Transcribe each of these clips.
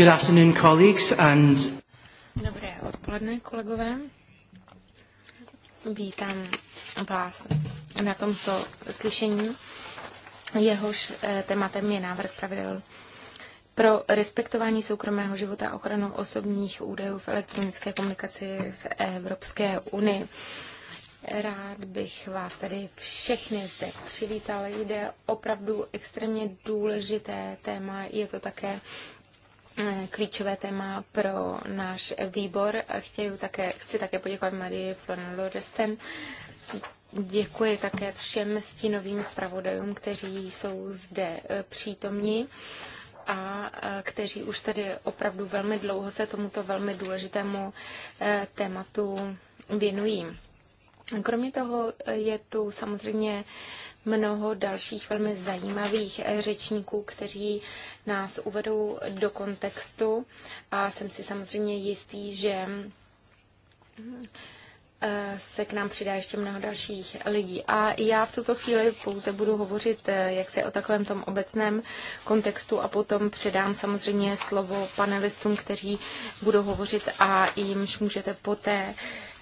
Good afternoon, colleagues, and... Dobré odpoledne, kolegové. Vítám vás na tomto slyšení. Jehož eh, tématem je návrh pravidel pro respektování soukromého života a ochranu osobních údajů v elektronické komunikaci v Evropské unii. Rád bych vás tady všechny zde přivítal. Jde opravdu extrémně důležité téma. Je to také klíčové téma pro náš výbor. Chtěju také, chci také poděkovat Marie von Loresten. Děkuji také všem stínovým zpravodajům, kteří jsou zde eh, přítomní a eh, kteří už tady opravdu velmi dlouho se tomuto velmi důležitému eh, tématu věnují. Kromě toho je tu samozřejmě mnoho dalších velmi zajímavých eh, řečníků, kteří nás uvedou do kontextu a jsem si samozřejmě jistý, že eh, se k nám přidá ještě mnoho dalších lidí. A já v tuto chvíli pouze budu hovořit eh, jak se o takovém tom obecném kontextu a potom předám samozřejmě slovo panelistům, kteří budou hovořit a jimž můžete poté uh,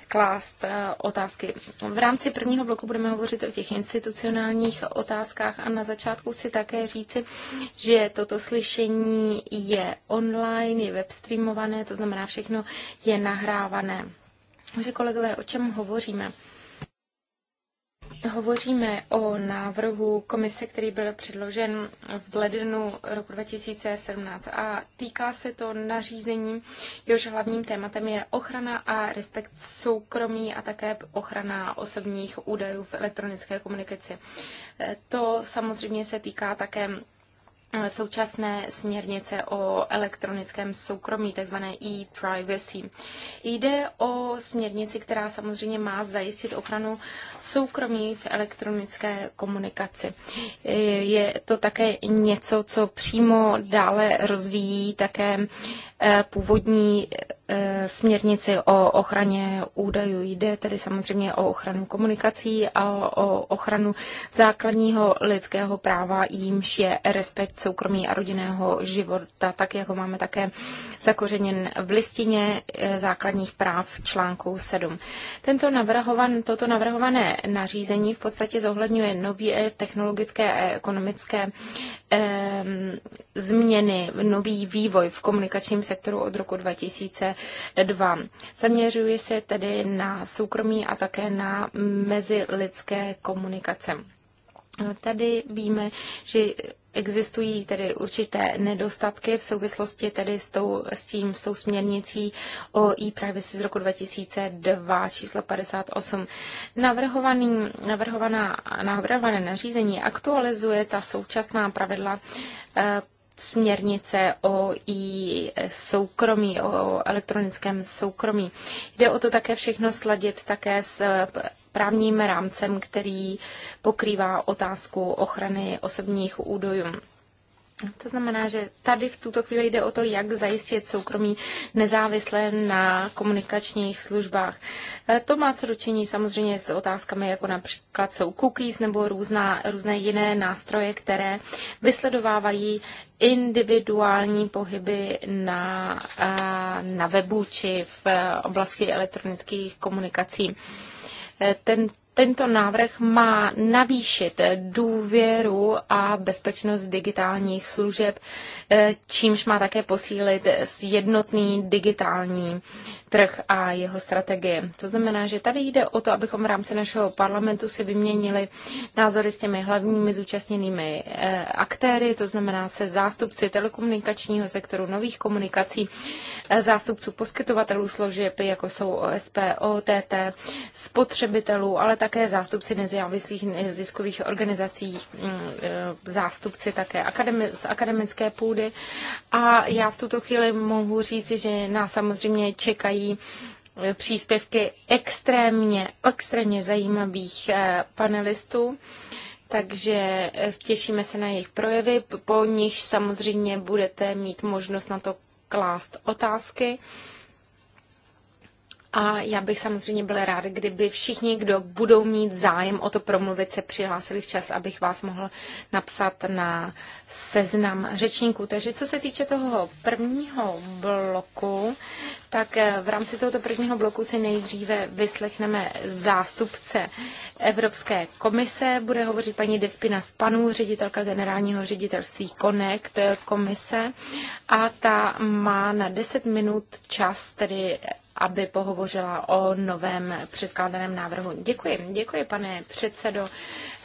klást eh, otázky. V rámci prvního bloku budeme hovořit o těch institucionálních otázkách a na začátku chci také říci, že toto slyšení je online, je webstreamované, to znamená všechno je nahrávané. Takže kolegové, o čem hovoříme? Hovoříme o návrhu komise, který byl předložen v lednu roku 2017 a týká se to nařízení, jehož hlavním tématem je ochrana a respekt soukromí a také ochrana osobních údajů v elektronické komunikaci. E, to samozřejmě se týká také Eh, současné směrnice o elektronickém soukromí, takzvané e-privacy. Jde o směrnici, která samozřejmě má zajistit ochranu soukromí v elektronické komunikaci. Eh, je to také něco, co přímo dále rozvíjí také eh, původní směrnici o ochraně údajů. Jde tedy samozřejmě o ochranu komunikací a o ochranu základního lidského práva, jímž je respekt soukromí a rodinného života, tak jako máme také zakořeněn v listině eh, základních práv článku 7. Tento navrhovan, toto navrhované nařízení v podstatě zohledňuje nové eh, technologické a ekonomické eh, změny, nový vývoj v komunikačním sektoru od roku 2002. Zaměřuje se tedy na soukromí a také na mezilidské komunikace. Tady víme, že existují tedy určité nedostatky v souvislosti tedy s, tou, s tím, s tou směrnicí o e-privacy z roku 2002 číslo 58. Navrhovaný, navrhovaná, navrhované nařízení aktualizuje ta současná pravidla eh, směrnice o i soukromí, o elektronickém soukromí. Jde o to také všechno sladit také s právním rámcem, který pokrývá otázku ochrany osobních údajů. To znamená, že tady v tuto chvíli jde o to, jak zajistit soukromí nezávislé na komunikačních službách. E, to má co dočení samozřejmě s otázkami, jako například jsou cookies nebo různá, různé jiné nástroje, které vysledovávají individuální pohyby na, e, na webu či v oblasti elektronických komunikací. E, ten tento návrh má navýšit důvěru a bezpečnost digitálních služeb, eh, čímž má také posílit jednotný digitální trh a jeho strategie. To znamená, že tady jde o to, abychom v rámci našeho parlamentu si vyměnili názory s těmi hlavními zúčastněnými eh, aktéry, to znamená se zástupci telekomunikačního sektoru, nových komunikací, eh, zástupců poskytovatelů služeb, jako jsou OSP, OTT, spotřebitelů, ale také zástupci nezávislých ziskových organizací, mm, eh, zástupci také z akademické půdy. A já v tuto chvíli mohu říci, že nás samozřejmě čekají mají eh, příspěvky extrémně, extrémně zajímavých eh, panelistů. Takže eh, těšíme se na jejich projevy, po nich samozřejmě budete mít možnost na to klást otázky. A já bych samozřejmě byla ráda, kdyby všichni, kdo budou mít zájem o to promluvit, se přihlásili včas, abych vás mohl napsat na seznam řečníků. Takže co se týče toho prvního bloku, tak eh, v rámci tohoto prvního bloku si nejdříve vyslechneme zástupce Evropské komise. Bude hovořit paní Despina Spanu, ředitelka generálního ředitelství Connect eh, komise. A ta má na 10 minut čas tedy aby pohovořila o novém předkládaném návrhu. Děkuji, děkuji, pane předsedo.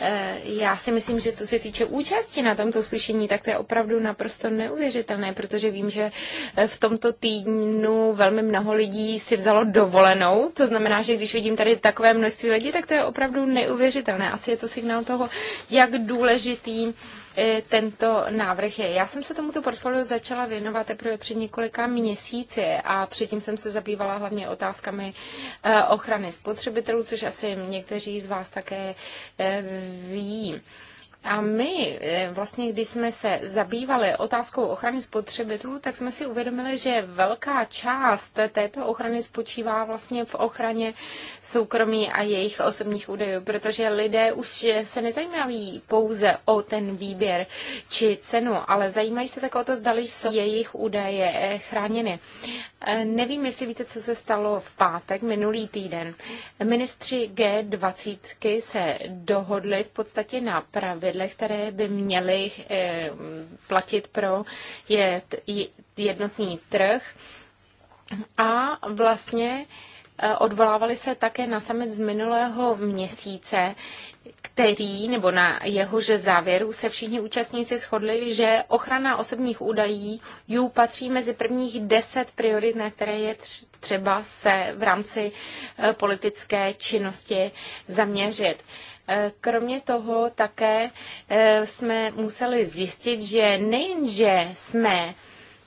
Eh, já si myslím, že co se týče účasti na tomto slyšení, tak to je opravdu naprosto neuvěřitelné, protože vím, že eh, v tomto týdnu velmi mnoho lidí si vzalo dovolenou. To znamená, že když vidím tady takové množství lidí, tak to je opravdu neuvěřitelné. Asi je to signál toho, jak důležitý E, tento návrh je. Já jsem se tomuto portfoliu začala věnovat teprve před několika měsíci a předtím jsem se zabývala hlavně otázkami e, ochrany spotřebitelů, což asi někteří z vás také e, ví. A my, eh, vlastně, když jsme se zabývali otázkou ochrany spotřebitelů, tak jsme si uvědomili, že velká část této ochrany spočívá vlastně v ochraně soukromí a jejich osobních údajů, protože lidé už se nezajímají pouze o ten výběr či cenu, ale zajímají se tak o to, zdali jsou jejich údaje eh, chráněny. Eh, nevím, jestli víte, co se stalo v pátek minulý týden. Ministři G20 se dohodli v podstatě na pravidlech, které by měly eh, platit pro jednotný trh. A vlastně eh, odvolávali se také na samec z minulého měsíce, který nebo na jehož závěru se všichni účastníci shodli, že ochrana osobních údajů jů patří mezi prvních deset priorit, na které je třeba se v rámci e, politické činnosti zaměřit. E, kromě toho také e, jsme museli zjistit, že nejenže jsme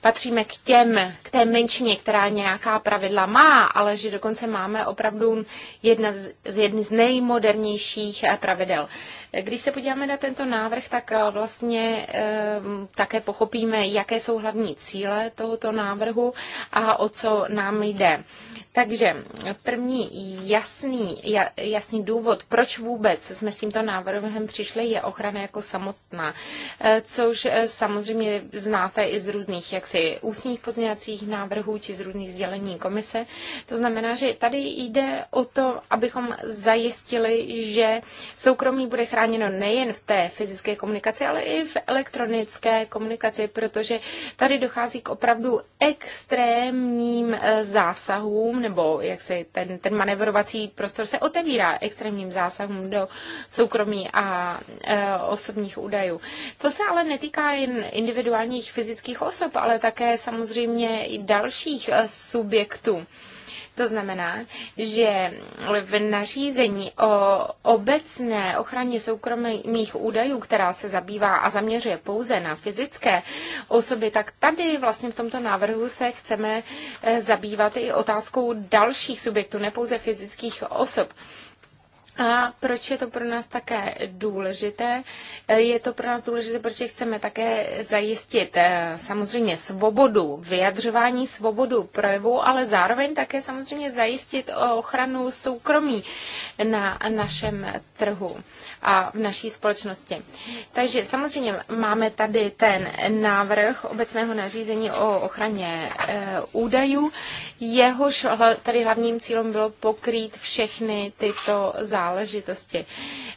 patříme k těm, k té menšině, která nějaká pravidla má, ale že dokonce máme opravdu jedna z, jedny z nejmodernějších eh, pravidel. Když se podíváme na tento návrh, tak eh, vlastně eh, také pochopíme, jaké jsou hlavní cíle tohoto návrhu a o co nám jde. Takže první jasný, jasný důvod, proč vůbec jsme s tímto návrhem přišli, je ochrana jako samotná, eh, což samozřejmě znáte i z různých jaksi ústních pozměňovacích návrhů či z různých sdělení komise. To znamená, že tady jde o to, abychom zajistili, že soukromí bude chráněno nejen v té fyzické komunikaci, ale i v elektronické komunikaci, protože tady dochází k opravdu extrémním eh, zásahům, nebo jak se ten, ten manevrovací prostor se otevírá extrémním zásahům do soukromí a e, osobních údajů. To se ale netýká jen individuálních fyzických osob, ale také samozřejmě i dalších eh, subjektů. To znamená, že v nařízení o obecné ochraně soukromých údajů, která se zabývá a zaměřuje pouze na fyzické osoby, tak tady vlastně v tomto návrhu se chceme eh, zabývat i otázkou dalších subjektů, ne pouze fyzických osob. A proč je to pro nás také důležité? E, je to pro nás důležité, protože chceme také zajistit e, samozřejmě svobodu vyjadřování, svobodu projevu, ale zároveň také samozřejmě zajistit ochranu soukromí na našem trhu a v naší společnosti. Takže samozřejmě máme tady ten návrh obecného nařízení o ochraně e, údajů. Jehož tady hlavním cílem bylo pokrýt všechny tyto záležitosti záležitosti.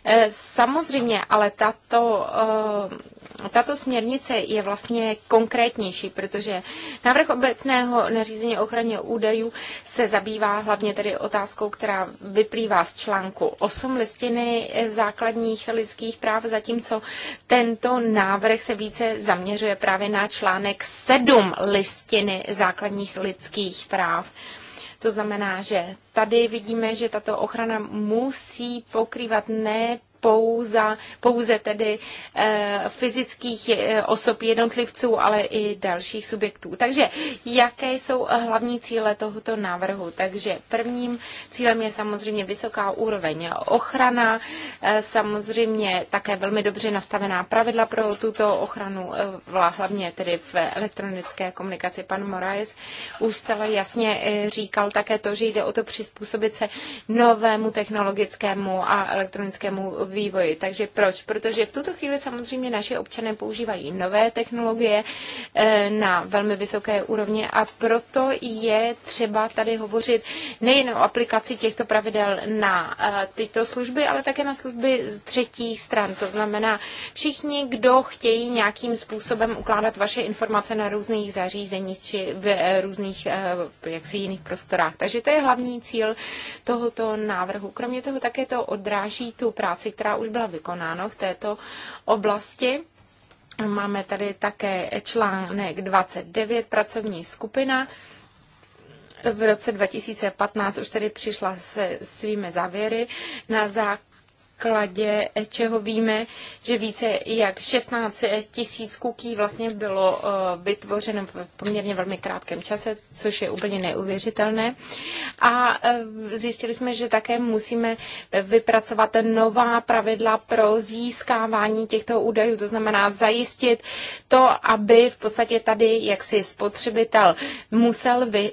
Eh, samozřejmě, ale tato, eh, tato směrnice je vlastně konkrétnější, protože návrh obecného nařízení ochraně údajů se zabývá hlavně tedy otázkou, která vyplývá z článku 8 listiny eh, základních lidských práv, zatímco tento návrh se více zaměřuje právě na článek 7 listiny základních lidských práv. To znamená, že tady vidíme, že tato ochrana musí pokrývat ne pouze, pouze tedy eh, fyzických eh, osob jednotlivců, ale i dalších subjektů. Takže jaké jsou hlavní cíle tohoto návrhu? Takže prvním cílem je samozřejmě vysoká úroveň ochrana, eh, samozřejmě také velmi dobře nastavená pravidla pro tuto ochranu, hlavně tedy v elektronické komunikaci. Pan Moraes už celé jasně říkal také to, že jde o to přizpůsobit se novému technologickému a elektronickému vývoji. Takže proč? Protože v tuto chvíli samozřejmě naše občané používají nové technologie eh, na velmi vysoké úrovni a proto je třeba tady hovořit nejen o aplikaci těchto pravidel na eh, tyto služby, ale také na služby z třetích stran. To znamená, všichni, kdo chtějí nějakým způsobem ukládat vaše informace na různých zařízeních či v eh, různých jaksi jiných prostorách. Takže to je hlavní cíl tohoto návrhu. Kromě toho také to odráží tu práci, která už byla vykonána v této oblasti. Máme tady také článek 29, pracovní skupina. V roce 2015 už tedy přišla se svými závěry na základě základě eh, čeho víme, že více jak 16 tisíc kuký vlastně bylo eh, vytvořeno v poměrně velmi krátkém čase, což je úplně neuvěřitelné. A eh, zjistili jsme, že také musíme vypracovat nová pravidla pro získávání těchto údajů, to znamená zajistit to, aby v podstatě tady jaksi spotřebitel musel vy,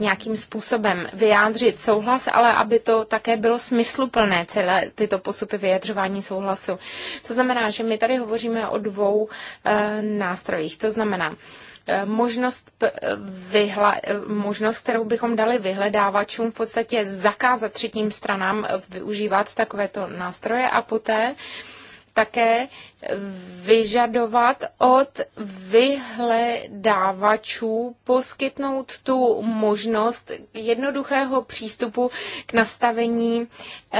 nějakým způsobem vyjádřit souhlas, ale aby to také bylo smysluplné, celé tyto postupy postupy vyjadřování souhlasu. To znamená, že my tady hovoříme o dvou eh, nástrojích. To znamená, eh, možnost, eh, vyhla, možnost, kterou bychom dali vyhledávačům v podstatě zakázat třetím stranám využívat takovéto nástroje a poté také vyžadovat od vyhledávačů poskytnout tu možnost jednoduchého přístupu k nastavení, k,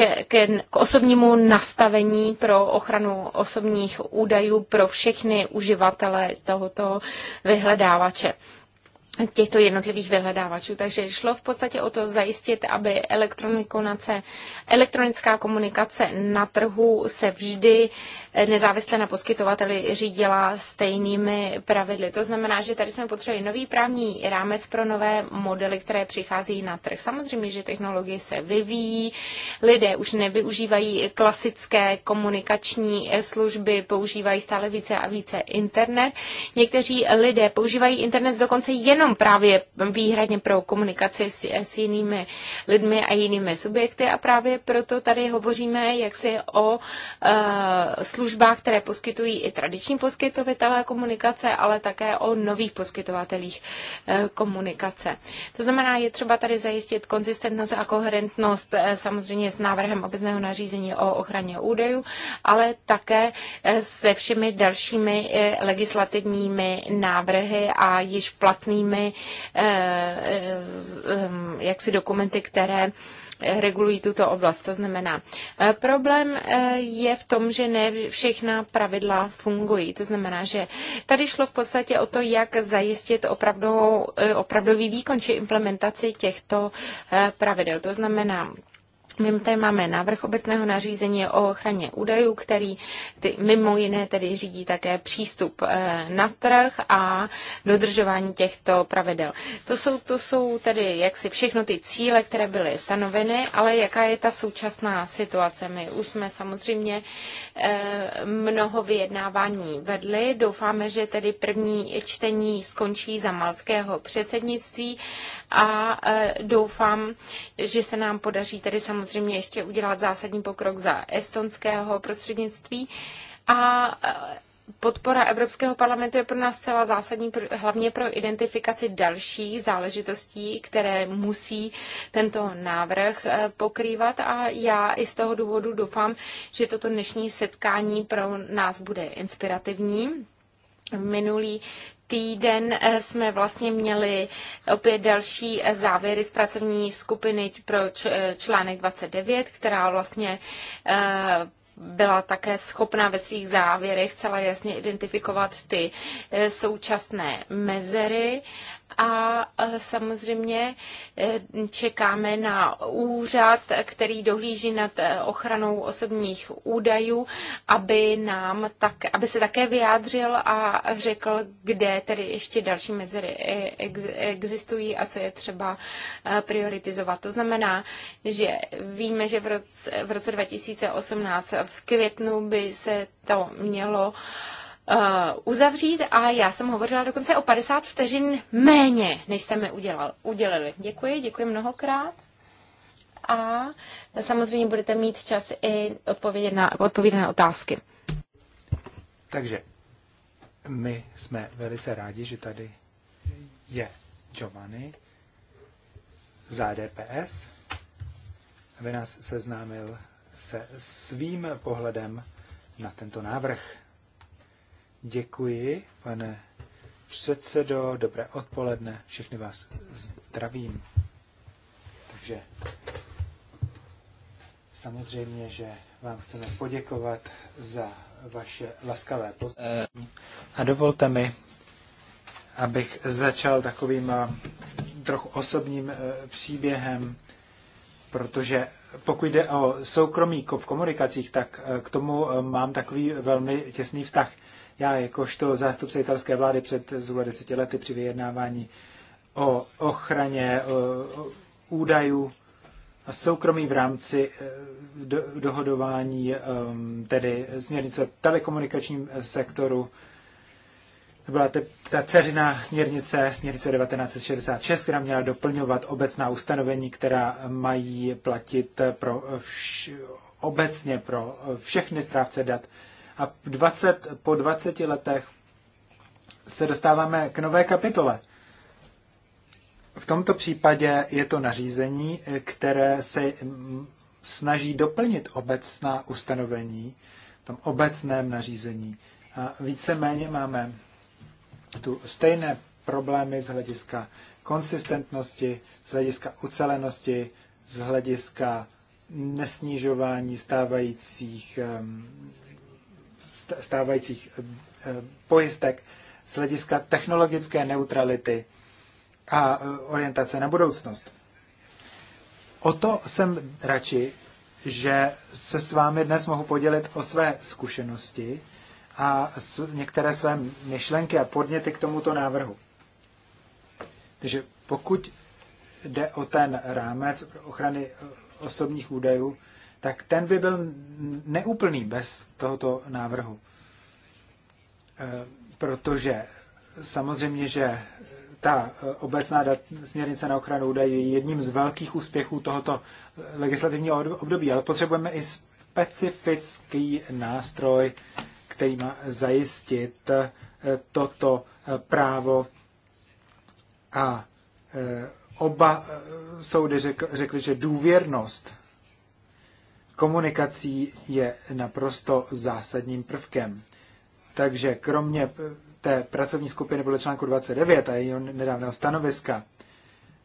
eh, k, k osobnímu nastavení pro ochranu osobních údajů pro všechny uživatele tohoto vyhledávače těchto jednotlivých vyhledávačů. Takže šlo v podstatě o to zajistit, aby elektronická komunikace na trhu se vždy eh, nezávisle na poskytovateli řídila stejnými pravidly. To znamená, že tady jsme potřebovali nový právní rámec pro nové modely, které přichází na trh. Samozřejmě, že technologie se vyvíjí, lidé už nevyužívají klasické komunikační eh, služby, používají stále více a více internet. Někteří lidé používají internet dokonce jenom nejenom právě výhradně pro komunikaci s, s jinými lidmi a jinými subjekty a právě proto tady hovoříme jaksi o e, službách, které poskytují i tradiční poskytovatelé komunikace, ale také o nových poskytovatelích e, komunikace. To znamená, je třeba tady zajistit konzistentnost a koherentnost e, samozřejmě s návrhem obecného nařízení o ochraně údajů, ale také se všemi dalšími legislativními návrhy a již platnými všechny eh, hm, jaksi dokumenty, které eh, regulují tuto oblast. To znamená, eh, problém je v tom, že ne všechna pravidla fungují. To znamená, že tady šlo v podstatě o to, jak zajistit opravdu, opravdový výkon či implementaci těchto pravidel. To znamená, my tady máme návrh obecného nařízení o ochraně údajů, který ty, mimo jiné tedy řídí také přístup eh, na trh a dodržování těchto pravidel. To jsou, to jsou tedy jaksi všechno ty cíle, které byly stanoveny, ale jaká je ta současná situace? My už jsme samozřejmě eh, mnoho vyjednávání vedli. Doufáme, že tedy první čtení skončí za malského předsednictví a e, doufám, že se nám podaří tady samozřejmě ještě udělat zásadní pokrok za estonského prostřednictví. A e, podpora Evropského parlamentu je pro nás celá zásadní, hlavně pro identifikaci dalších záležitostí, které musí tento návrh e, pokrývat a já i z toho důvodu doufám, že toto dnešní setkání pro nás bude inspirativní. Minulý týden eh, jsme vlastně měli opět další eh, závěry z pracovní skupiny pro eh, článek 29, která vlastně byla také schopná ve svých závěrech celá jasně identifikovat ty současné mezery a samozřejmě e, čekáme na úřad, který dohlíží nad e, ochranou osobních údajů, aby, nám tak, aby se také vyjádřil a řekl, kde tedy ještě další mezery e, existují a co je třeba prioritizovat. To znamená, že víme, že v roce, v roce 2018 v květnu by se to mělo uh, Eh, uzavřít a já jsem hovořila dokonce o 50 vteřin méně, než jste mi udělal, udělili. Děkuji, děkuji mnohokrát. A samozřejmě budete mít čas i odpovědět na, odpovědět na otázky. Takže my jsme velice rádi, že tady je Giovanni z ADPS, aby nás seznámil se svým pohledem na tento návrh. Děkuji, pane předsedo, dobré odpoledne, všechny vás zdravím. Takže samozřejmě, že vám chceme poděkovat za vaše laskavé pozdraví. A dovolte mi, abych začal takovým eh, trochu osobním eh, příběhem, protože pokud jde o soukromí v komunikacích, tak eh, k tomu mám takový velmi těsný vztah. Já jakožto zástupce italské vlády před zhruba deseti lety při vyjednávání o ochraně o, o údajů a soukromí v rámci e, do, dohodování e, tedy směrnice v telekomunikačním sektoru. To byla te, ta dceřiná směrnice, směrnice 1966, která měla doplňovat obecná ustanovení, která mají platit pro vš, obecně pro všechny správce dat a 20, po 20 letech se dostáváme k nové kapitole. V tomto případě je to nařízení, které se snaží doplnit obecná ustanovení v tom obecném nařízení. A víceméně máme tu stejné problémy z hlediska konsistentnosti, z hlediska ucelenosti, z hlediska nesnižování stávajících um, stávajících eh, eh, pojistek z hlediska technologické neutrality a eh, orientace na budoucnost. O to jsem radši, že se s vámi dnes mohu podělit o své zkušenosti a některé své myšlenky a podněty k tomuto návrhu. Takže pokud jde o ten rámec ochrany osobních údajů, tak ten by byl neúplný bez tohoto návrhu. Eh, protože samozřejmě, že ta eh, obecná dat, směrnice na ochranu údajů je jedním z velkých úspěchů tohoto eh, legislativního období, ale potřebujeme i specifický nástroj, který má zajistit toto právo. A oba soudy řekly, že důvěrnost komunikací je naprosto zásadním prvkem. Takže kromě té pracovní skupiny podle článku 29 a jejího nedávného stanoviska,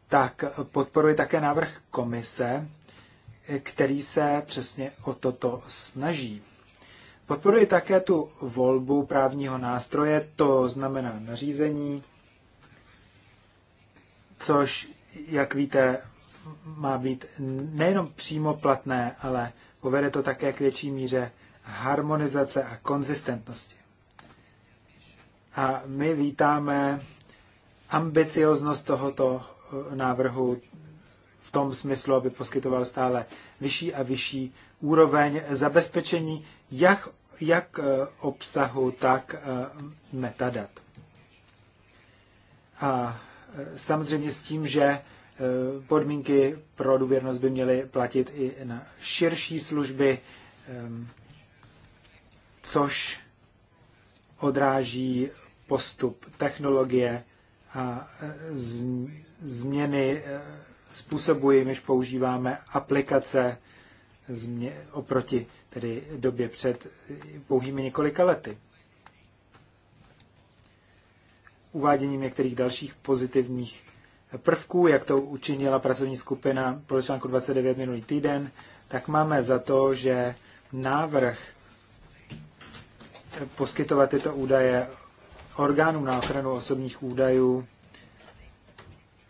tak podporuji také návrh komise, který se přesně o toto snaží. Podporuji také tu volbu právního nástroje, to znamená nařízení, což, jak víte, má být nejenom přímo platné, ale povede to také k větší míře harmonizace a konzistentnosti. A my vítáme ambicioznost tohoto eh, návrhu v tom smyslu, aby poskytoval stále vyšší a vyšší úroveň zabezpečení jak, jak eh, obsahu, tak eh, metadat. A samozřejmě s tím, že Eh, podmínky pro důvěrnost by měly platit i na širší služby, ehm, což odráží postup technologie a eh, změny eh, způsobu, jimž používáme aplikace oproti tedy době před pouhými několika lety. Uváděním některých dalších pozitivních prvků, jak to učinila pracovní skupina pro článku 29 minulý týden, tak máme za to, že návrh poskytovat tyto údaje orgánům na ochranu osobních údajů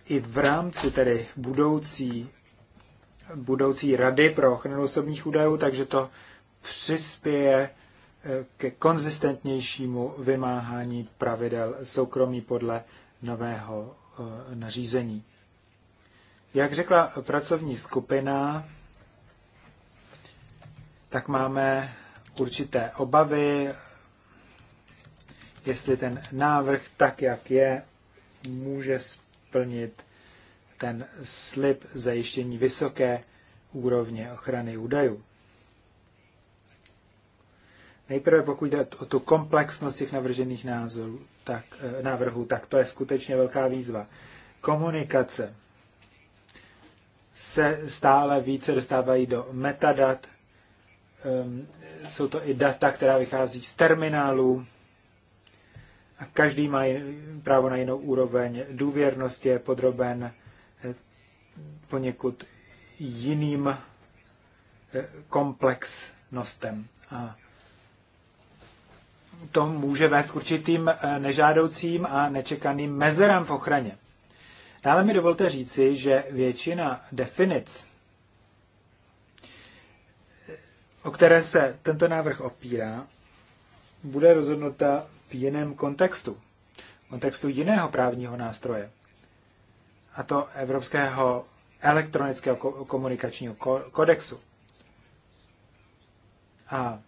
i v rámci tedy budoucí, budoucí rady pro ochranu osobních údajů, takže to přispěje eh, ke konzistentnějšímu vymáhání pravidel soukromí podle nového Eh, nařízení. Jak řekla pracovní skupina, tak máme určité obavy, jestli ten návrh tak, jak je, může splnit ten slib zajištění vysoké úrovně ochrany údajů. Nejprve pokud jde o tu komplexnost těch navržených názorů, tak, eh, návrhu, tak to je skutečně velká výzva. Komunikace se stále více dostávají do metadat. Ehm, jsou to i data, která vychází z terminálů. A každý má právo na jinou úroveň. Důvěrnost je podroben eh, poněkud jiným eh, komplexnostem. A to může vést k určitým eh, nežádoucím a nečekaným mezerám v ochraně. Dále mi dovolte říci, že většina definic, o které se tento návrh opírá, bude rozhodnuta v jiném kontextu. Kontextu jiného právního nástroje. A to Evropského elektronického komunikačního kodexu. A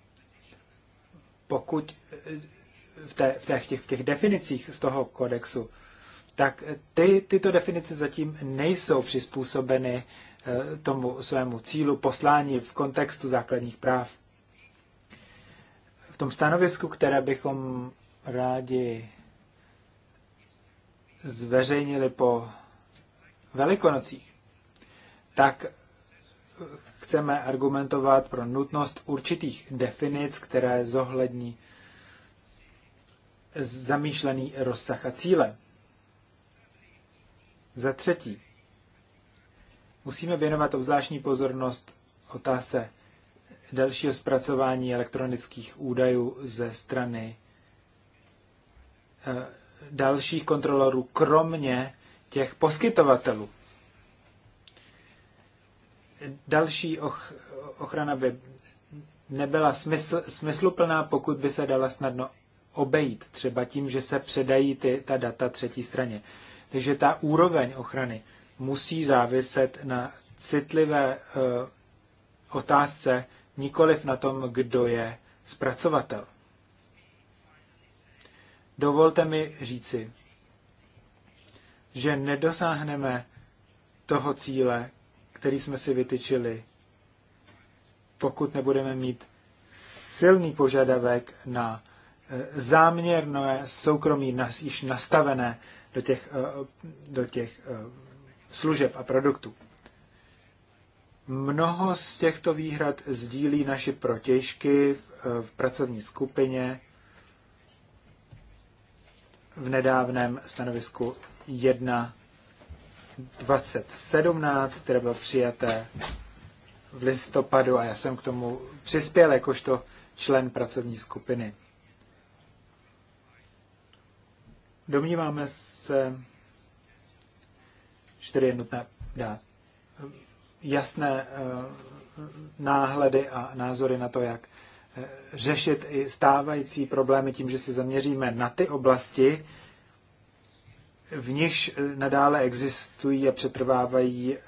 pokud eh, v, té, v, těch, těch, těch definicích z toho kodexu, tak ty, tyto definice zatím nejsou přizpůsobeny eh, tomu svému cílu poslání v kontextu základních práv. V tom stanovisku, které bychom rádi zveřejnili po Velikonocích, tak chceme argumentovat pro nutnost určitých definic, které zohlední zamýšlený rozsah a cíle. Za třetí, musíme věnovat obzvláštní pozornost otázce dalšího zpracování elektronických údajů ze strany eh, dalších kontrolorů, kromě těch poskytovatelů další och, ochrana by nebyla smysl, smysluplná, pokud by se dala snadno obejít, třeba tím, že se předají ty, ta data třetí straně. Takže ta úroveň ochrany musí záviset na citlivé e, otázce, nikoliv na tom, kdo je zpracovatel. Dovolte mi říci, že nedosáhneme toho cíle, který jsme si vytyčili, pokud nebudeme mít silný požadavek na eh, záměrné soukromí již nastavené do těch, eh, do těch eh, služeb a produktů. Mnoho z těchto výhrad sdílí naši protěžky v pracovní skupině v nedávném stanovisku 1 2017, které bylo přijaté v listopadu a já jsem k tomu přispěl jakožto člen pracovní skupiny. Domníváme se, že tedy je nutné dát jasné eh, náhledy a názory na to, jak eh, řešit i stávající problémy tím, že se zaměříme na ty oblasti, v nichž eh, nadále existují a přetrvávají eh,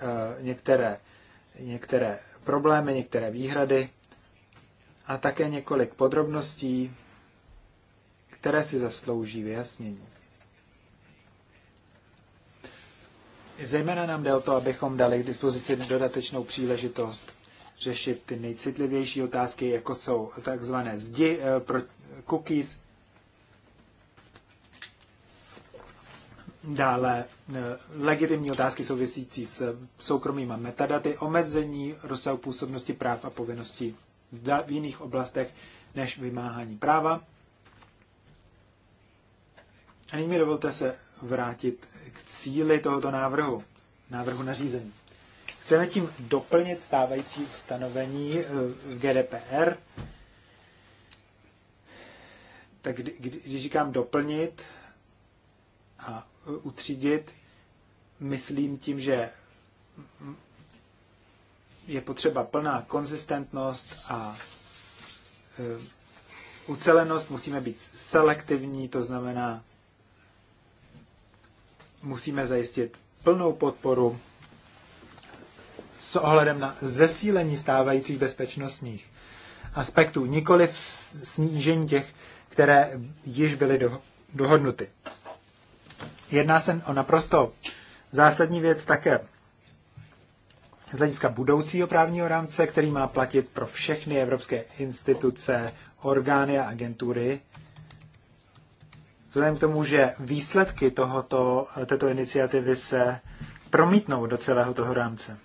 některé, některé problémy, některé výhrady a také několik podrobností, které si zaslouží vyjasnění. Zejména nám jde o to, abychom dali k dispozici dodatečnou příležitost řešit ty nejcitlivější otázky, jako jsou takzvané zdi, eh, pro cookies, Dále eh, legitimní otázky související s eh, soukromými metadaty, omezení rozsahu působnosti práv a povinností v jiných oblastech než vymáhání práva. A nyní mi dovolte se vrátit k cíli tohoto návrhu, návrhu nařízení. Chceme tím doplnit stávající ustanovení eh, v GDPR. Tak když říkám doplnit, a utřídit. Myslím tím, že je potřeba plná konzistentnost a e, ucelenost, musíme být selektivní, to znamená, musíme zajistit plnou podporu s ohledem na zesílení stávajících bezpečnostních aspektů, nikoli v snížení těch, které již byly do, dohodnuty. Jedná se o naprosto zásadní věc také z hlediska budoucího právního rámce, který má platit pro všechny evropské instituce, orgány a agentury. Vzhledem k tomu, že výsledky tohoto, této iniciativy se promítnou do celého toho rámce.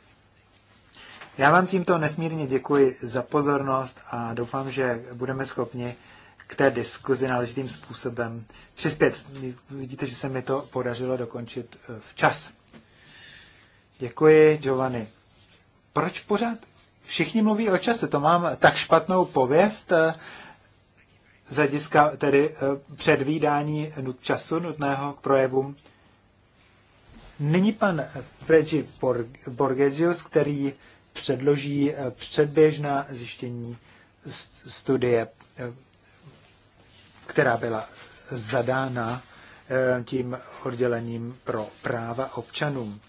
Já vám tímto nesmírně děkuji za pozornost a doufám, že budeme schopni k té diskuzi náležitým způsobem přispět. Vidíte, že se mi to podařilo dokončit eh, včas. Děkuji, Giovanni. Proč pořád všichni mluví o čase? To mám tak špatnou pověst eh, z hlediska tedy eh, předvídání času nutného k projevům. Nyní pan Fregi Borgesius, který předloží předběžná zjištění studie která byla zadána eh, tím oddělením pro práva občanům.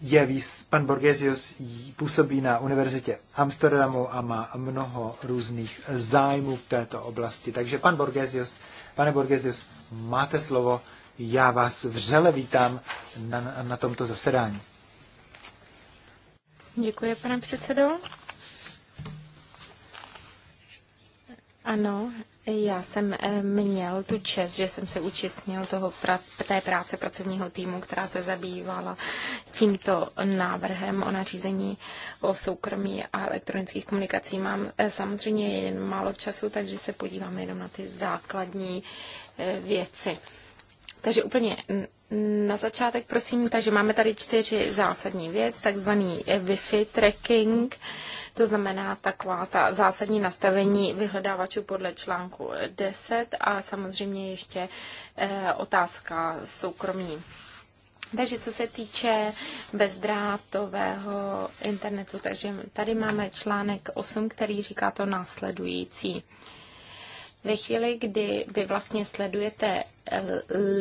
Je, pan Borgesius působí na univerzitě Amsterdamu a má mnoho různých zájmů v této oblasti. Takže pan Borgesius, pane Borgesius, máte slovo. Já vás vřele vítám na, na tomto zasedání. Děkuji, pane předsedo. Ano, já jsem eh, měl tu čest, že jsem se účastnil toho pra, té práce pracovního týmu, která se zabývala tímto návrhem o nařízení o soukromí a elektronických komunikací. Mám eh, samozřejmě jen málo času, takže se podívám jenom na ty základní eh, věci. Takže úplně na začátek, prosím, takže máme tady čtyři zásadní věc, takzvaný Wi-Fi tracking, to znamená taková ta zásadní nastavení vyhledávačů podle článku 10 a samozřejmě ještě eh, otázka soukromí. Takže co se týče bezdrátového internetu, takže tady máme článek 8, který říká to následující. Ve chvíli, kdy vy vlastně sledujete eh,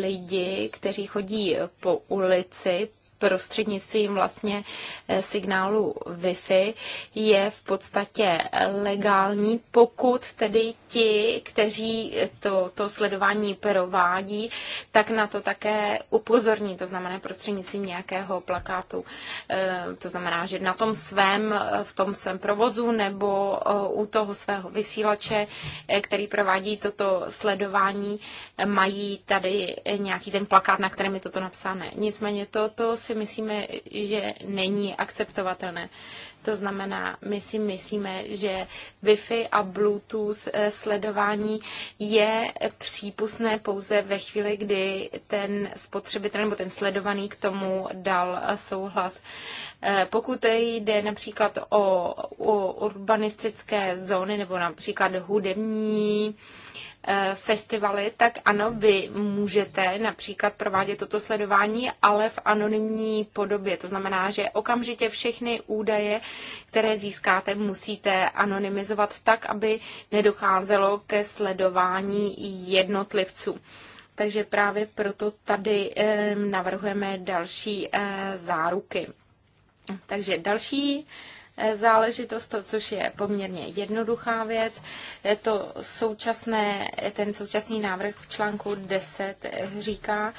lidi, kteří chodí po ulici, prostřednictvím vlastně eh, signálu Wi-Fi je v podstatě legální, pokud tedy ti, kteří to, to sledování provádí, tak na to také upozorní, to znamená prostřednictvím nějakého plakátu. Eh, to znamená, že na tom svém, eh, v tom svém provozu nebo u toho svého vysílače, který provádí toto sledování, mají tady nějaký ten plakát, na kterém je toto napsané. Nicméně toto si si myslíme, že není akceptovatelné. To znamená, my si myslíme, že Wi-Fi a Bluetooth eh, sledování je přípustné pouze ve chvíli, kdy ten spotřebitel nebo ten sledovaný k tomu dal eh, souhlas. Eh, pokud jde například o, o urbanistické zóny nebo například hudební, Eh, festivaly, tak ano, vy můžete například provádět toto sledování, ale v anonymní podobě. To znamená, že okamžitě všechny údaje, které získáte, musíte anonymizovat tak, aby nedocházelo ke sledování jednotlivců. Takže právě proto tady eh, navrhujeme další eh, záruky. Takže další Eh, záležitost, což je poměrně jednoduchá věc. Eh, to současné, eh, ten současný návrh v článku 10 říká,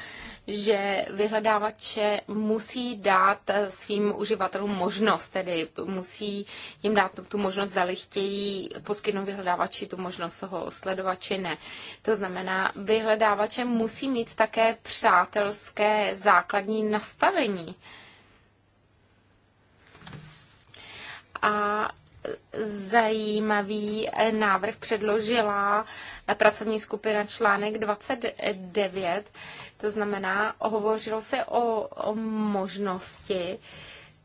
že vyhledávače musí dát svým uživatelům možnost, tedy musí jim dát tu, tu možnost, zda chtějí poskytnout vyhledávači tu možnost toho sledovat či ne. To znamená, vyhledávače musí mít také přátelské základní nastavení. a zajímavý návrh předložila pracovní skupina článek 29. To znamená, hovořilo se o, o možnosti,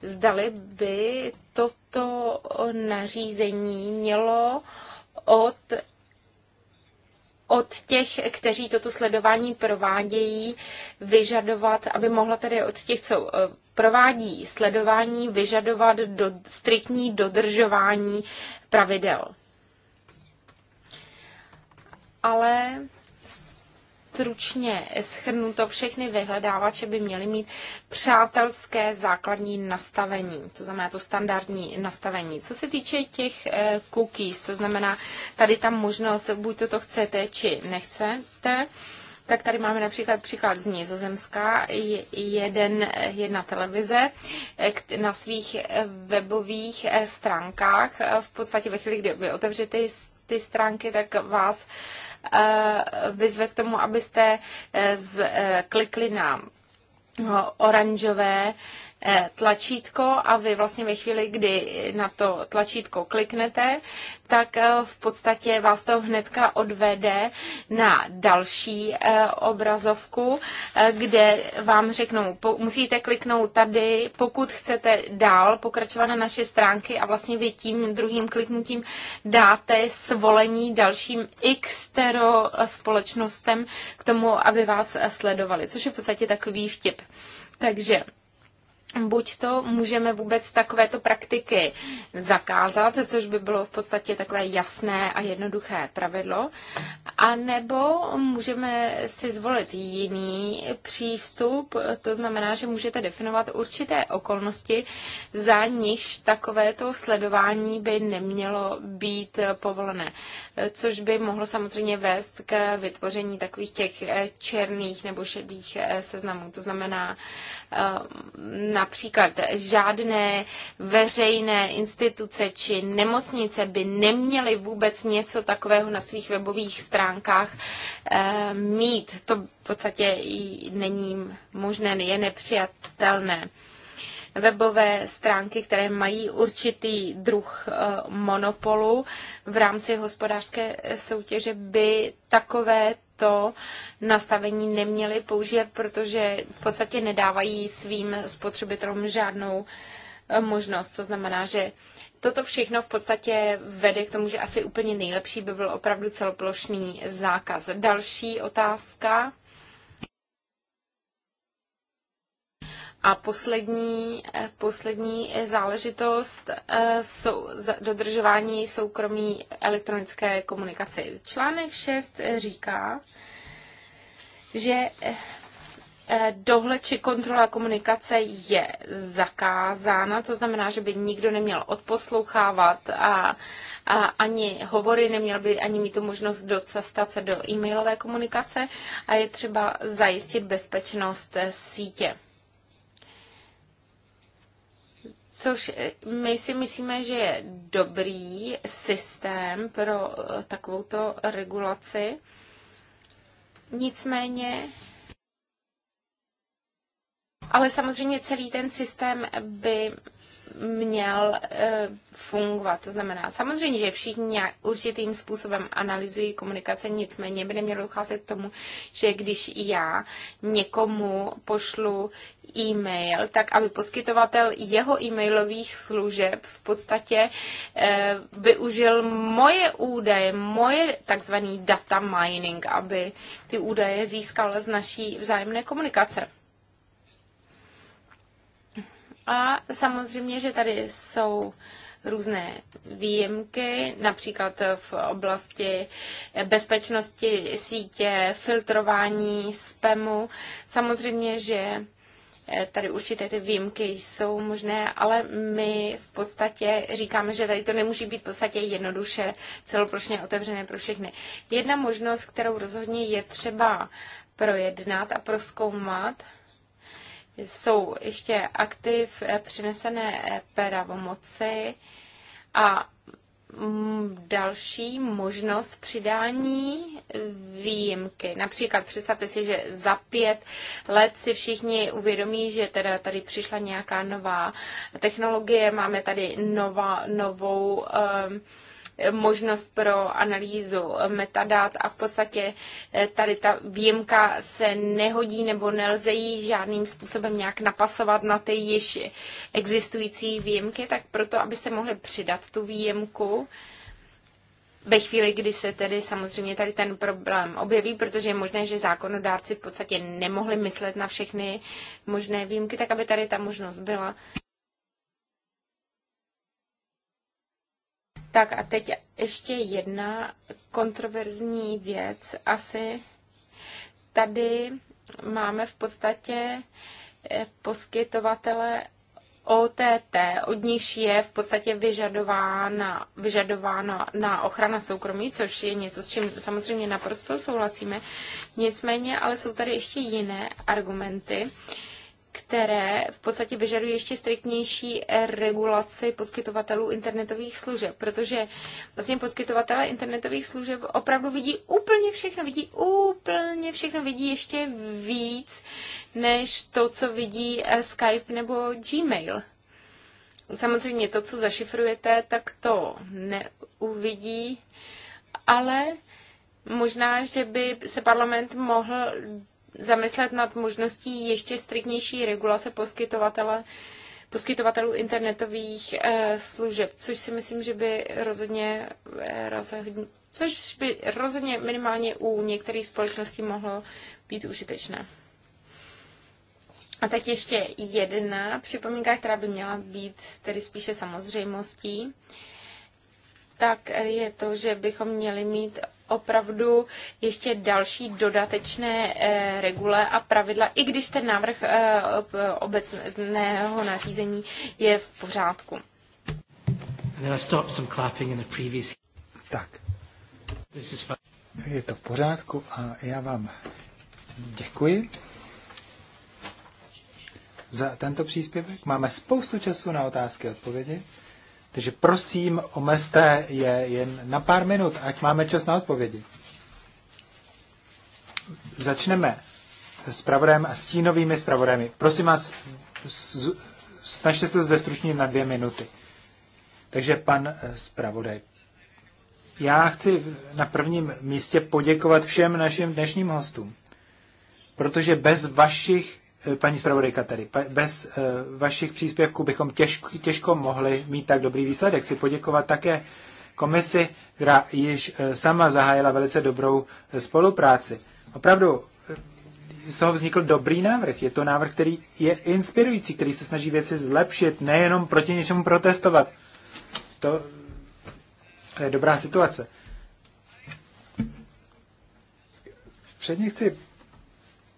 zdali by toto nařízení mělo od od těch, kteří toto sledování provádějí, vyžadovat, aby mohla tedy od těch, co eh, provádí sledování vyžadovat do, striktní dodržování pravidel. Ale stručně schrnuto, všechny vyhledávače by měly mít přátelské základní nastavení, to znamená to standardní nastavení. Co se týče těch eh, cookies, to znamená tady tam možnost, buď to, to chcete, či nechcete, tak tady máme například příklad z Nizozemska. Jeden, jedna televize eh, na svých eh, webových eh, stránkách, v podstatě ve chvíli, kdy vy otevřete ty stránky, tak vás vyzve k tomu, abyste klikli na no, oranžové Eh, tlačítko a vy vlastně ve chvíli, kdy na to tlačítko kliknete, tak eh, v podstatě vás to hnedka odvede na další eh, obrazovku, kde vám řeknou, musíte kliknout tady, pokud chcete dál pokračovat na naše stránky a vlastně vy tím druhým kliknutím dáte svolení dalším x společnostem k tomu, aby vás sledovali, což je v podstatě takový vtip. Takže buď to můžeme vůbec takovéto praktiky zakázat, což by bylo v podstatě takové jasné a jednoduché pravidlo, anebo můžeme si zvolit jiný přístup, to znamená, že můžete definovat určité okolnosti, za nichž takovéto sledování by nemělo být povolené, což by mohlo samozřejmě vést k vytvoření takových těch eh, černých nebo šedých eh, seznamů, to znamená Ehm, například žádné veřejné instituce či nemocnice by neměly vůbec něco takového na svých webových stránkách ehm, mít. To v podstatě není možné, je nepřijatelné webové stránky, které mají určitý druh eh, monopolu v rámci hospodářské soutěže, by takové to nastavení neměli použít, protože v podstatě nedávají svým spotřebitelům žádnou eh, možnost. To znamená, že toto všechno v podstatě vede k tomu, že asi úplně nejlepší by byl opravdu celoplošný zákaz. Další otázka. A poslední, eh, poslední eh, záležitost jsou eh, dodržování soukromí elektronické komunikace. Článek 6 říká, že dohled či kontrola komunikace je zakázána, to znamená, že by nikdo neměl odposlouchávat a, a ani hovory, neměl by ani mít tu možnost docastat se do e-mailové komunikace a je třeba zajistit bezpečnost sítě. což eh, my si myslíme, že je dobrý systém pro eh, takovouto regulaci. Nicméně ale samozřejmě celý ten systém by měl eh, fungovat. To znamená, samozřejmě, že všichni nějak, určitým způsobem analyzují komunikace, nicméně by nemělo docházet k tomu, že když já někomu pošlu e-mail, tak aby poskytovatel jeho e-mailových služeb v podstatě e, využil moje údaje, moje takzvaný data mining, aby ty údaje získal z naší vzájemné komunikace. A samozřejmě, že tady jsou různé výjimky, například v oblasti bezpečnosti sítě, filtrování, spamu. Samozřejmě, že eh, tady určité ty výjimky jsou možné, ale my v podstatě říkáme, že tady to nemůže být v podstatě jednoduše celoplošně otevřené pro všechny. Jedna možnost, kterou rozhodně je třeba projednat a proskoumat, jsou ještě aktiv eh, přinesené eh, pravomoci a mm, další možnost přidání eh, výjimky. Například představte si, že za pět let si všichni uvědomí, že teda tady přišla nějaká nová technologie, máme tady nova, novou um, možnost pro analýzu metadat a v podstatě eh, tady ta výjimka se nehodí nebo nelze ji žádným způsobem nějak napasovat na ty již existující výjimky, tak proto, abyste mohli přidat tu výjimku, ve chvíli, kdy se tedy samozřejmě tady ten problém objeví, protože je možné, že zákonodárci v podstatě nemohli myslet na všechny možné výjimky, tak aby tady ta možnost byla. Tak a teď ještě jedna kontroverzní věc. Asi tady máme v podstatě eh, poskytovatele OTT, od nichž je v podstatě vyžadována, vyžadována na ochrana soukromí, což je něco, s čím samozřejmě naprosto souhlasíme. Nicméně, ale jsou tady ještě jiné argumenty. Uh, které v podstatě vyžadují ještě striktnější regulaci poskytovatelů internetových služeb, protože vlastně poskytovatelé internetových služeb opravdu vidí úplně všechno, vidí úplně všechno, vidí ještě víc než to, co vidí eh, Skype nebo Gmail. Samozřejmě to, co zašifrujete, tak to neuvidí, ale možná, že by se parlament mohl zamyslet nad možností ještě striktnější regulace poskytovatele poskytovatelů internetových eh, služeb, což si myslím, že by eh, rozhodně, což by rozhodně minimálně u některých společností mohlo být užitečné. A tak ještě jedna připomínka, která by měla být tedy spíše samozřejmostí, tak eh, je to, že bychom měli mít opravdu ještě další dodatečné eh, regule a pravidla, i když ten návrh eh, obecného nařízení je v pořádku. Tak. Je to v pořádku a já vám děkuji za tento příspěvek. Máme spoustu času na otázky a odpovědi. Takže prosím, omezte je jen na pár minut, ať máme čas na odpovědi. Začneme s pravodem a stínovými zpravodajmi. Prosím vás, snažte se zestručnit na dvě minuty. Takže pan eh, zpravodaj. Já chci na prvním místě poděkovat všem našim dnešním hostům, protože bez vašich Eh, paní zpravodajka tady, bez eh, vašich příspěvků bychom těžko, těžko mohli mít tak dobrý výsledek. Chci poděkovat také komisi, která již eh, sama zahájila velice dobrou spolupráci. Opravdu z toho vznikl dobrý návrh. Je to návrh, který je inspirující, který se snaží věci zlepšit, nejenom proti něčemu protestovat. To je dobrá situace. Předně chci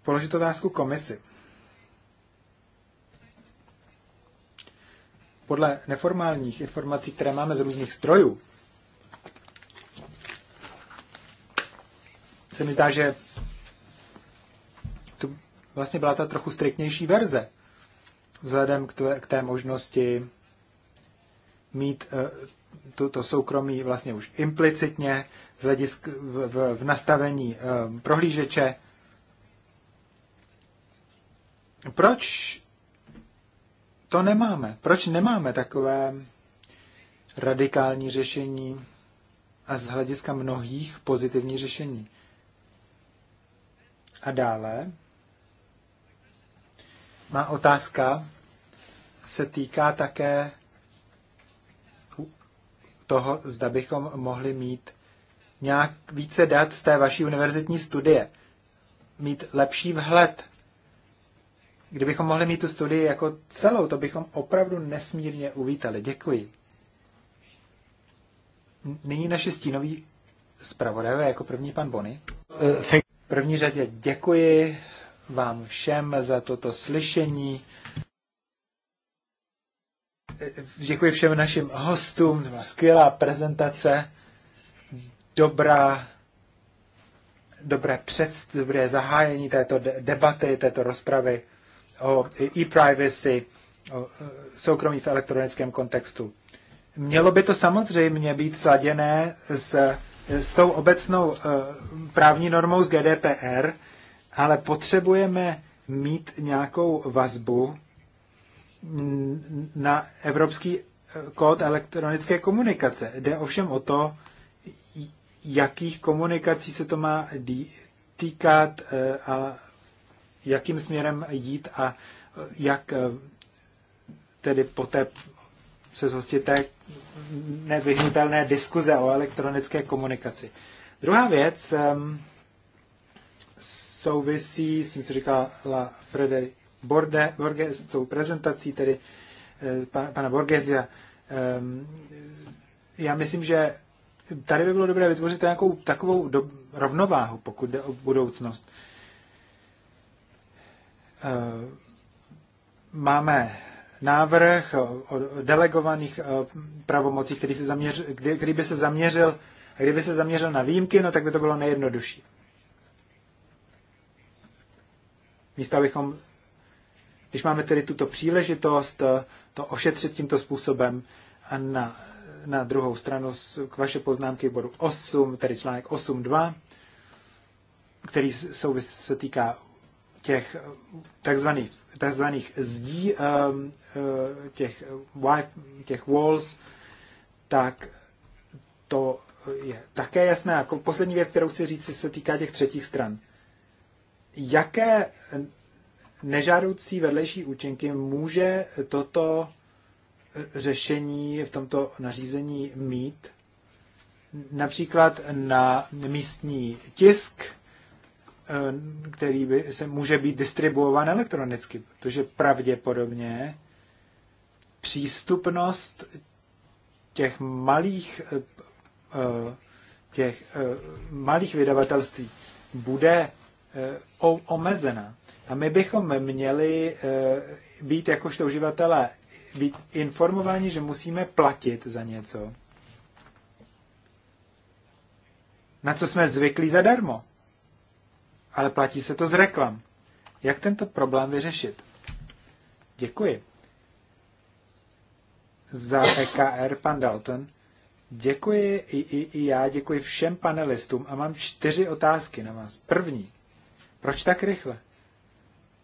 položit otázku komisi. podle neformálních informací, které máme z různých strojů, se mi zdá, že tu vlastně byla ta trochu striktnější verze, vzhledem k, tvé, k té možnosti mít toto, eh, to, to soukromí vlastně už implicitně z hledisk v, v, v nastavení eh, prohlížeče. Proč to nemáme. Proč nemáme takové radikální řešení a z hlediska mnohých pozitivní řešení? A dále má otázka se týká také toho, zda bychom mohli mít nějak více dat z té vaší univerzitní studie, mít lepší vhled Kdybychom mohli mít tu studii jako celou, to bychom opravdu nesmírně uvítali. Děkuji. Nyní naši stínoví zpravodajové, jako první pan Bony. V první řadě děkuji vám všem za toto slyšení. Děkuji všem našim hostům, to byla skvělá prezentace, dobrá, dobré, předst, dobré zahájení této debaty, této rozpravy o e-privacy, o e, soukromí v elektronickém kontextu. Mělo by to samozřejmě být sladěné s, s tou obecnou e, právní normou z GDPR, ale potřebujeme mít nějakou vazbu na evropský e, kód elektronické komunikace. Jde ovšem o to, jakých komunikací se to má týkat a jakým směrem jít a eh, jak eh, tedy poté se zhostit té nevyhnutelné diskuze o elektronické komunikaci. Druhá věc ehm, souvisí s tím, co říkala Frederik Borde, Borges, s tou prezentací tedy eh, pana Borgesia. Ehm, já myslím, že tady by bylo dobré vytvořit nějakou takovou do, rovnováhu, pokud jde o budoucnost. Eh, máme návrh o delegovaných eh, pravomocí, který, se zaměř, který by se zaměřil a kdyby se zaměřil na výjimky, no tak by to bylo nejjednodušší. Místo abychom, když máme tedy tuto příležitost eh, to ošetřit tímto způsobem a na, na druhou stranu k vaše poznámky bodu 8, tedy článek 8.2, který souvis, se týká těch takzvaných, takzvaných zdí, eh, těch, těch walls, tak to je také jasné. A poslední věc, kterou chci říct, se týká těch třetích stran. Jaké nežádoucí vedlejší účinky může toto eh, řešení v tomto nařízení mít? Například na místní tisk, Eh, který by se může být distribuován elektronicky, protože pravděpodobně přístupnost těch malých, eh, eh, těch malých vydavatelství bude omezena. A my bychom měli být jakožto uživatelé být informováni, že musíme platit za něco, na co jsme zvyklí zadarmo ale platí se to z reklam. Jak tento problém vyřešit? Děkuji. Za EKR pan Dalton. Děkuji i, i, i já, děkuji všem panelistům a mám čtyři otázky na vás. První. Proč tak rychle?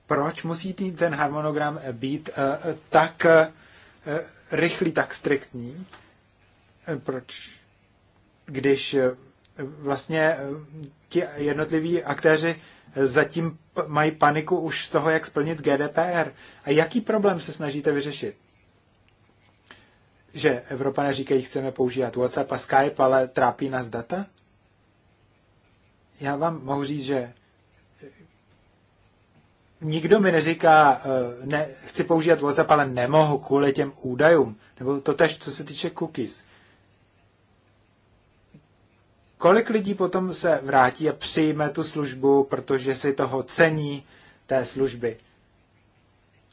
Proč musí ten harmonogram být uh, tak uh, rychlý, tak striktní? Proč? Když vlastně eh, ti jednotliví aktéři zatím mají paniku už z toho, jak splnit GDPR. A jaký problém se snažíte vyřešit? Že Evropané říkají, chceme používat WhatsApp a Skype, ale trápí nás data? Já vám mohu říct, že eh, nikdo mi neříká, eh, ne, chci používat WhatsApp, ale nemohu kvůli těm údajům. Nebo to tež, co se týče cookies Kolik lidí potom se vrátí a přijme tu službu, protože si toho cení té služby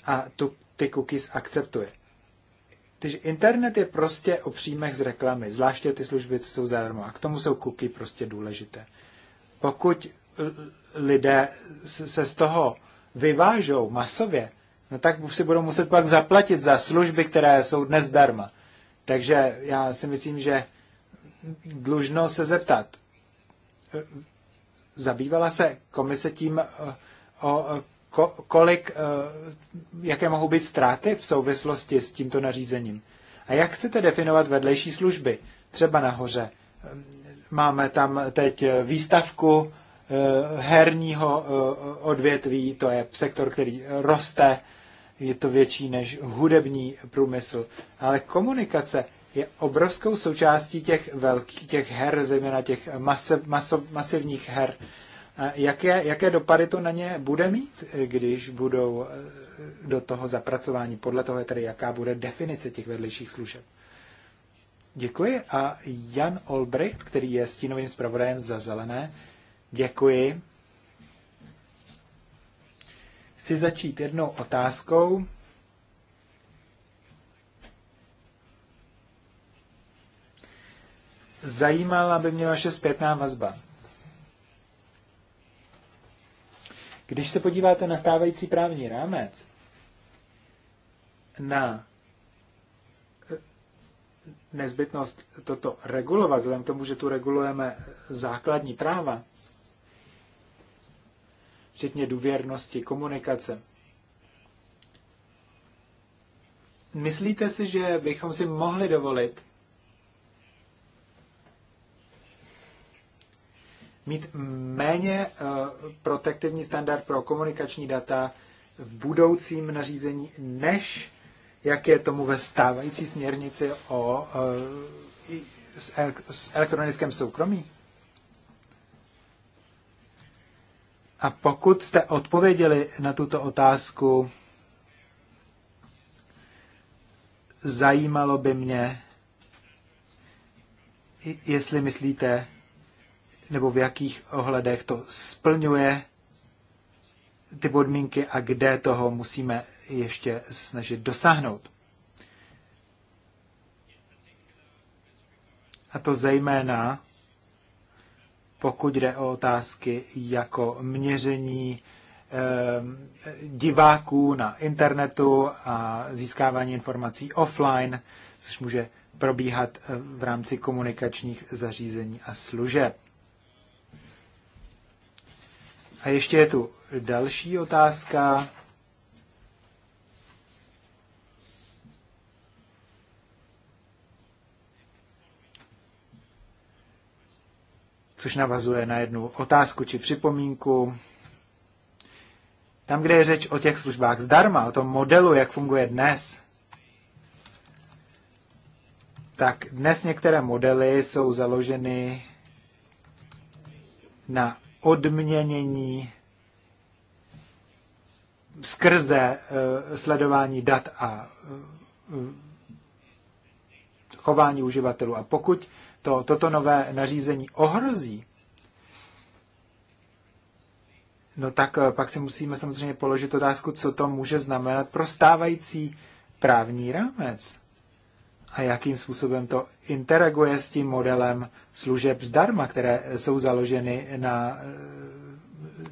a tu, ty cookies akceptuje. Takže internet je prostě o příjmech z reklamy, zvláště ty služby, co jsou zadarmo. A k tomu jsou kuky prostě důležité. Pokud lidé se z toho vyvážou masově, no tak si budou muset pak zaplatit za služby, které jsou dnes zdarma. Takže já si myslím, že dlužno se zeptat. Zabývala se komise tím, eh, o kolik, eh, jaké mohou být ztráty v souvislosti s tímto nařízením? A jak chcete definovat vedlejší služby? Třeba nahoře. Eh, máme tam teď výstavku herního odvětví, to je sektor, který roste, je to větší než hudební průmysl. Ale komunikace, je obrovskou součástí těch velkých, těch her, zejména těch masiv, masiv, masivních her. Jaké, jaké dopady to na ně bude mít, když budou eh, do toho zapracování? Podle toho je tedy, jaká bude definice těch vedlejších služeb. Děkuji. A Jan Olbricht, který je stínovým zpravodajem za zelené, děkuji. Chci začít jednou otázkou, zajímala by mě vaše zpětná vazba. Když se podíváte na stávající právní rámec, na eh, nezbytnost toto regulovat, vzhledem k tomu, že tu regulujeme základní práva, včetně důvěrnosti, komunikace. Myslíte si, že bychom si mohli dovolit mít méně eh, protektivní standard pro komunikační data v budoucím nařízení, než jak je tomu ve stávající směrnici o eh, s elektronickém soukromí? A pokud jste odpověděli na tuto otázku, zajímalo by mě, jestli myslíte, nebo v jakých ohledech to splňuje ty podmínky a kde toho musíme ještě se snažit dosáhnout. A to zejména pokud jde o otázky jako měření ehm, diváků na internetu a získávání informací offline, což může probíhat v rámci komunikačních zařízení a služeb. A ještě je tu další otázka. což navazuje na jednu otázku či připomínku. Tam, kde je řeč o těch službách zdarma, o tom modelu, jak funguje dnes, tak dnes některé modely jsou založeny na odměnění skrze eh, sledování dat a eh, chování uživatelů. A pokud to, toto nové nařízení ohrozí, no tak eh, pak si musíme samozřejmě položit otázku, co to může znamenat pro stávající právní rámec a jakým způsobem to interaguje s tím modelem služeb zdarma, které jsou založeny na eh,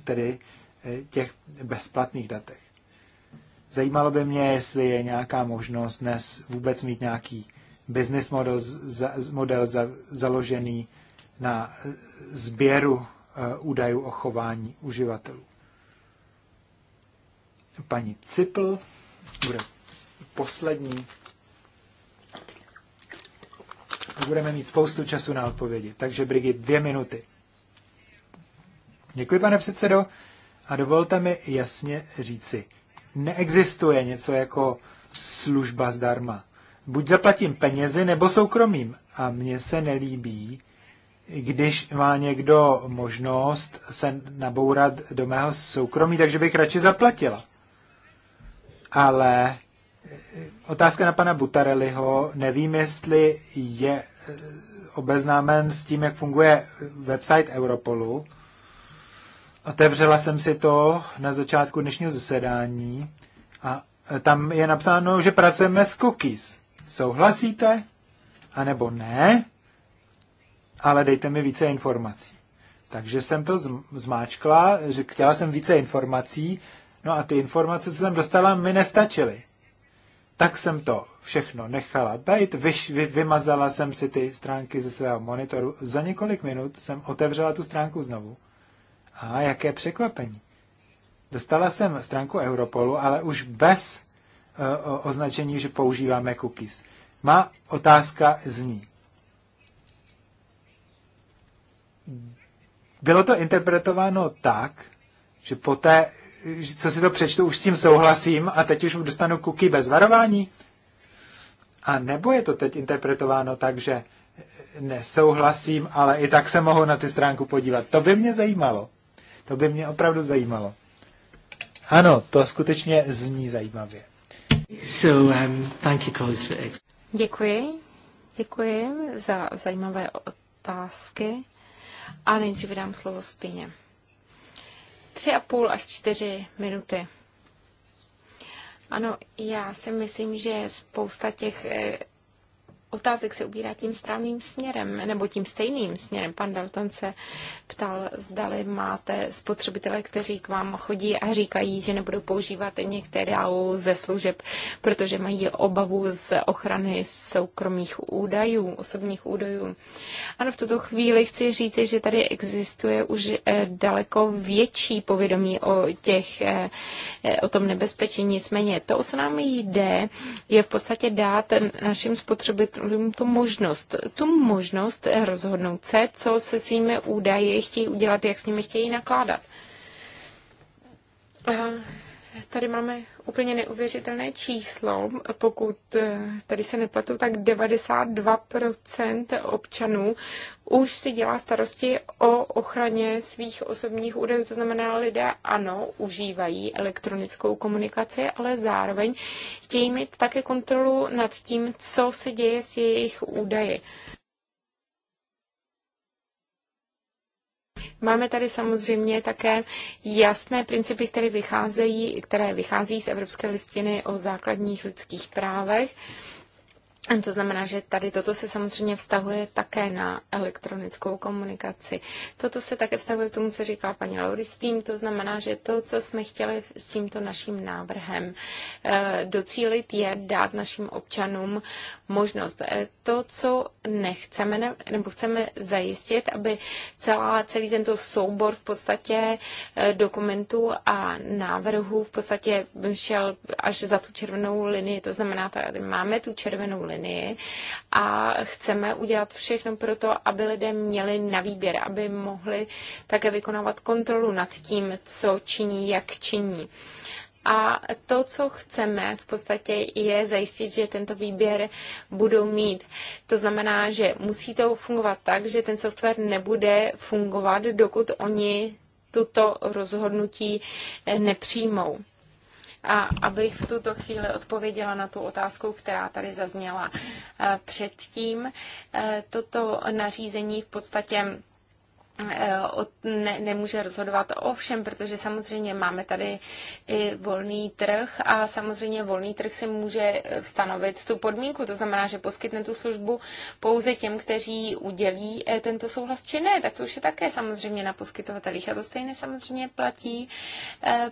tedy eh, těch bezplatných datech. Zajímalo by mě, jestli je nějaká možnost dnes vůbec mít nějaký business model, model založený na eh, sběru údajů o chování uživatelů. Paní Cipl bude poslední budeme mít spoustu času na odpovědi. Takže Brigit, dvě minuty. Děkuji, pane předsedo. A dovolte mi jasně říci, neexistuje něco jako služba zdarma. Buď zaplatím penězi, nebo soukromím. A mně se nelíbí, když má někdo možnost se nabourat do mého soukromí, takže bych radši zaplatila. Ale otázka na pana Butareliho, nevím, jestli je obeznámen s tím, jak funguje website Europolu. Otevřela jsem si to na začátku dnešního zasedání a tam je napsáno, že pracujeme s cookies. Souhlasíte? A nebo ne? Ale dejte mi více informací. Takže jsem to zmáčkla, že chtěla jsem více informací, no a ty informace, co jsem dostala, mi nestačily tak jsem to všechno nechala být, vyš, vy, vymazala jsem si ty stránky ze svého monitoru. Za několik minut jsem otevřela tu stránku znovu. A jaké překvapení. Dostala jsem stránku Europolu, ale už bez uh, označení, že používáme cookies. Má otázka zní. Bylo to interpretováno tak, že poté, co si to přečtu, už s tím souhlasím a teď už dostanu kuky bez varování? A nebo je to teď interpretováno tak, že nesouhlasím, ale i tak se mohu na ty stránku podívat. To by mě zajímalo. To by mě opravdu zajímalo. Ano, to skutečně zní zajímavě. So, um, thank you, colleagues, for Děkuji. Děkuji za zajímavé otázky. A nejdříve dám slovo Spině. Tři a půl až čtyři minuty. Ano, já si myslím, že spousta těch eh, otázek se ubírá tím správným směrem, nebo tím stejným směrem. Pan Dalton se ptal, zdali máte spotřebitele, kteří k vám chodí a říkají, že nebudou používat některé ze služeb, protože mají obavu z ochrany soukromých údajů, osobních údajů. Ano, v tuto chvíli chci říct, že tady existuje už eh, daleko větší povědomí o těch, eh, eh, o tom nebezpečí. Nicméně to, o co nám jde, je v podstatě dát našim spotřebitelům podnikatelům tu možnost, tu možnost rozhodnout se, co se svými údaji chtějí udělat, jak s nimi chtějí nakládat. Aha. Tady máme úplně neuvěřitelné číslo. Pokud eh, tady se neplatí, tak 92% občanů už si dělá starosti o ochraně svých osobních údajů. To znamená, lidé ano, užívají elektronickou komunikaci, ale zároveň chtějí mít také kontrolu nad tím, co se děje s jejich údaji. Máme tady samozřejmě také jasné principy, které vycházejí, které vychází z Evropské listiny o základních lidských právech. To znamená, že tady toto se samozřejmě vztahuje také na elektronickou komunikaci. Toto se také vztahuje k tomu, co říkala paní tím. to znamená, že to, co jsme chtěli s tímto naším návrhem eh, docílit, je dát našim občanům možnost. Eh, to, co nechceme, nebo chceme zajistit, aby celá, celý tento soubor v podstatě eh, dokumentů a návrhů v podstatě šel až za tu červenou linii. To znamená, tady máme tu červenou linii a chceme udělat všechno pro to, aby lidé měli na výběr, aby mohli také vykonávat kontrolu nad tím, co činí, jak činí. A to, co chceme v podstatě, je zajistit, že tento výběr budou mít. To znamená, že musí to fungovat tak, že ten software nebude fungovat, dokud oni tuto rozhodnutí nepřijmou. A abych v tuto chvíli odpověděla na tu otázku, která tady zazněla eh, předtím, eh, toto nařízení v podstatě Eh, ne, nemůže rozhodovat o všem, protože samozřejmě máme tady i volný trh a samozřejmě volný trh si může eh, stanovit tu podmínku. To znamená, že poskytne tu službu pouze těm, kteří udělí eh, tento souhlas či ne. Tak to už je také samozřejmě na poskytovatelích. A to stejné samozřejmě platí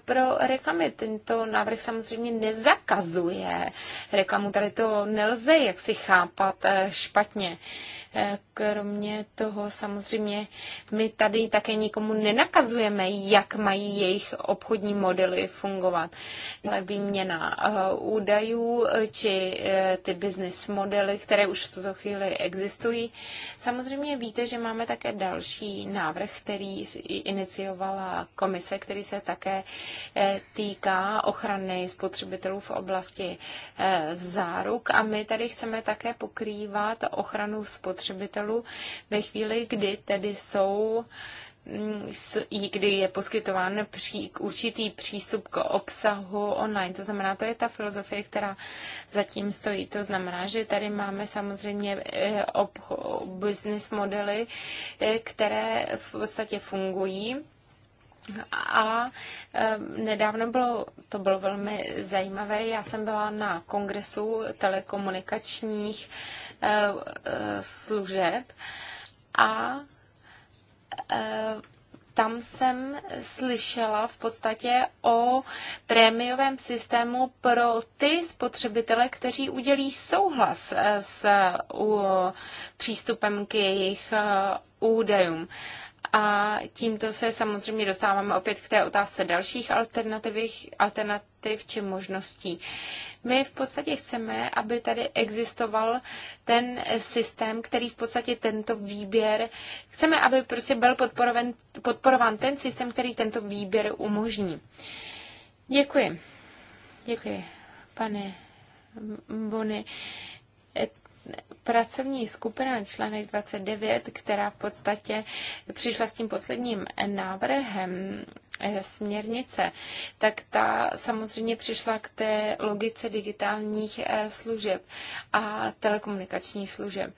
pro reklamy. Tento návrh samozřejmě nezakazuje reklamu. Tady to nelze jaksi chápat špatně. Kromě toho samozřejmě my tady také nikomu nenakazujeme, jak mají jejich obchodní modely fungovat. Ale výměna eh, údajů eh, či eh, ty business modely, které už v tuto chvíli existují. Samozřejmě víte, že máme také další návrh, který iniciovala komise, který se také týká ochrany spotřebitelů v oblasti záruk a my tady chceme také pokrývat ochranu spotřebitelů spotřebitelů ve chvíli, kdy tedy jsou mm, kdy je poskytován pří, určitý přístup k obsahu online. To znamená, to je ta filozofie, která zatím stojí. To znamená, že tady máme samozřejmě eh, ob, business modely, eh, které v podstatě fungují. A eh, nedávno bylo, to bylo velmi zajímavé, já jsem byla na kongresu telekomunikačních Eh, služeb a eh, tam jsem slyšela v podstatě o prémiovém systému pro ty spotřebitele, kteří udělí souhlas eh, s přístupem k jejich údajům. A tímto se samozřejmě dostáváme opět k té otázce dalších alternativ, alternativ či možností. My v podstatě chceme, aby tady existoval ten systém, který v podstatě tento výběr, chceme, aby prostě byl podporován, podporován ten systém, který tento výběr umožní. Děkuji. Děkuji, pane Bony pracovní skupina článek 29, která v podstatě přišla s tím posledním návrhem eh, směrnice, tak ta samozřejmě přišla k té logice digitálních eh, služeb a telekomunikačních služeb.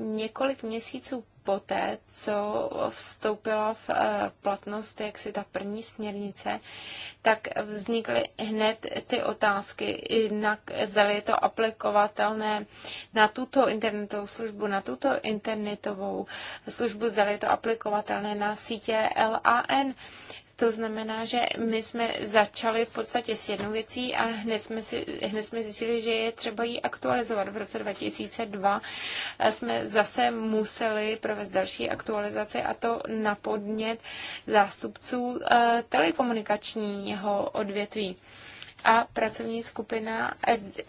Několik měsíců poté, co vstoupila v eh, platnost jak si ta první směrnice, tak vznikly hned ty otázky, jednak zda je to aplikovatelné na tuto internetovou službu, na tuto internetovou službu, zda je to aplikovatelné na sítě LAN. To znamená, že my jsme začali v podstatě s jednou věcí a hned jsme, si, hned jsme zjistili, že je třeba ji aktualizovat. V roce 2002 jsme zase museli provést další aktualizaci a to na podnět zástupců eh, telekomunikačního odvětví a pracovní skupina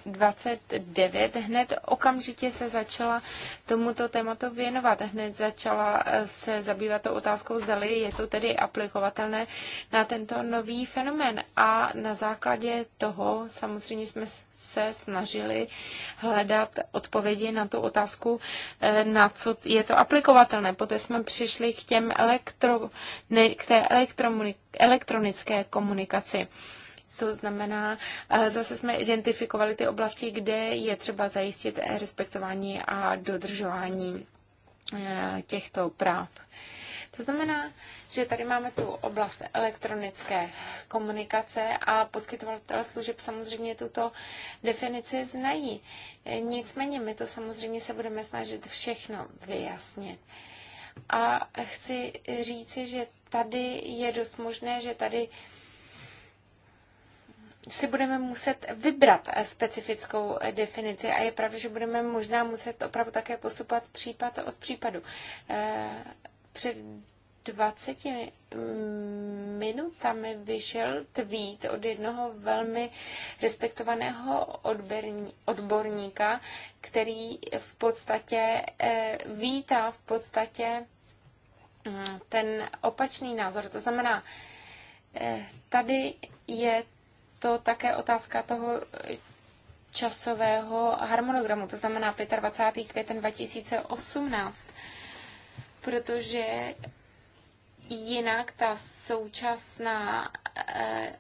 29 hned okamžitě se začala tomuto tématu věnovat. Hned začala eh, se zabývat tou otázkou, zdali je to tedy aplikovatelné na tento nový fenomén. A na základě toho samozřejmě jsme se snažili hledat odpovědi na tu otázku, eh, na co je to aplikovatelné. Poté jsme přišli k, těm elektro, ne, k té elektronické komunikaci. To znamená, eh, zase jsme identifikovali ty oblasti, kde je třeba zajistit respektování a dodržování eh, těchto práv. To znamená, že tady máme tu oblast elektronické komunikace a poskytovatel služeb samozřejmě tuto definici znají. Eh, nicméně my to samozřejmě se budeme snažit všechno vyjasnit. A chci říci, že tady je dost možné, že tady si budeme muset vybrat specifickou definici a je pravda, že budeme možná muset opravdu také postupovat případ od případu. Eh, před 20 minutami vyšel tweet od jednoho velmi respektovaného odborníka, který v podstatě eh, vítá v podstatě mm, ten opačný názor. To znamená, eh, tady je to také otázka toho eh, časového harmonogramu, to znamená 25. květen 2018, protože jinak ta současná eh,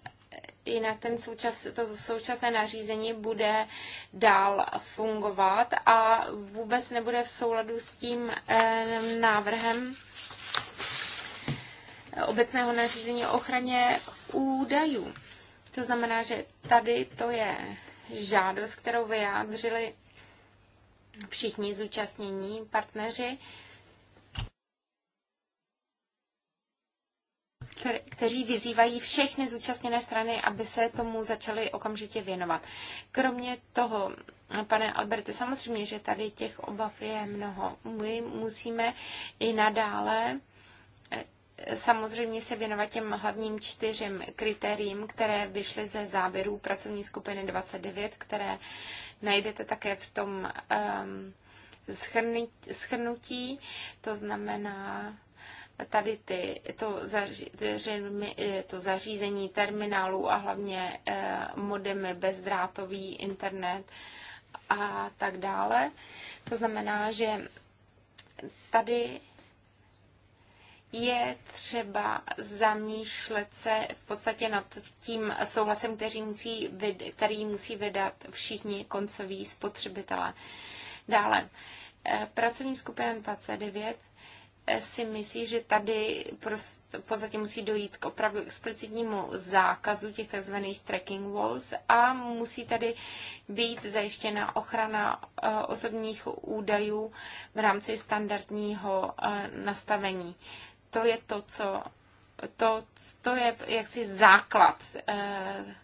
jinak ten součas, to současné nařízení bude dál fungovat a vůbec nebude v souladu s tím eh, návrhem obecného nařízení o ochraně údajů. To znamená, že tady to je žádost, kterou vyjádřili všichni zúčastnění partneři, kteří vyzývají všechny zúčastněné strany, aby se tomu začaly okamžitě věnovat. Kromě toho, pane Alberte, samozřejmě, že tady těch obav je mnoho. My musíme i nadále samozřejmě se věnovat těm hlavním čtyřem kritériím, které vyšly ze záběrů pracovní skupiny 29, které najdete také v tom um, schrnutí, to znamená tady ty, to, zařízení, to zařízení terminálů a hlavně eh, modemy bezdrátový internet a tak dále. To znamená, že tady je třeba zamýšlet se v podstatě nad tím souhlasem, který musí, který musí vydat všichni koncoví spotřebitelé. Dále, eh, pracovní skupina 29 eh, si myslí, že tady prost, v podstatě musí dojít k opravdu explicitnímu zákazu těch tzv. tracking walls a musí tady být zajištěna ochrana eh, osobních údajů v rámci standardního nastavení to je to, co to, to je jaksi základ eh,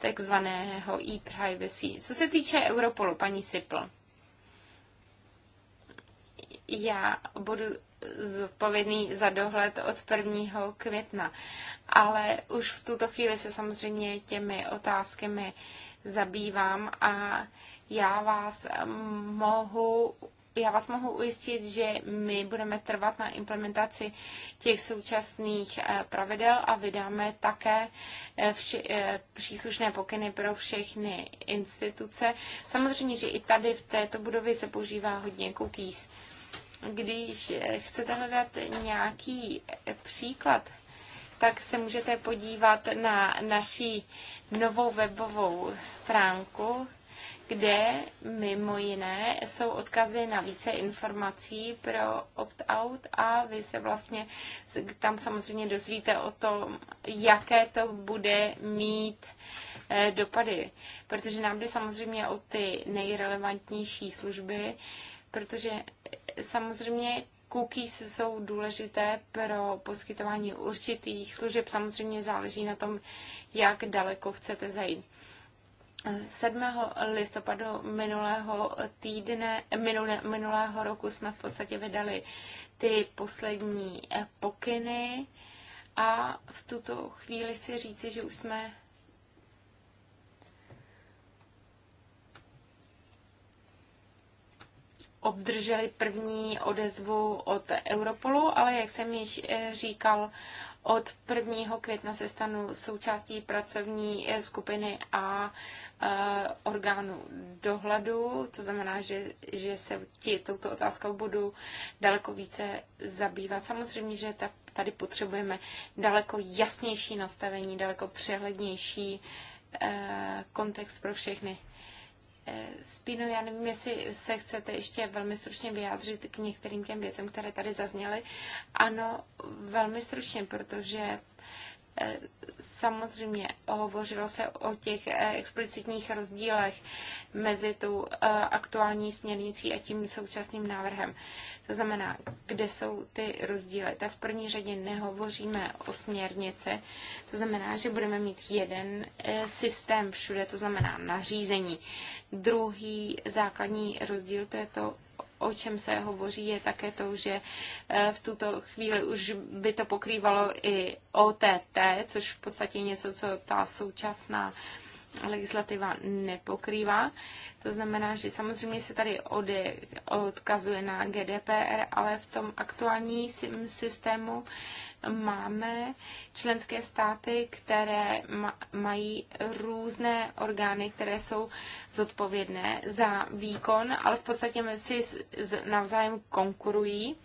takzvaného e-privacy. Co se týče Europolu, paní Sipl, já budu zodpovědný za dohled od 1. května, ale už v tuto chvíli se samozřejmě těmi otázkami zabývám a já vás mohu já vás mohu ujistit, že my budeme trvat na implementaci těch současných eh, pravidel a vydáme také eh, vši, eh, příslušné pokyny pro všechny instituce. Samozřejmě, že i tady v této budově se používá hodně cookies. Když chcete hledat nějaký příklad, tak se můžete podívat na naší novou webovou stránku, kde mimo jiné jsou odkazy na více informací pro opt-out a vy se vlastně tam samozřejmě dozvíte o tom, jaké to bude mít eh, dopady, protože nám jde samozřejmě o ty nejrelevantnější služby, protože eh, samozřejmě cookies jsou důležité pro poskytování určitých služeb. Samozřejmě záleží na tom, jak daleko chcete zajít. 7. listopadu minulého týdne, minulé, minulého roku jsme v podstatě vydali ty poslední eh, pokyny a v tuto chvíli si říci, že už jsme obdrželi první odezvu od Europolu, ale jak jsem již eh, říkal od 1. května se stanu součástí pracovní eh, skupiny a eh, orgánu dohledu, to znamená, že, že se tě, touto otázkou budu daleko více zabývat. Samozřejmě, že tady potřebujeme daleko jasnější nastavení, daleko přehlednější eh, kontext pro všechny. Spínu, já nevím, jestli se chcete ještě velmi stručně vyjádřit k některým těm věcem, které tady zazněly. Ano, velmi stručně, protože samozřejmě hovořilo se o těch eh, explicitních rozdílech mezi tu eh, aktuální směrnicí a tím současným návrhem. To znamená, kde jsou ty rozdíly. Tak v první řadě nehovoříme o směrnici, to znamená, že budeme mít jeden eh, systém všude, to znamená nařízení. Druhý základní rozdíl, to je to, o čem se hovoří, je také to, že eh, v tuto chvíli už by to pokrývalo i OTT, což v podstatě něco, co ta současná legislativa nepokrývá. To znamená, že samozřejmě se tady ode, odkazuje na GDPR, ale v tom aktuální systému máme členské státy, které mají různé orgány, které jsou zodpovědné za výkon, ale v podstatě si navzájem konkurují.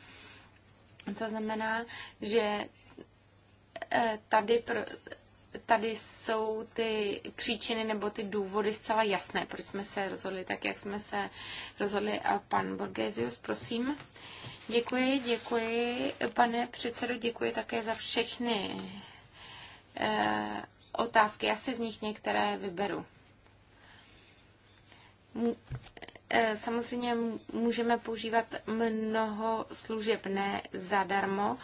To znamená, že eh, tady pro, tady jsou ty příčiny nebo ty důvody zcela jasné, proč jsme se rozhodli tak, jak jsme se rozhodli. A pan Borgesius, prosím. Děkuji, děkuji, pane předsedo, děkuji také za všechny eh, otázky. Já si z nich některé vyberu. Eh, samozřejmě můžeme používat mnoho služeb ne zadarmo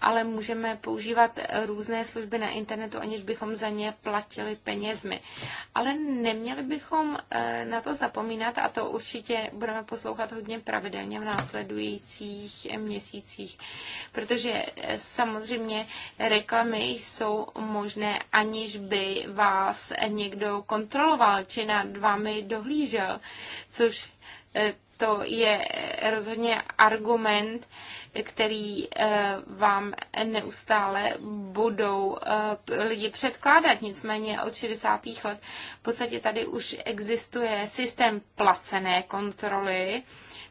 ale můžeme používat různé služby na internetu, aniž bychom za ně platili penězmi. Ale neměli bychom eh, na to zapomínat a to určitě budeme poslouchat hodně pravidelně v následujících eh, měsících, protože eh, samozřejmě reklamy jsou možné, aniž by vás někdo kontroloval či nad vámi dohlížel, což to je rozhodně argument, který eh, vám neustále budou eh, lidi předkládat. Nicméně od 60. let v podstatě tady už existuje systém placené kontroly.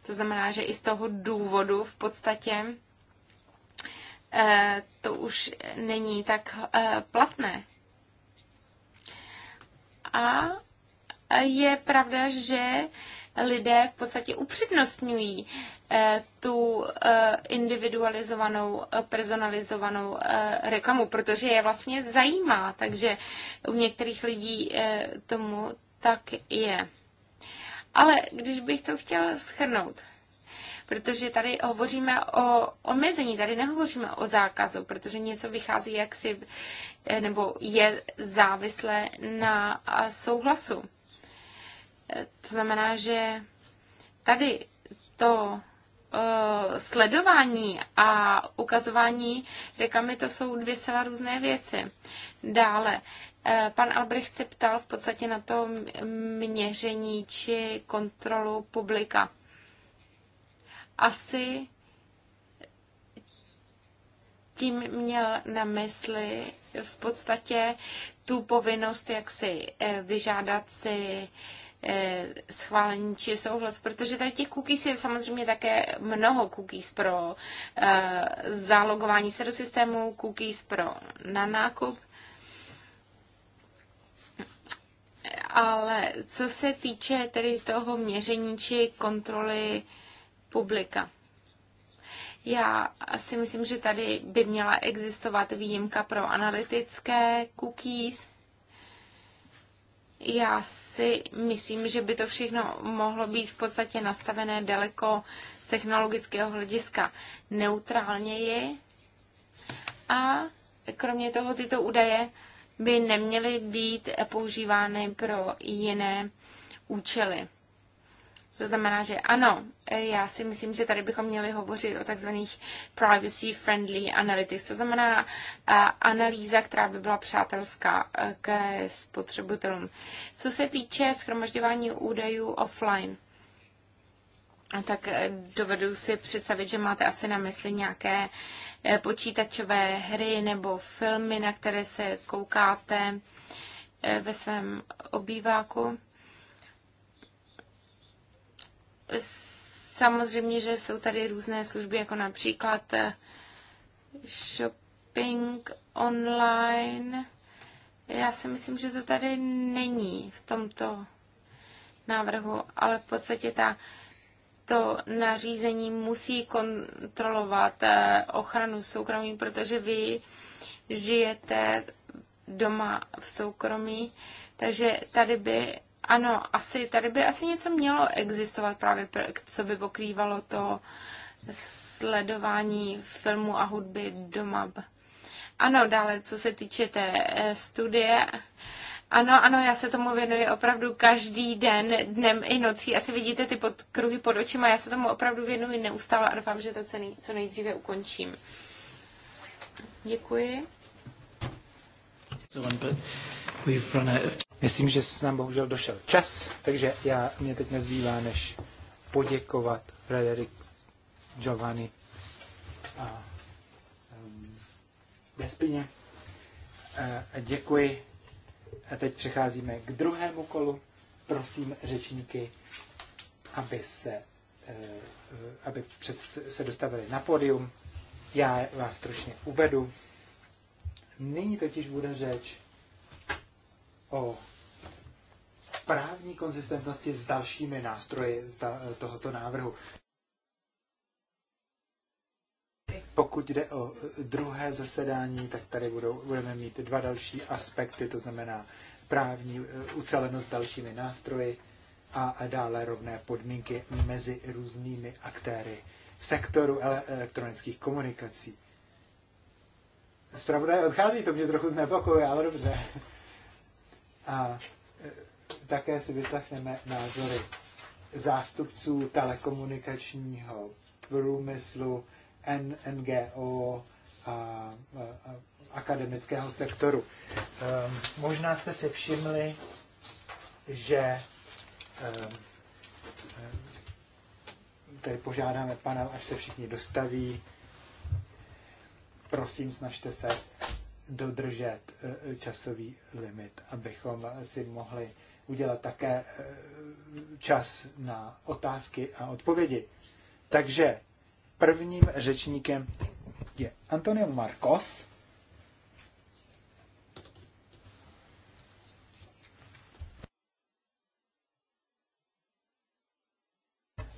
To znamená, že i z toho důvodu v podstatě eh, to už není tak platné. A je pravda, že lidé v podstatě upřednostňují eh, tu eh, individualizovanou, eh, personalizovanou reklamu, protože je vlastně zajímá, takže u některých lidí tomu tak je. Ale když bych to chtěla schrnout, protože tady hovoříme o omezení, tady nehovoříme o zákazu, protože něco vychází jaksi, nebo je závislé na souhlasu. To znamená, že tady to eh, sledování a ukazování reklamy, to jsou dvě celá různé věci. Dále, eh, pan Albrecht se ptal v podstatě na to měření či kontrolu publika. Asi tím měl na mysli v podstatě tu povinnost, jak si eh, vyžádat si uh, Eh, schválení či souhlas, protože tady těch cookies je samozřejmě také mnoho cookies pro eh, zálogování se do systému, cookies pro na nákup. Ale co se týče tedy toho měření či kontroly publika, já si myslím, že tady by měla existovat výjimka pro analytické cookies, já si myslím, že by to všechno mohlo být v podstatě nastavené daleko z technologického hlediska neutrálněji. A kromě toho tyto údaje by neměly být používány pro jiné účely. To znamená, že ano, já si myslím, že tady bychom měli hovořit o takzvaných privacy-friendly analytics, to znamená analýza, která by byla přátelská e, ke spotřebitelům. Co se týče schromažďování údajů offline, tak e, dovedu si představit, že máte asi na mysli nějaké e, počítačové hry nebo filmy, na které se koukáte ve svém obýváku. Samozřejmě, že jsou tady různé služby, jako například eh, shopping online. Já si myslím, že to tady není v tomto návrhu, ale v podstatě ta, to nařízení musí kontrolovat eh, ochranu soukromí, protože vy žijete doma v soukromí, takže tady by ano, asi tady by asi něco mělo existovat právě, co by pokrývalo to sledování filmu a hudby doma. Ano, dále, co se týče té eh, studie, ano, ano, já se tomu věnuji opravdu každý den, dnem i nocí. Asi vidíte ty pod, kruhy pod očima, já se tomu opravdu věnuji neustále a doufám, že to cený, co nejdříve ukončím. Děkuji. Myslím, že nám bohužel došel čas, takže já mě teď nezbývá, než poděkovat Frederik Giovanni a um, Despině. E, děkuji. A teď přecházíme k druhému kolu. Prosím řečníky, aby se e, aby před, se dostavili na pódium. Já vás stručně uvedu. Nyní totiž bude řeč o právní konzistentnosti s dalšími nástroji z da, tohoto návrhu. Pokud jde o e, druhé zasedání, tak tady budou, budeme mít dva další aspekty, to znamená právní e, ucelenost dalšími nástroji a dále rovné podmínky mezi různými aktéry v sektoru elektronických komunikací. Zpravodaj odchází, to mě trochu znepokojuje, ale dobře. A také si vyslechneme názory zástupců telekomunikačního průmyslu, NGO a, a, a akademického sektoru. Um, možná jste si všimli, že um, tady požádáme pana, až se všichni dostaví. Prosím, snažte se dodržet e, e, časový limit, abychom si mohli udělat také eh, čas na otázky a odpovědi. Takže prvním řečníkem je Antonio Marcos.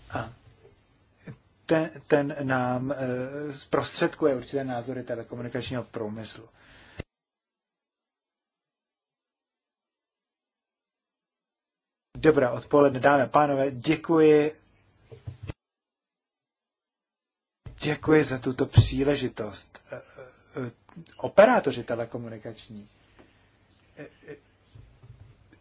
A ten, ten nám eh, zprostředkuje určité názory telekomunikačního průmyslu. Dobré odpoledne, dámy a pánové, děkuji. Děkuji za tuto příležitost. Eh, eh, operátoři telekomunikační eh,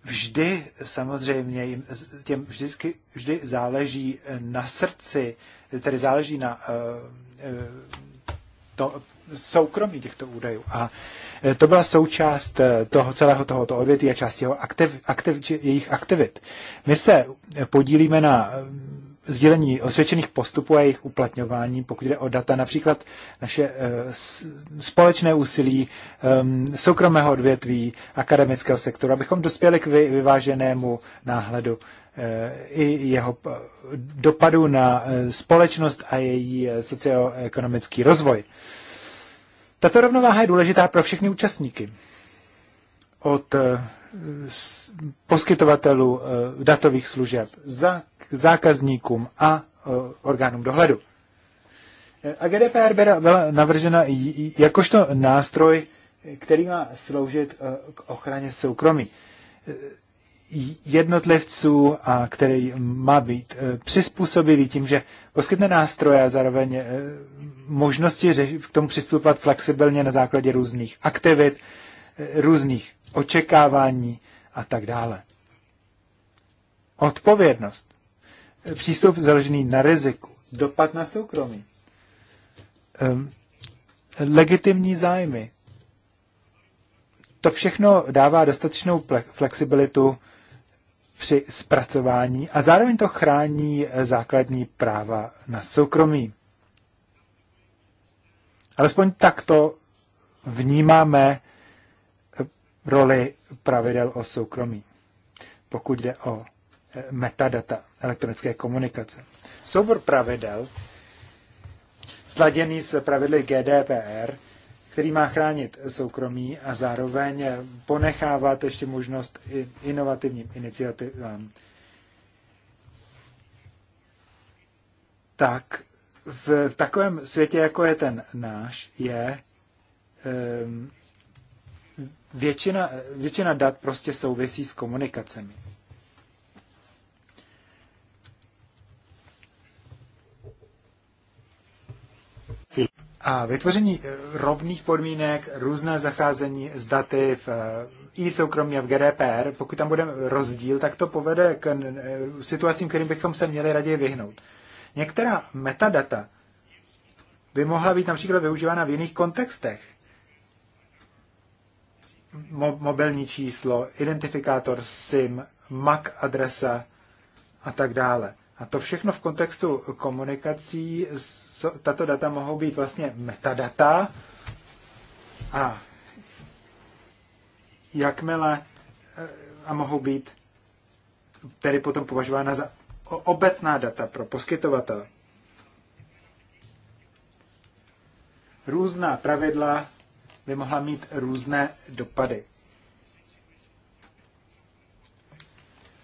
vždy samozřejmě jim, těm vždycky, vždy záleží na srdci, tedy záleží na to soukromí těchto údajů. A Eh, to byla součást eh, toho celého tohoto odvětví a část jeho aktiv, aktiv, jejich aktivit. My se eh, podílíme na sdělení osvědčených postupů a jejich uplatňování, pokud jde o data, například naše společné úsilí ehm, soukromého odvětví, akademického sektoru, abychom dospěli k vyváženému náhledu i jeho dopadu na společnost a její socioekonomický rozvoj. Tato rovnováha je důležitá pro všechny účastníky. Od eh, poskytovatelů eh, datových služeb, zákazníkům a eh, orgánům dohledu. A GDPR byla navržena jakožto nástroj, který má sloužit k ochraně soukromí jednotlivců, a který má být eh, přizpůsobivý tím, že poskytne nástroje a zároveň eh, možnosti k tomu přistupovat flexibilně na základě různých aktivit, eh, různých očekávání a tak dále. Odpovědnost. Přístup založený na riziku. Dopad na soukromí. Ehm, legitimní zájmy. To všechno dává dostatečnou flexibilitu při zpracování a zároveň to chrání základní práva na soukromí. Alespoň takto vnímáme roli pravidel o soukromí, pokud jde o eh, metadata elektronické komunikace. Soubor pravidel, sladěný s pravidly GDPR, který má chránit soukromí a zároveň ponechávat ještě možnost inovativním iniciativám. Tak v, takovém světě, jako je ten náš, je ehm, většina, většina dat prostě souvisí s komunikacemi. A vytvoření eh, rovných podmínek, různé zacházení s daty v i eh, soukromí a v GDPR, pokud tam bude rozdíl, tak to povede k eh, situacím, kterým bychom se měli raději vyhnout. Některá metadata by mohla být například využívána v jiných kontextech. Mo- mobilní číslo, identifikátor SIM, MAC adresa a tak dále. A to všechno v kontextu komunikací, tato data mohou být vlastně metadata a jakmile eh, a mohou být tedy potom považována za obecná data pro poskytovatele. Různá pravidla by mohla mít různé dopady.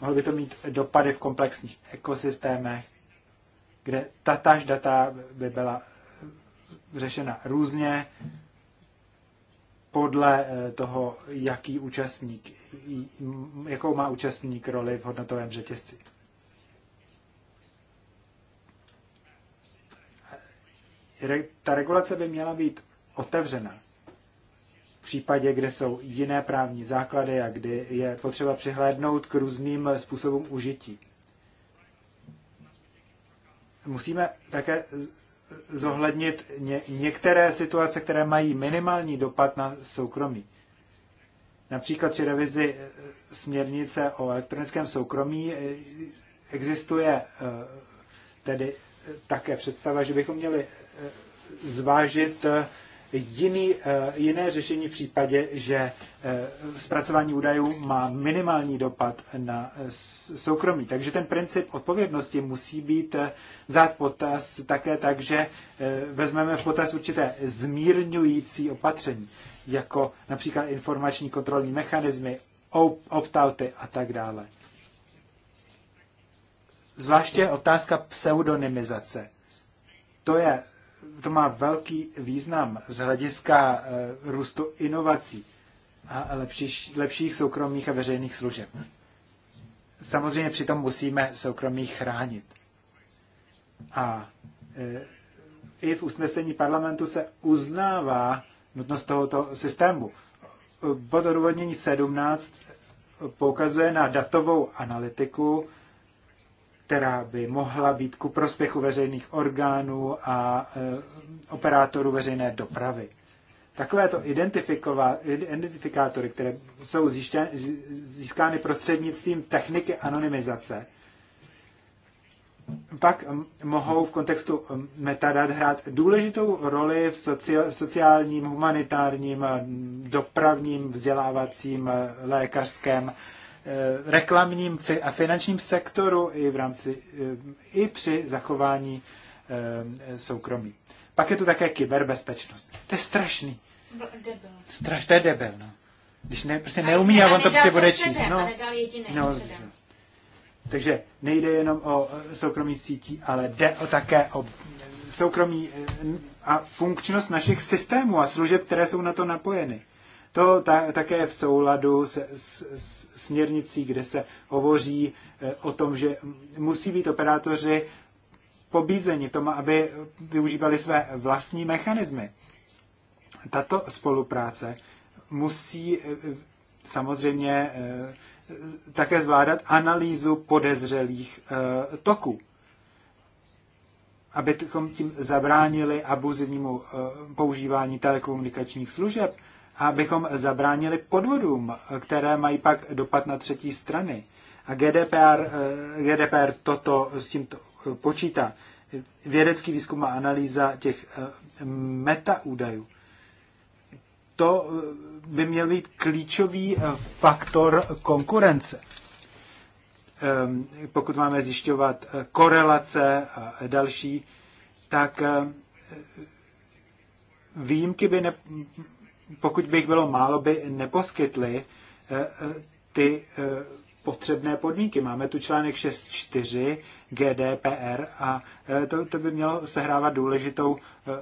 Mohlo by to mít dopady v komplexních ekosystémech, kde tatáž data by byla eh, řešena různě podle eh, toho, jaký účastník, jakou má účastník roli v hodnotovém řetězci. Ta regulace by měla být otevřená v případě, kde jsou jiné právní základy a kdy je potřeba přihlédnout k různým způsobům užití. Musíme také zohlednit ně, některé situace, které mají minimální dopad na soukromí. Například při revizi eh, směrnice o elektronickém soukromí eh, existuje eh, tedy také představa, že bychom měli zvážit jiný, eh, jiné řešení v případě, že eh, zpracování údajů má minimální dopad na eh, soukromí. Takže ten princip odpovědnosti musí být vzát potaz také tak, že vezmeme v potaz určité zmírňující opatření, jako například informační kontrolní mechanismy, opt-outy a tak dále. Zvláště otázka pseudonymizace. To je to má velký význam z hlediska eh, růstu inovací a lepších, lepších soukromých a veřejných služeb. Samozřejmě přitom musíme soukromí chránit. A eh, i v usnesení parlamentu se uznává nutnost tohoto systému. Bod odůvodnění 17 eh, poukazuje na datovou analytiku, která by mohla být ku prospěchu veřejných orgánů a e, operátorů veřejné dopravy. Takovéto identifikátory, které jsou zjištěn, získány prostřednictvím techniky anonymizace, pak mohou v kontextu metadat hrát důležitou roli v sociálním, humanitárním, dopravním, vzdělávacím, e, lékařském Eh, reklamním a finančním sektoru i v rámci eh, i při zachování eh, soukromí. Pak je tu také kyberbezpečnost. To je strašný. Debil. Straš, to je debil, no. Když ne, prostě neumí a, a on to prostě bude číst. No, a nedal jediné, no, takže nejde jenom o soukromí sítí, ale jde o také o soukromí a funkčnost našich systémů a služeb, které jsou na to napojeny. To ta, také v souladu s, s, s směrnicí, kde se hovoří eh, o tom, že musí být operátoři pobízeni tomu, aby využívali své vlastní mechanismy. Tato spolupráce musí eh, samozřejmě eh, také zvládat analýzu podezřelých toků, abychom tím zabránili abuzivnímu používání telekomunikačních služeb abychom zabránili podvodům, které mají pak dopad na třetí strany. A GDPR, eh, GDPR toto s tím eh, počítá. Vědecký výzkum a analýza těch eh, metaúdajů. To by měl být klíčový faktor konkurence. Pokud máme zjišťovat korelace a další, tak výjimky by ne, pokud bych bylo málo, by neposkytly eh, eh, ty eh, potřebné podmínky. Máme tu článek 6.4 GDPR a to, to by mělo sehrávat důležitou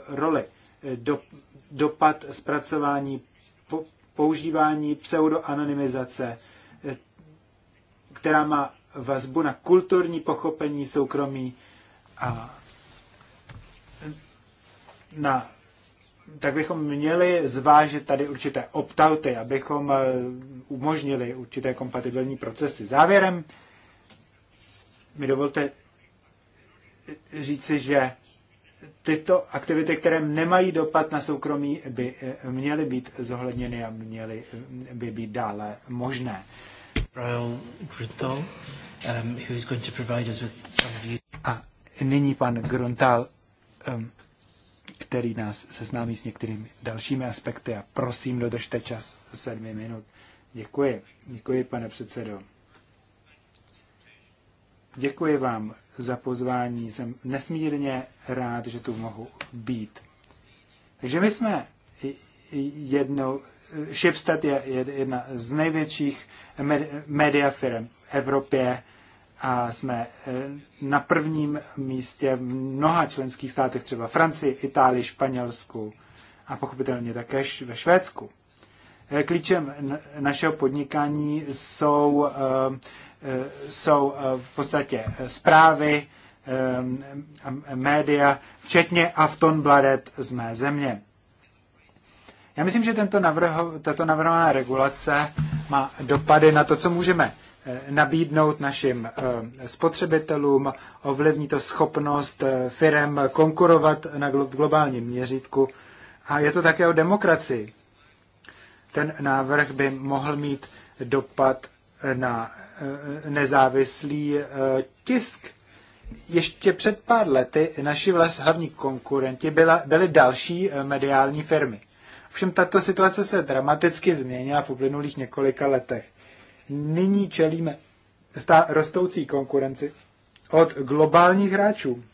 roli. Do, dopad zpracování, po, používání pseudoanonymizace, která má vazbu na kulturní pochopení soukromí a na tak bychom měli zvážit tady určité optauty, abychom eh, umožnili určité kompatibilní procesy. Závěrem mi dovolte říci, že tyto aktivity, které nemají dopad na soukromí, by eh, měly být zohledněny a měly eh, by být dále možné. Um, a nyní pan Gruntal, um, který nás seznámí s některými dalšími aspekty a prosím, dodržte čas sedmi minut. Děkuji. Děkuji, pane předsedo. Děkuji vám za pozvání. Jsem nesmírně rád, že tu mohu být. Takže my jsme jednou, Shipstead je jedna z největších media firm v Evropě, a jsme eh, na prvním místě v mnoha členských státech, třeba Francii, Itálii, Španělsku a pochopitelně také ve Švédsku. Eh, klíčem našeho podnikání jsou, eh, jsou v podstatě zprávy, média, včetně Bladet z mé země. Já myslím, že tento navrho, tato navrhovaná regulace má dopady na to, co můžeme Eh, nabídnout našim eh, spotřebitelům, ovlivní to schopnost eh, firem konkurovat na globálním měřítku. A je to také o demokracii. Ten návrh by mohl mít dopad na nezávislý tisk. Ještě před pár lety naši vlast hlavní konkurenti byla, byly další mediální firmy. Všem tato situace se dramaticky změnila v uplynulých několika letech nyní čelíme stá- rostoucí konkurenci od globálních hráčů.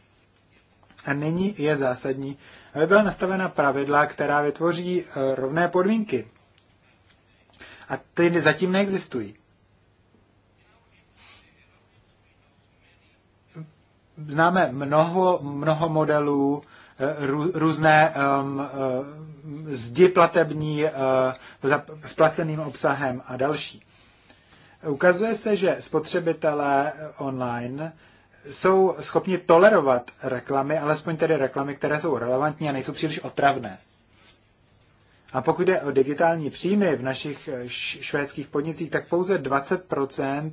A nyní je zásadní, aby byla nastavena pravidla, která vytvoří eh, rovné podmínky. A ty zatím neexistují. Známe mnoho, mnoho modelů, eh, rů, různé um, zdi platební uh, s placeným obsahem a další. Ukazuje se, že spotřebitelé online jsou schopni tolerovat reklamy, alespoň tedy reklamy, které jsou relevantní a nejsou příliš otravné. A pokud jde o digitální příjmy v našich eh, švédských podnicích, tak pouze 20%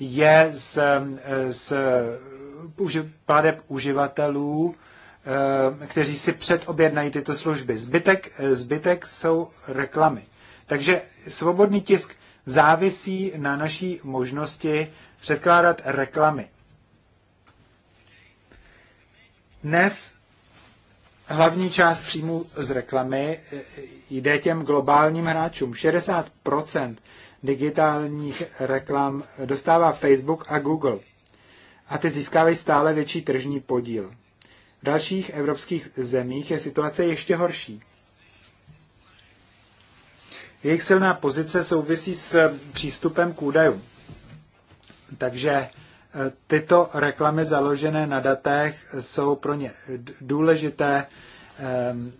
je z, eh, z uži, pladeb uživatelů, eh, kteří si předobjednají tyto služby. Zbytek, zbytek jsou reklamy. Takže svobodný tisk závisí na naší možnosti předkládat reklamy. Dnes hlavní část příjmu z reklamy e, e, jde těm globálním hráčům. 60 digitálních reklam dostává Facebook a Google. A ty získávají stále větší tržní podíl. V dalších evropských zemích je situace ještě horší. Jejich silná pozice souvisí s eh, přístupem k údajům. Takže eh, tyto reklamy založené na datech jsou pro ně důležité. Ehm,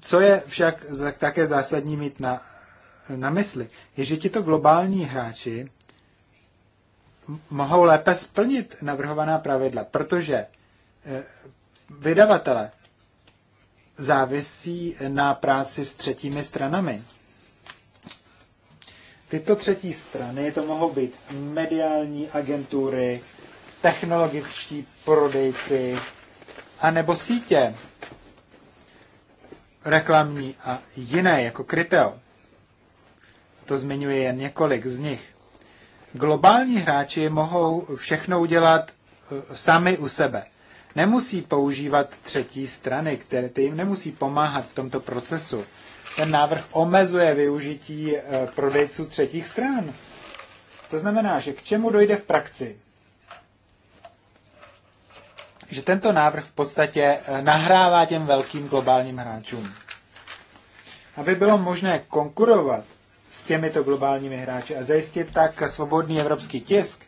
co je však také zásadní mít na, na mysli, je, že tito globální hráči mohou lépe splnit navrhovaná pravidla, protože eh, vydavatele závisí na práci s třetími stranami. Tyto třetí strany to mohou být mediální agentury, technologičtí prodejci, anebo sítě reklamní a jiné, jako Kryteo. To zmiňuje jen několik z nich. Globální hráči mohou všechno udělat e, sami u sebe. Nemusí používat třetí strany, které ty jim nemusí pomáhat v tomto procesu ten návrh omezuje využití eh, prodejců třetích stran. To znamená, že k čemu dojde v praxi? Že tento návrh v podstatě eh, nahrává těm velkým globálním hráčům. Aby bylo možné konkurovat s těmito globálními hráči a zajistit tak svobodný evropský tisk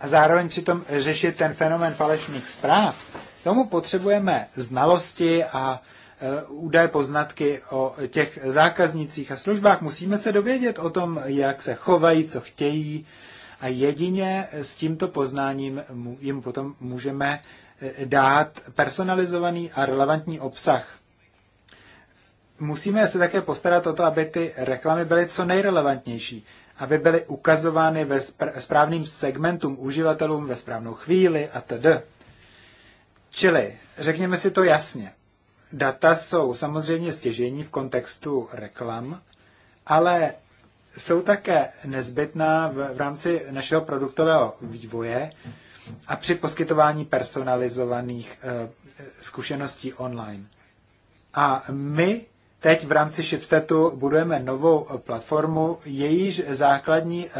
a zároveň přitom řešit ten fenomen falešných zpráv, tomu potřebujeme znalosti a Eh, údaje, poznatky o těch zákaznicích a službách. Musíme se dovědět o tom, jak se chovají, co chtějí a jedině s tímto poznáním jim potom můžeme eh, dát personalizovaný a relevantní obsah. Musíme se také postarat o to, aby ty reklamy byly co nejrelevantnější, aby byly ukazovány ve správným segmentům uživatelům ve správnou chvíli a td. Čili, řekněme si to jasně, data jsou samozřejmě stěžení v kontextu reklam, ale jsou také nezbytná v, v rámci našeho produktového vývoje a při poskytování personalizovaných e, zkušeností online. A my teď v rámci Shipstetu budujeme novou eh, platformu, jejíž základní e,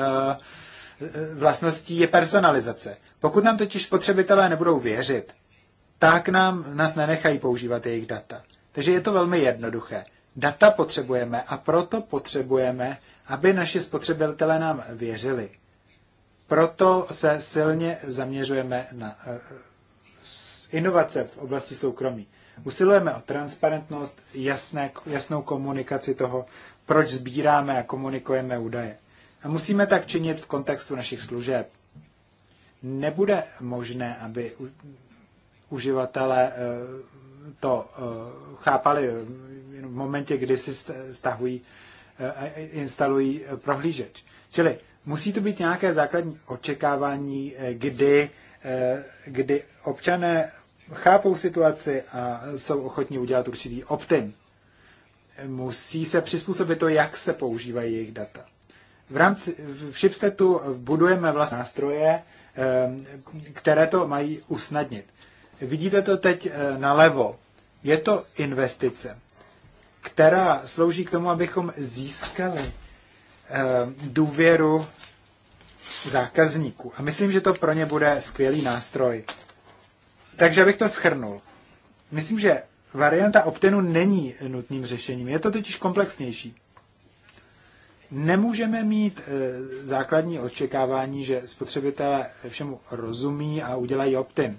vlastností je personalizace. Pokud nám totiž spotřebitelé nebudou věřit, tak nám, nás nenechají používat jejich data. Takže je to velmi jednoduché. Data potřebujeme a proto potřebujeme, aby naši spotřebitelé nám věřili. Proto se silně zaměřujeme na eh, inovace v oblasti soukromí. Usilujeme o transparentnost, jasné, jasnou komunikaci toho, proč sbíráme a komunikujeme údaje. A musíme tak činit v kontextu našich služeb. Nebude možné, aby uživatelé eh, to eh, chápali eh, v momentě, kdy si stahují, instalují prohlížeč. Čili musí to být nějaké základní očekávání, kdy, kdy občané chápou situaci a jsou ochotní udělat určitý optin. Musí se přizpůsobit to, jak se používají jejich data. V rámci v Shipsteadu budujeme vlastně nástroje, které to mají usnadnit. Vidíte to teď eh, nalevo. Je to investice, která slouží k tomu, abychom získali eh, důvěru zákazníků. A myslím, že to pro ně bude skvělý nástroj. Takže abych to schrnul. Myslím, že varianta Optenu není nutným řešením. Je to totiž komplexnější. Nemůžeme mít eh, základní očekávání, že spotřebitelé všemu rozumí a udělají Optin.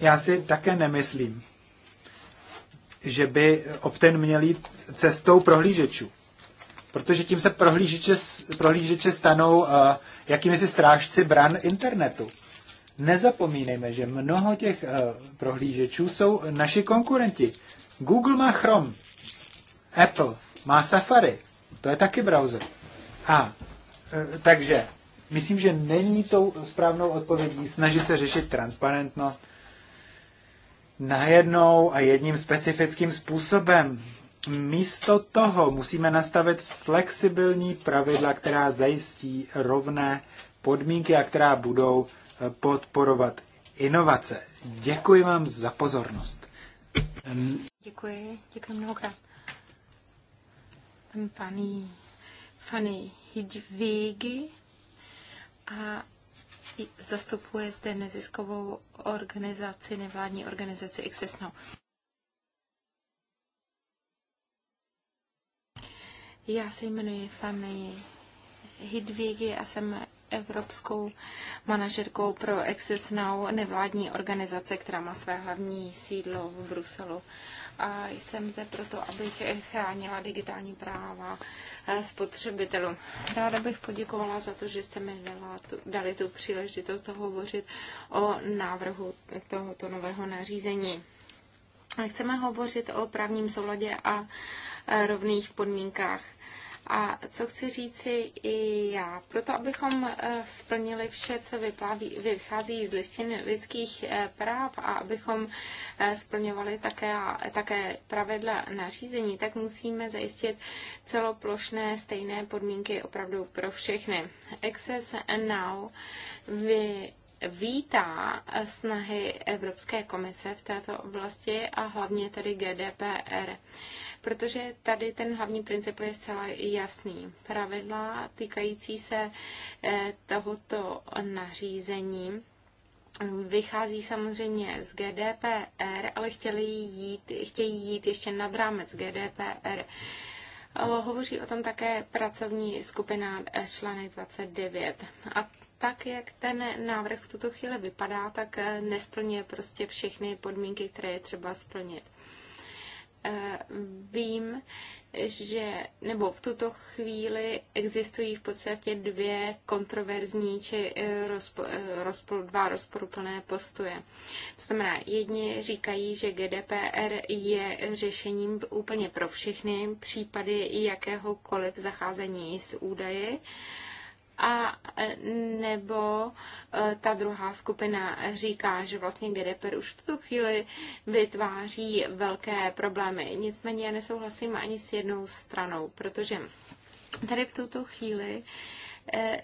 Já si také nemyslím, že by obten měl jít cestou prohlížečů. Protože tím se prohlížeče, prohlížeče stanou uh, jakými si strážci bran internetu. Nezapomínejme, že mnoho těch uh, prohlížečů jsou naši konkurenti. Google má Chrome, Apple má Safari, to je taky browser. A uh, takže myslím, že není tou správnou odpovědí snažit se řešit transparentnost najednou a jedním specifickým způsobem. Místo toho musíme nastavit flexibilní pravidla, která zajistí rovné podmínky a která budou eh, podporovat inovace. Děkuji vám za pozornost. Děkuji, děkuji mnohokrát. Paní, paní Hidvigi a zastupuje zde neziskovou organizaci, nevládní organizaci XSNO. Já se jmenuji Fanny Hidvigi a jsem evropskou manažerkou pro Access Now, nevládní organizace, která má své hlavní sídlo v Bruselu a jsem zde proto, abych chránila digitální práva eh, spotřebitelů. Ráda bych poděkovala za to, že jste mi dala tu, dali tu příležitost hovořit o návrhu tohoto nového nařízení. Chceme hovořit o právním souladě a eh, rovných podmínkách. A co chci říci i já, proto abychom eh, splnili vše, co vypláví, vychází z listin lidských eh, práv a abychom eh, splňovali také, také pravidla nařízení, tak musíme zajistit celoplošné stejné podmínky opravdu pro všechny. Access Now vy vítá snahy Evropské komise v této oblasti a hlavně tedy GDPR protože tady ten hlavní princip je zcela jasný. Pravidla týkající se eh, tohoto nařízení vychází samozřejmě z GDPR, ale chtěli jít, chtějí jít ještě nad rámec GDPR. Eh, hovoří o tom také pracovní skupina eh, článek 29. A tak, jak ten návrh v tuto chvíli vypadá, tak eh, nesplňuje prostě všechny podmínky, které je třeba splnit. Eh, vím, že nebo v tuto chvíli existují v podstatě dvě kontroverzní či eh, rozpo, rozpo, dva rozporuplné postoje. To znamená, jedni říkají, že GDPR je řešením úplně pro všechny případy jakéhokoliv zacházení s údaji a nebo e, ta druhá skupina říká, že vlastně GDPR už v tuto chvíli vytváří velké problémy. Nicméně já nesouhlasím ani s jednou stranou, protože tady v tuto chvíli e,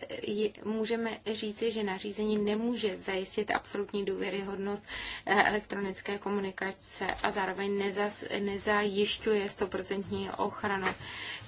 můžeme říci, že nařízení nemůže zajistit absolutní důvěryhodnost e, elektronické komunikace a zároveň nezajišťuje stoprocentní ochranu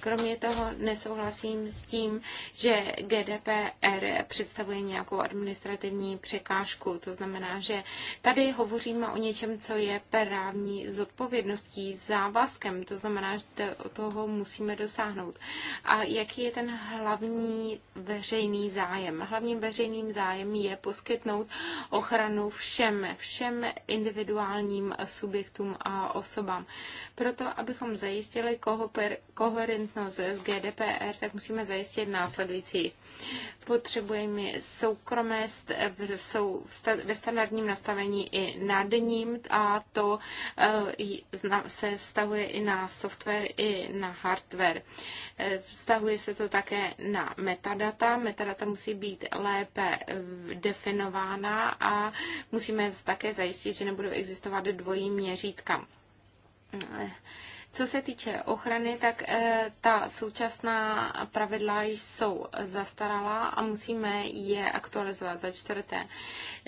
Kromě toho nesouhlasím s tím, že GDPR představuje nějakou administrativní překážku. To znamená, že tady hovoříme o něčem, co je právní zodpovědností, závazkem. To znamená, že toho musíme dosáhnout. A jaký je ten hlavní veřejný zájem? Hlavním veřejným zájem je poskytnout ochranu všem, všem individuálním subjektům a osobám. Proto, abychom zajistili koherent koherentnost z GDPR, tak musíme zajistit následující. Potřebujeme soukromé jsou ve standardním nastavení i nad ním a to eh, se vztahuje i na software, i na hardware. Eh, vztahuje se to také na metadata. Metadata musí být lépe eh, definována a musíme také zajistit, že nebudou existovat dvojí měřítka co se týče ochrany, tak eh, ta současná pravidla jsou zastaralá a musíme je aktualizovat. Za čtvrté,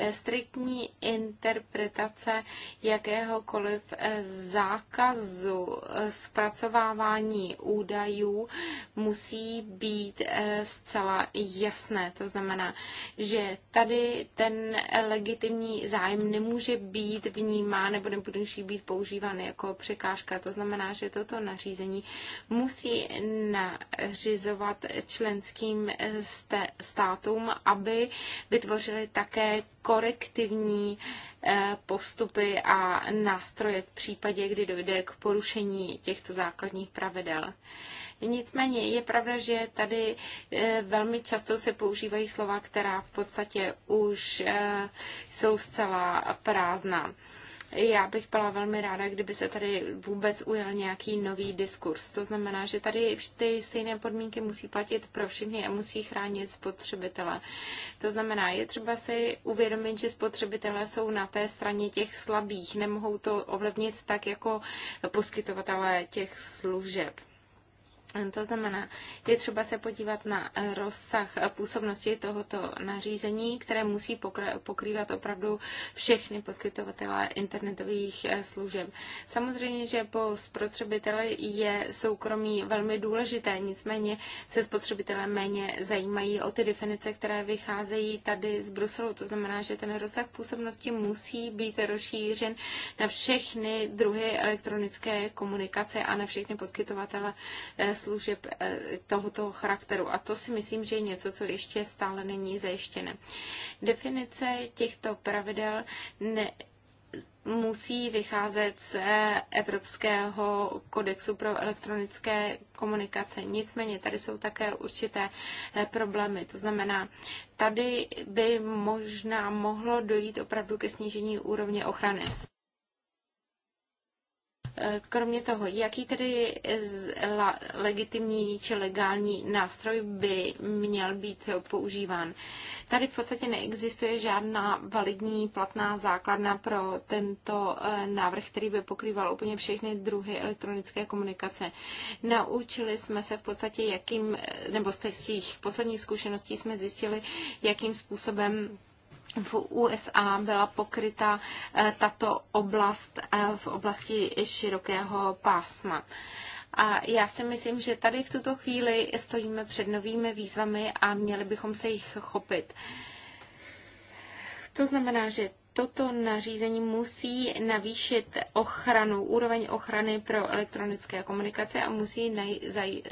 Eh, striktní interpretace jakéhokoliv eh, zákazu eh, zpracovávání údajů musí být zcela jasné. To znamená, že tady ten legitimní zájem nemůže být vnímán nebo nemůže být používán jako překážka. To znamená, že toto nařízení musí nařizovat členským státům, aby vytvořili také korektivní eh, postupy a nástroje v případě, kdy dojde k porušení těchto základních pravidel. Nicméně je pravda, že tady eh, velmi často se používají slova, která v podstatě už eh, jsou zcela prázdná. Já bych byla velmi ráda, kdyby se tady vůbec ujel nějaký nový diskurs. To znamená, že tady ty stejné podmínky musí platit pro všechny a musí chránit spotřebitele. To znamená, je třeba si uvědomit, že spotřebitelé jsou na té straně těch slabých, nemohou to ovlivnit tak jako poskytovatelé těch služeb. To znamená, je třeba se podívat na rozsah působnosti tohoto nařízení, které musí pokrývat opravdu všechny poskytovatele internetových eh, služeb. Samozřejmě, že po spotřebiteli je soukromí velmi důležité, nicméně se spotřebitelé méně zajímají o ty definice, které vycházejí tady z Bruselu. To znamená, že ten rozsah působnosti musí být rozšířen na všechny druhy elektronické komunikace a na všechny poskytovatele eh, služeb eh, tohoto charakteru. A to si myslím, že je něco, co ještě stále není zajištěné. Definice těchto pravidel ne, musí vycházet z eh, Evropského kodexu pro elektronické komunikace. Nicméně tady jsou také určité eh, problémy. To znamená, tady by možná mohlo dojít opravdu ke snížení úrovně ochrany. Kromě toho, jaký tedy legitimní či legální nástroj by měl být používán? Tady v podstatě neexistuje žádná validní platná základna pro tento eh, návrh, který by pokrýval úplně všechny druhy elektronické komunikace. Naučili jsme se v podstatě, jakým, eh, nebo z těch posledních zkušeností jsme zjistili, jakým způsobem v USA byla pokryta eh, tato oblast eh, v oblasti širokého pásma. A já si myslím, že tady v tuto chvíli stojíme před novými výzvami a měli bychom se jich chopit. To znamená, že toto nařízení musí navýšit ochranu, úroveň ochrany pro elektronické komunikace a musí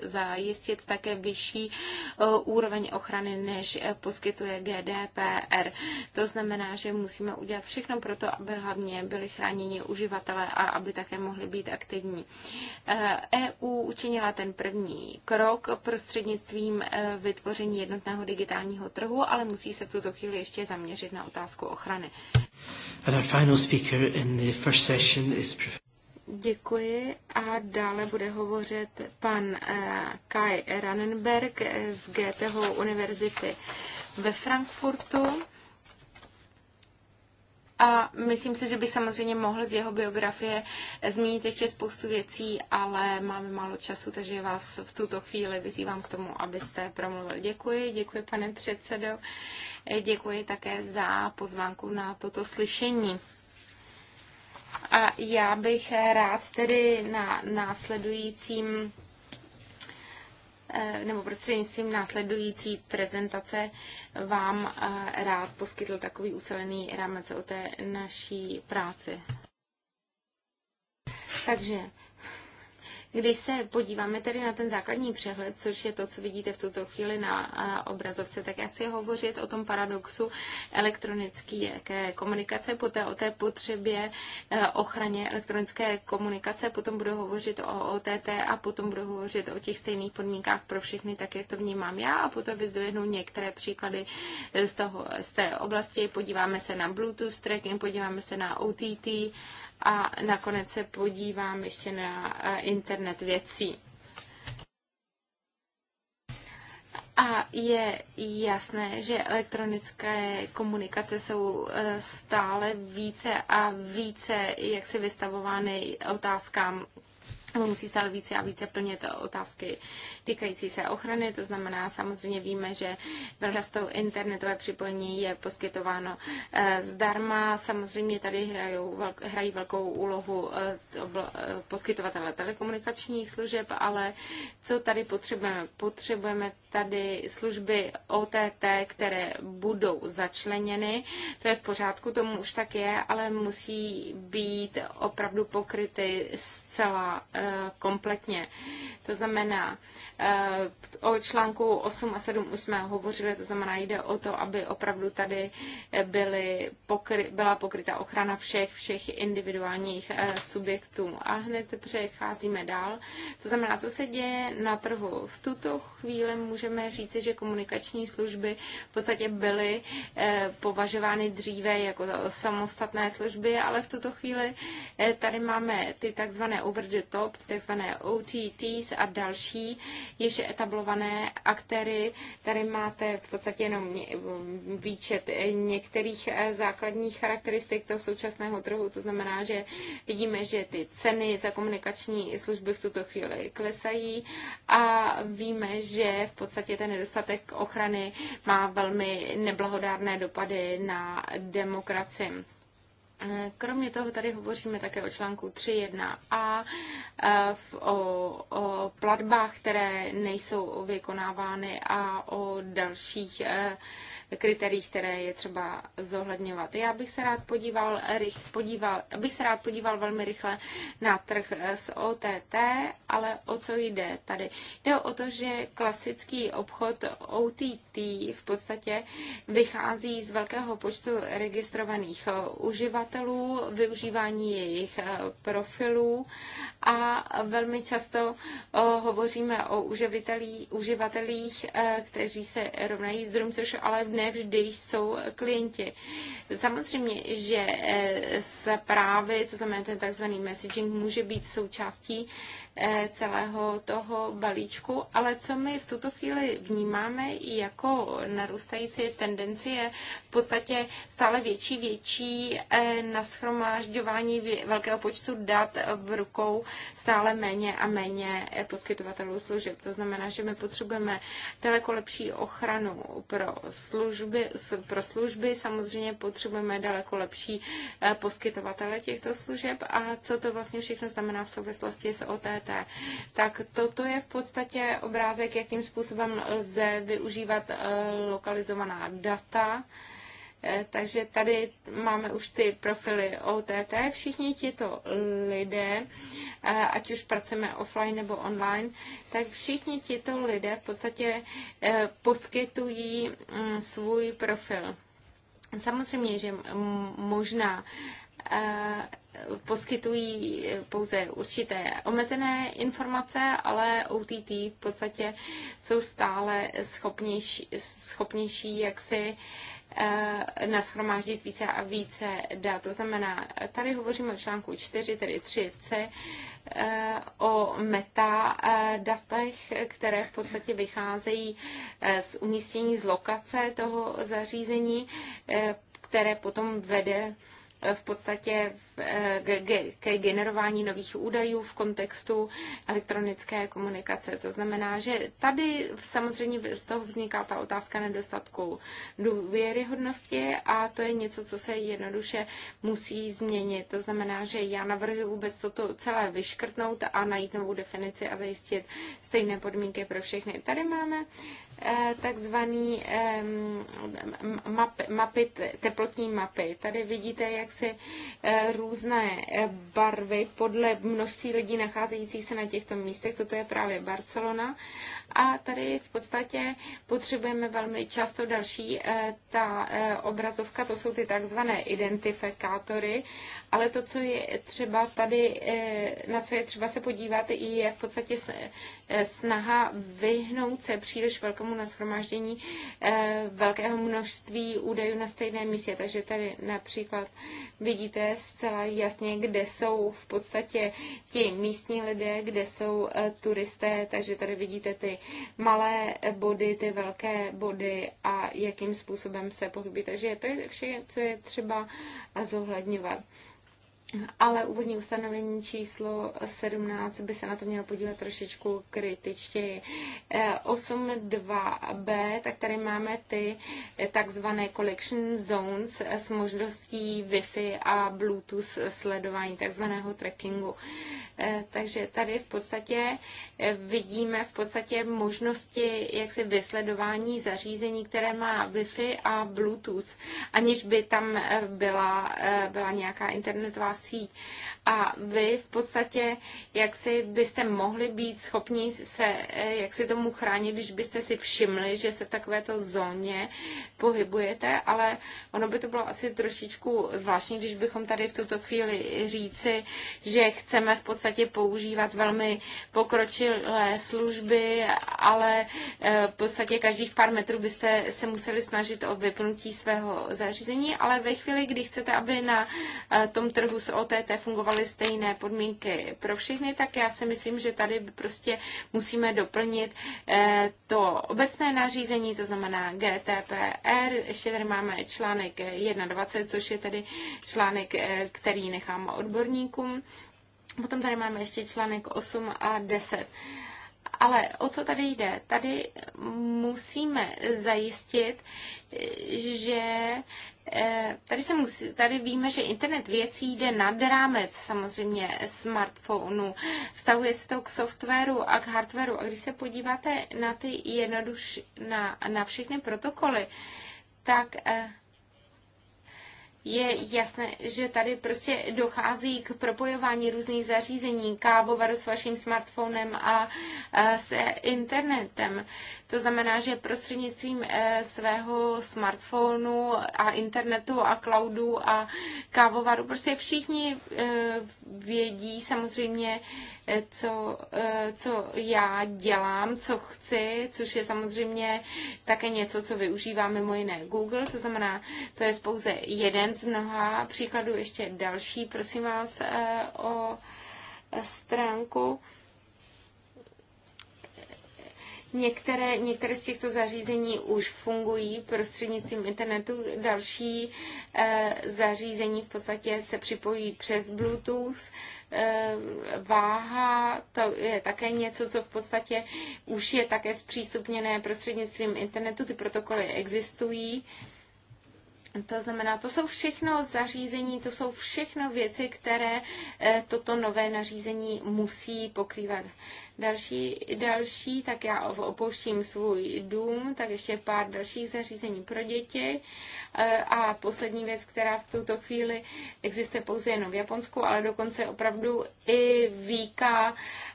zajistit také vyšší eh, úroveň ochrany, než eh, poskytuje GDPR. To znamená, že musíme udělat všechno pro to, aby hlavně byli chráněni uživatelé a aby také mohli být aktivní. EU eh, e učinila ten první krok prostřednictvím vytvoření jednotného digitálního trhu, ale musí se v tuto chvíli ještě zaměřit na otázku ochrany. And our final speaker in the first session is Děkuji a dále bude hovořit pan eh, Kai Rannenberg z GTH univerzity ve Frankfurtu. A myslím si, že by samozřejmě mohl z jeho biografie zmínit ještě spoustu věcí, ale máme málo času, takže vás v tuto chvíli vyzývám k tomu, abyste promluvil. Děkuji, děkuji pane předsedo děkuji také za pozvánku na toto slyšení. A já bych rád tedy na následujícím eh, nebo prostřednictvím následující prezentace vám eh, rád poskytl takový ucelený rámec o té naší práci. Takže když se podíváme tedy na ten základní přehled, což je to, co vidíte v tuto chvíli na obrazovce, tak já chci hovořit o tom paradoxu elektronické komunikace, poté o té potřebě e, ochraně elektronické komunikace, potom budu hovořit o OTT a potom budu hovořit o těch stejných podmínkách pro všechny, tak jak to vnímám já a potom vyzdvihnu některé příklady z, toho, z té oblasti. Podíváme se na Bluetooth tracking, podíváme se na OTT a nakonec se podívám ještě na eh, internet věcí. A je jasné, že elektronické komunikace jsou eh, stále více a více jak si vystavovány otázkám musí stále více a více plnit otázky týkající se ochrany. To znamená, samozřejmě víme, že často internetové připojení je poskytováno eh, zdarma. Samozřejmě tady hrajou, hrají velkou úlohu eh, eh, poskytovatele telekomunikačních služeb, ale co tady potřebujeme? Potřebujeme tady služby OTT, které budou začleněny. To je v pořádku, tomu už tak je, ale musí být opravdu pokryty zcela eh, kompletně. To znamená, eh, o článku 8 a 7 už jsme hovořili, to znamená, jde o to, aby opravdu tady byly pokry, byla pokryta ochrana všech, všech individuálních eh, subjektů. A hned přecházíme dál. To znamená, co se děje na trhu. V tuto chvíli můžeme můžeme říci, že komunikační služby v podstatě byly eh, považovány dříve jako samostatné služby, ale v tuto chvíli eh, tady máme ty takzvané over the top, takzvané OTTs a další již etablované aktéry. Tady máte v podstatě jenom eh, výčet některých základních charakteristik toho současného trhu. To znamená, že vidíme, že ty ceny za komunikační služby v tuto chvíli klesají a víme, že v podstatě podstatě ten nedostatek ochrany má velmi neblahodárné dopady na demokracii. Kromě toho tady hovoříme také o článku 3.1a, e, o, o platbách, které nejsou vykonávány a o dalších e, kritérií, které je třeba zohledňovat. Já bych se rád podíval, rych, podíval, bych se rád podíval velmi rychle na trh eh, s OTT, ale o co jde tady? Jde o to, že klasický obchod OTT v podstatě vychází z velkého počtu registrovaných eh, uživatelů, využívání jejich eh, profilů a velmi často hovoříme o uživatelích, uživatelích kteří se rovnají zdrům, což ale v nevždy jsou klienti. Samozřejmě, že zprávy, eh, to znamená ten tzv. messaging, může být součástí Eh, celého toho balíčku, ale co my v tuto chvíli vnímáme jako narůstající tendenci je v podstatě stále větší, větší eh, naschromážďování velkého počtu dat v rukou stále méně a méně eh, poskytovatelů služeb. To znamená, že my potřebujeme daleko lepší ochranu pro služby, pro služby samozřejmě potřebujeme daleko lepší poskytovatele těchto služeb a co to vlastně všechno znamená v souvislosti s OTT zvířete. Tak toto je v podstatě obrázek, jakým způsobem lze využívat eh, lokalizovaná data. Eh, takže tady máme už ty profily OTT. Všichni tito lidé, eh, ať už pracujeme offline nebo online, tak všichni tito lidé v podstatě poskytují mm, svůj profil. Samozřejmě, že možná E, poskytují pouze určité omezené informace, ale OTT v podstatě jsou stále schopnější, schopnější jak si e, nashromáždit více a více dat. To znamená, tady hovoříme o článku 4, tedy 3c, e, o metadatech, které v podstatě vycházejí z umístění z lokace toho zařízení, které potom vede v podstatě Eh, ke generování nových údajů v kontextu elektronické komunikace. To znamená, že tady samozřejmě z toho vzniká ta otázka nedostatku důvěryhodnosti a to je něco, co se jednoduše musí změnit. To znamená, že já navrhuji vůbec toto celé vyškrtnout a najít novou definici a zajistit stejné podmínky pro všechny. Tady máme eh, takzvaný mapy, mapy, teplotní mapy. Tady vidíte, jak se eh, rů, různé eh, barvy podle množství lidí nacházejících se na těchto místech. Toto je právě Barcelona. A tady v podstatě potřebujeme velmi často další eh, ta eh, obrazovka, to jsou ty takzvané identifikátory, ale to, co je třeba tady, eh, na co je třeba se podívat, je v podstatě snaha vyhnout se příliš velkému nashromáždění velkého množství údajů na stejné místě. Takže tady například vidíte zcela jasně, kde jsou v podstatě ti místní lidé, kde jsou turisté, takže tady vidíte ty malé body, ty velké body a jakým způsobem se pohybí. Takže to je vše, co je třeba zohledňovat ale úvodní ustanovení číslo 17 by se na to mělo podívat trošičku kritičtěji. 8.2b, eh, tak tady máme ty eh, takzvané collection zones eh, s možností Wi-Fi a Bluetooth sledování, takzvaného trackingu. Takže tady v podstatě vidíme v podstatě možnosti jaksi vysledování zařízení, které má Wi-Fi a Bluetooth, aniž by tam byla, byla nějaká internetová síť a vy v podstatě, jak si byste mohli být schopni se, eh, jak si tomu chránit, když byste si všimli, že se v takovéto zóně pohybujete, ale ono by to bylo asi trošičku zvláštní, když bychom tady v tuto chvíli říci, že chceme v podstatě používat velmi pokročilé služby, ale eh, v podstatě každých pár metrů byste se museli snažit o vypnutí svého zařízení, ale ve chvíli, kdy chcete, aby na eh, tom trhu s OTT fungovalo existovaly stejné podmínky pro všechny, tak já si myslím, že tady prostě musíme doplnit eh, to obecné nařízení, to znamená GTPR. Ještě tady máme článek 21, což je tedy článek, eh, který nechám odborníkům. Potom tady máme ještě článek 8 a 10. Ale o co tady jde? Tady musíme zajistit, že Eh, tady, se musí, tady víme, že internet věcí jde nad rámec samozřejmě smartphonu. Vztahuje se to k softwaru a k hardwaru. A když se podíváte na ty jednoduš, na, na všechny protokoly, tak eh, je jasné, že tady prostě dochází k propojování různých zařízení, kávovaru s vaším smartphonem a, a eh, internetem. To znamená, že prostřednictvím eh, svého smartphonu a internetu a cloudu a kávovaru, prostě všichni eh, vědí samozřejmě, eh, co, co já dělám, co chci, což je samozřejmě také něco, co využívá mimo jiné Google, to znamená, to je pouze jeden z mnoha příkladů, ještě další, prosím vás, o stránku. Některé, některé z těchto zařízení už fungují prostřednictvím internetu, další eh, zařízení v podstatě se připojí přes Bluetooth. Eh, váha, to je také něco, co v podstatě už je také zpřístupněné prostřednictvím internetu, ty protokoly existují. To znamená, to jsou všechno zařízení, to jsou všechno věci, které eh, toto nové nařízení musí pokrývat další, další, tak já opouštím svůj dům, tak ještě pár dalších zařízení pro děti. E, a poslední věc, která v tuto chvíli existuje pouze jenom v Japonsku, ale dokonce opravdu i výka,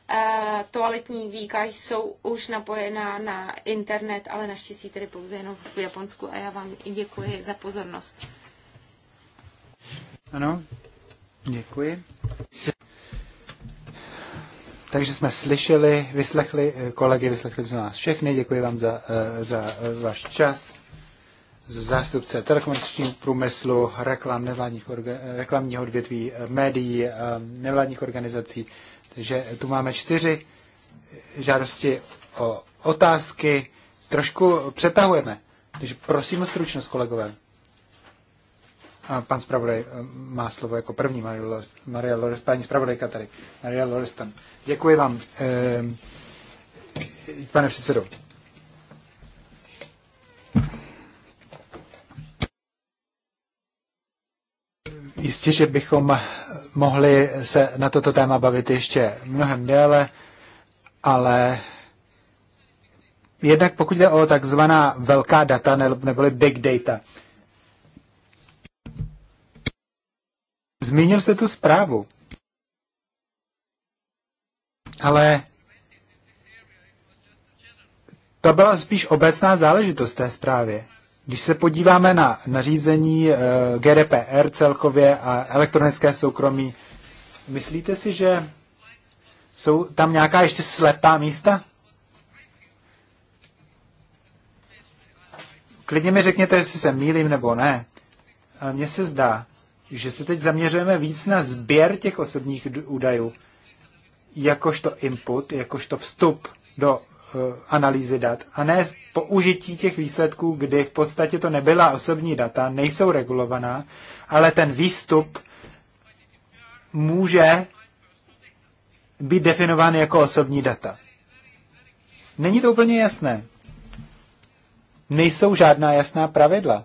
e, toaletní výka jsou už napojená na internet, ale naštěstí tedy pouze jenom v Japonsku. A já vám děkuji za pozornost. Ano, děkuji. Takže jsme slyšeli, vyslechli eh, kolegy, vyslechli jsme nás všechny. Děkuji vám za, eh, za eh, váš čas. Zástupce telekomunikačního průmyslu, reklam, nevládních orga, reklamního odvětví, médií, nevládních organizací. Takže tu máme čtyři žádosti o otázky. Trošku přetahujeme. Takže prosím o stručnost, kolegové pan zpravodaj eh, má slovo jako první, Maria Lores, paní zpravodajka tady, Maria Lorestan. Děkuji vám, eh, pane předsedo. Jistě, že bychom mohli se na toto téma bavit ještě mnohem déle, ale jednak pokud jde o takzvaná velká data neboli big data, Zmínil jste tu zprávu. Ale to byla spíš obecná záležitost té zprávě. Když se podíváme na nařízení eh, GDPR celkově a elektronické soukromí, myslíte si, že jsou tam nějaká ještě slepá místa? Klidně mi řekněte, jestli se mýlím nebo ne. Mně se zdá, že se teď zaměřujeme víc na sběr těch osobních údajů, jakožto input, jakožto vstup do eh, analýzy dat a ne použití těch výsledků, kdy v podstatě to nebyla osobní data, nejsou regulovaná, ale ten výstup může být definován jako osobní data. Není to úplně jasné. Nejsou žádná jasná pravidla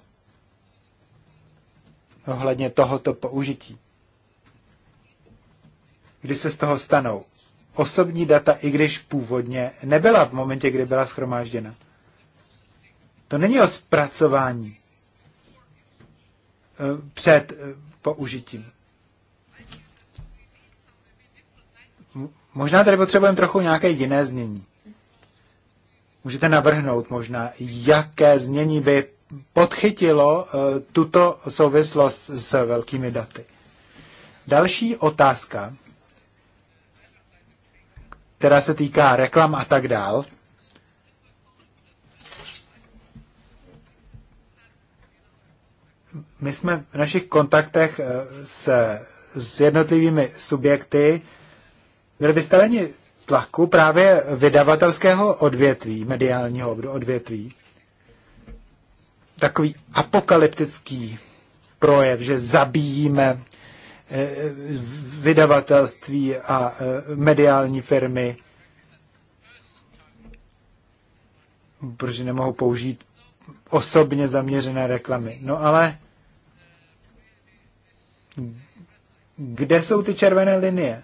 ohledně tohoto použití. Kdy se z toho stanou osobní data, i když původně nebyla v momentě, kdy byla schromážděna. To není o zpracování eh, před eh, použitím. Možná tady potřebujeme trochu nějaké jiné znění. Můžete navrhnout možná, jaké znění by podchytilo eh, tuto souvislost s velkými daty. Další otázka, která se týká reklam a tak dál. My jsme v našich kontaktech eh, s, s jednotlivými subjekty byli vystaveni tlaku právě vydavatelského odvětví, mediálního odvětví, takový apokalyptický projev, že zabíjíme eh, vydavatelství a eh, mediální firmy, protože nemohou použít osobně zaměřené reklamy. No ale kde jsou ty červené linie?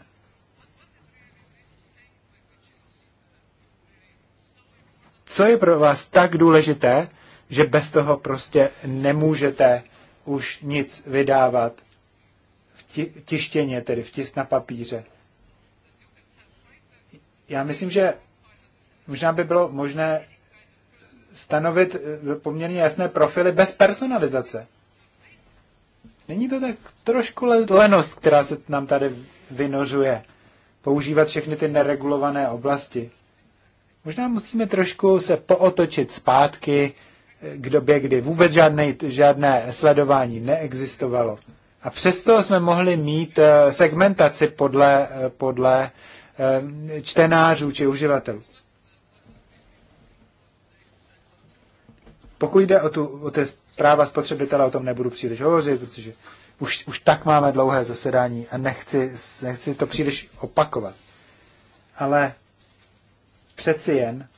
Co je pro vás tak důležité, že bez toho prostě nemůžete už nic vydávat v tištěně, tedy v tis na papíře. Já myslím, že možná by bylo možné stanovit eh, poměrně jasné profily bez personalizace. Není to tak trošku lenost, která se nám tady vynořuje, používat všechny ty neregulované oblasti. Možná musíme trošku se pootočit zpátky, k době, kdy vůbec žádné, žádné sledování neexistovalo. A přesto jsme mohli mít eh, segmentaci podle, eh, podle eh, čtenářů či uživatelů. Pokud jde o, tu, o ty práva spotřebitele, o tom nebudu příliš hovořit, protože už, už tak máme dlouhé zasedání a nechci, nechci to příliš opakovat. Ale přeci jen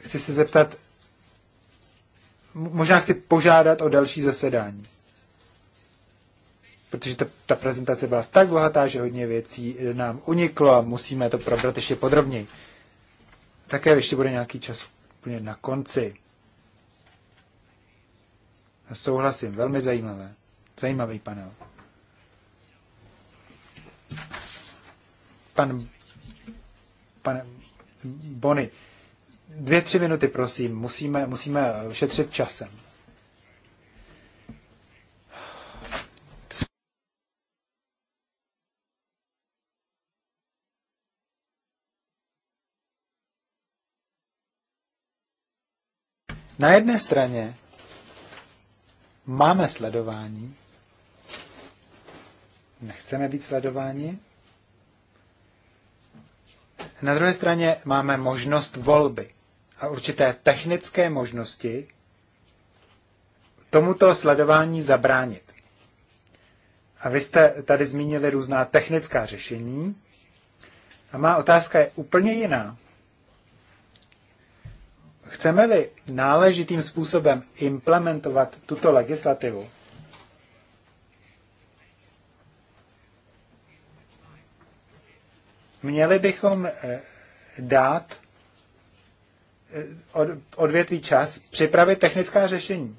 chci se zeptat, možná chci požádat o další zasedání. Protože ta, ta prezentace byla tak bohatá, že hodně věcí nám uniklo a musíme to probrat ještě podrobněji. Také ještě bude nějaký čas úplně na konci. A souhlasím, velmi zajímavé. Zajímavý panel. Pan, pane Bony, Dvě, tři minuty, prosím. Musíme, musíme šetřit časem. Na jedné straně máme sledování, nechceme být sledováni. Na druhé straně máme možnost volby a určité technické možnosti tomuto sledování zabránit. A vy jste tady zmínili různá technická řešení. A má otázka je úplně jiná. Chceme-li náležitým způsobem implementovat tuto legislativu, měli bychom eh, dát Eh, od odvětví čas připravit technická řešení.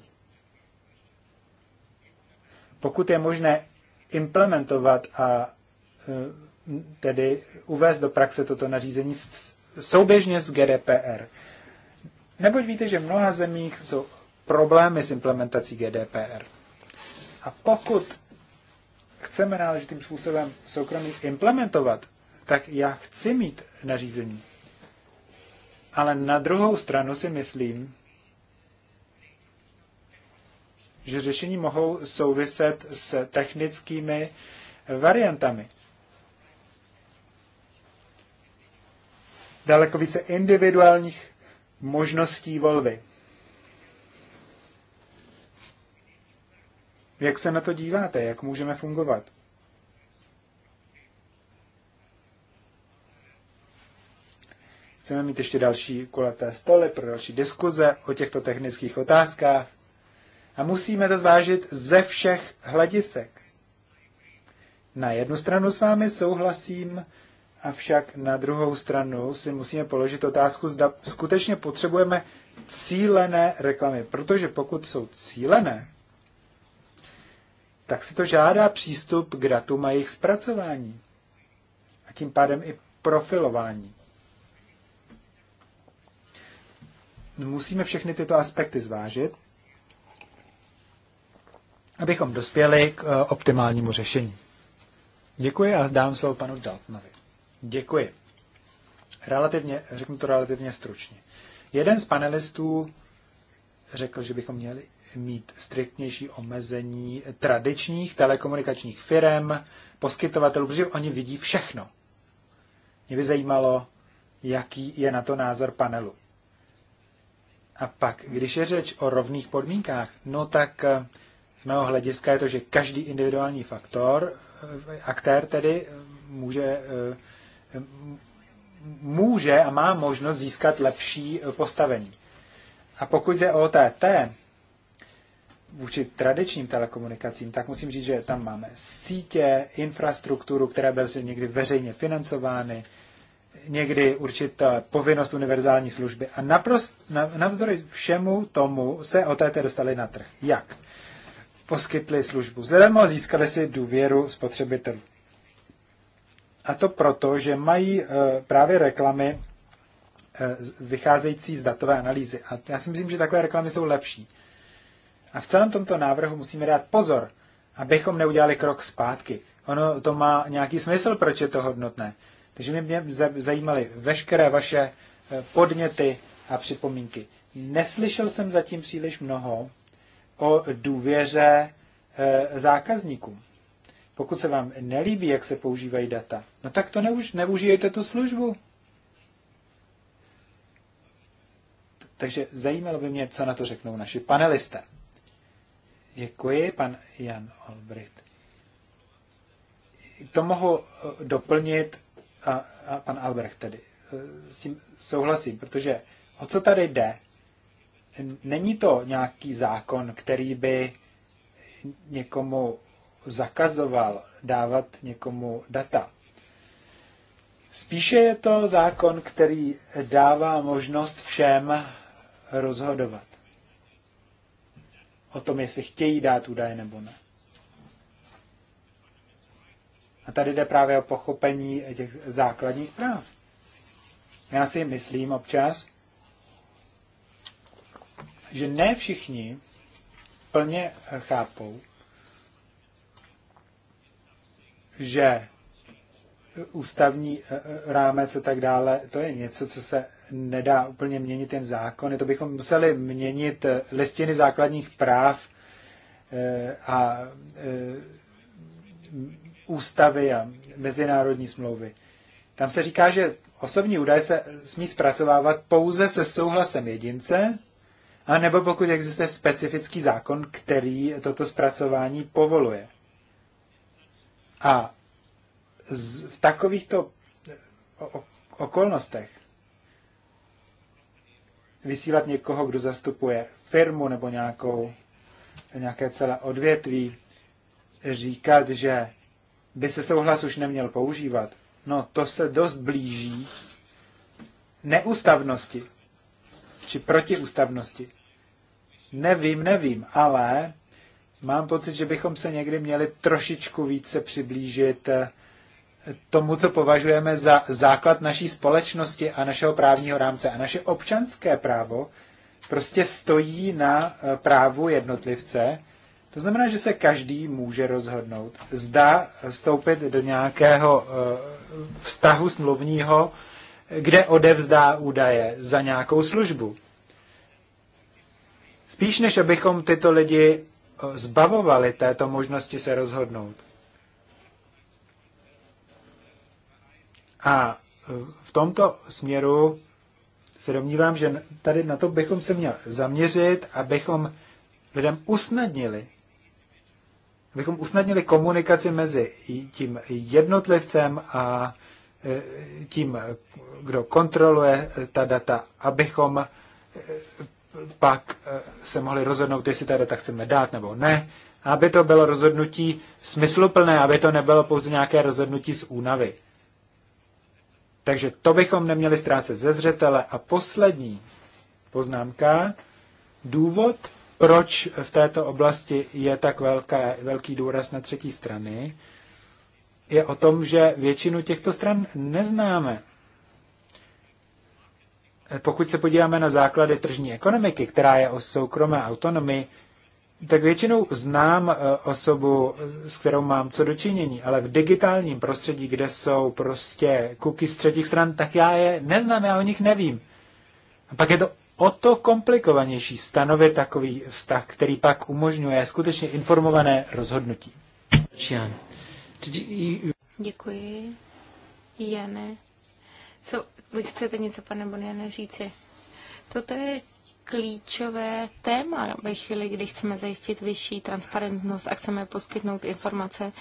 Pokud je možné implementovat a eh, tedy uvést do praxe toto nařízení souběžně s GDPR. Neboť víte, že v mnoha zemích jsou problémy s implementací GDPR. A pokud chceme náležitým způsobem soukromí implementovat, tak já chci mít nařízení ale na druhou stranu si myslím, že řešení mohou souviset s technickými variantami. Daleko více individuálních možností volby. Jak se na to díváte? Jak můžeme fungovat? Chceme mít ještě další kulaté stoly pro další diskuze o těchto technických otázkách a musíme to zvážit ze všech hledisek. Na jednu stranu s vámi souhlasím, avšak na druhou stranu si musíme položit otázku, zda skutečně potřebujeme cílené reklamy, protože pokud jsou cílené, tak si to žádá přístup k datům a jejich zpracování. A tím pádem i profilování. musíme všechny tyto aspekty zvážit, abychom dospěli k eh, optimálnímu řešení. Děkuji a dám slovo panu Daltonovi. Děkuji. Relativně, řeknu to relativně stručně. Jeden z panelistů řekl, že bychom měli mít striktnější omezení tradičních telekomunikačních firm, poskytovatelů, protože oni vidí všechno. Mě by zajímalo, jaký je na to názor panelu. A pak, když je řeč o rovných podmínkách, no tak eh, z mého hlediska je to, že každý individuální faktor, eh, aktér tedy eh, může, může a má možnost získat lepší postavení. A pokud jde o OTT, vůči tradičním telekomunikacím, tak musím říct, že tam máme sítě, infrastrukturu, které byly někdy veřejně financovány, někdy určitá povinnost univerzální služby. A naprost, navzdory všemu tomu se OTT dostali na trh. Jak? Poskytli službu zadarmo, získali si důvěru spotřebitelů. A to proto, že mají eh, právě reklamy eh, vycházející z datové analýzy. A já si myslím, že takové reklamy jsou lepší. A v celém tomto návrhu musíme dát pozor, abychom neudělali krok zpátky. Ono to má nějaký smysl, proč je to hodnotné. Takže mě, mě zajímaly veškeré vaše eh, podněty a připomínky. Neslyšel jsem zatím příliš mnoho o důvěře eh, zákazníkům. Pokud se vám nelíbí, jak se používají data, no tak to neuž, neužijete tu službu. Takže zajímalo by mě, co na to řeknou naši panelisté. Děkuji, pan Jan Olbricht. To mohu eh, doplnit a, a pan Albrecht tedy eh, s tím souhlasím, protože o co tady jde, není to nějaký zákon, který by někomu zakazoval dávat někomu data. Spíše je to zákon, který dává možnost všem rozhodovat o tom, jestli chtějí dát údaje nebo ne. A tady jde právě o pochopení těch základních práv. Já si myslím občas, že ne všichni plně chápou, že ústavní eh, eh, rámec a tak dále, to je něco, co se nedá úplně měnit ten zákon. To bychom museli měnit eh, listiny základních práv a ústavy a mezinárodní smlouvy. Tam se říká, že osobní údaje se smí zpracovávat pouze se souhlasem jedince, a nebo pokud existuje specifický zákon, který toto zpracování povoluje. A z, v takovýchto okolnostech vysílat někoho, kdo zastupuje firmu nebo nějakou, nějaké celé odvětví, říkat, že by se souhlas už neměl používat, no to se dost blíží neústavnosti či protiústavnosti. Nevím, nevím, ale mám pocit, že bychom se někdy měli trošičku více přiblížit eh, tomu, co považujeme za základ naší společnosti a našeho právního rámce. A naše občanské právo prostě stojí na eh, právu jednotlivce to znamená, že se každý může rozhodnout, zda vstoupit do nějakého eh, vztahu smluvního, kde odevzdá údaje za nějakou službu. Spíš než abychom tyto lidi eh, zbavovali této možnosti se rozhodnout. A eh, v tomto směru se domnívám, že tady na to bychom se měli zaměřit, abychom lidem usnadnili abychom usnadnili komunikaci mezi tím jednotlivcem a e, tím, kdo kontroluje e, ta data, abychom e, pak se mohli rozhodnout, jestli ta data chceme dát nebo ne, aby to bylo rozhodnutí smysluplné, aby to nebylo pouze nějaké rozhodnutí z únavy. Takže to bychom neměli ztrácet ze zřetele. A poslední poznámka, důvod, proč v této oblasti je tak velké, velký důraz na třetí strany, je o tom, že většinu těchto stran neznáme. Pokud se podíváme na základy tržní ekonomiky, která je o soukromé autonomii, tak většinou znám eh, osobu, s kterou mám co dočinění, ale v digitálním prostředí, kde jsou prostě kuky z třetích stran, tak já je neznám, já o nich nevím. A pak je to o to komplikovanější stanovit takový vztah, který pak umožňuje skutečně informované rozhodnutí. Děkuji. Jane, co vy chcete něco, pane Boniane, říci? Toto je klíčové téma ve chvíli, kdy chceme zajistit vyšší transparentnost a chceme poskytnout informace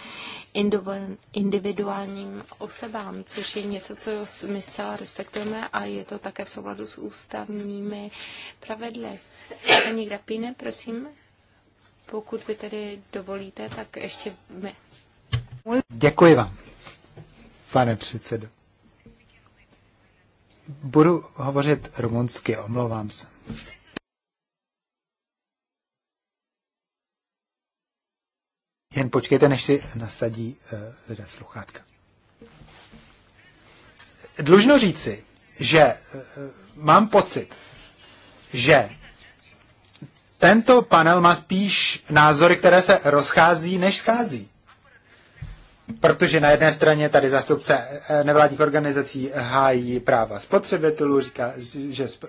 individuálním osobám, což je něco, co my zcela respektujeme a je to také v souladu s ústavními pravidly. Paní Grapine, prosím, pokud vy tedy dovolíte, tak ještě my. Děkuji vám, pane předsedo. Budu hovořit rumunsky, omlouvám se. Jen počkejte, než si nasadí eh, lidé sluchátka. Dlužno říci, že uh, mám pocit, že tento panel má spíš názory, které se rozchází, než schází. Protože na jedné straně tady zástupce eh, nevládních organizací hájí práva spotřebitelů, říká, že z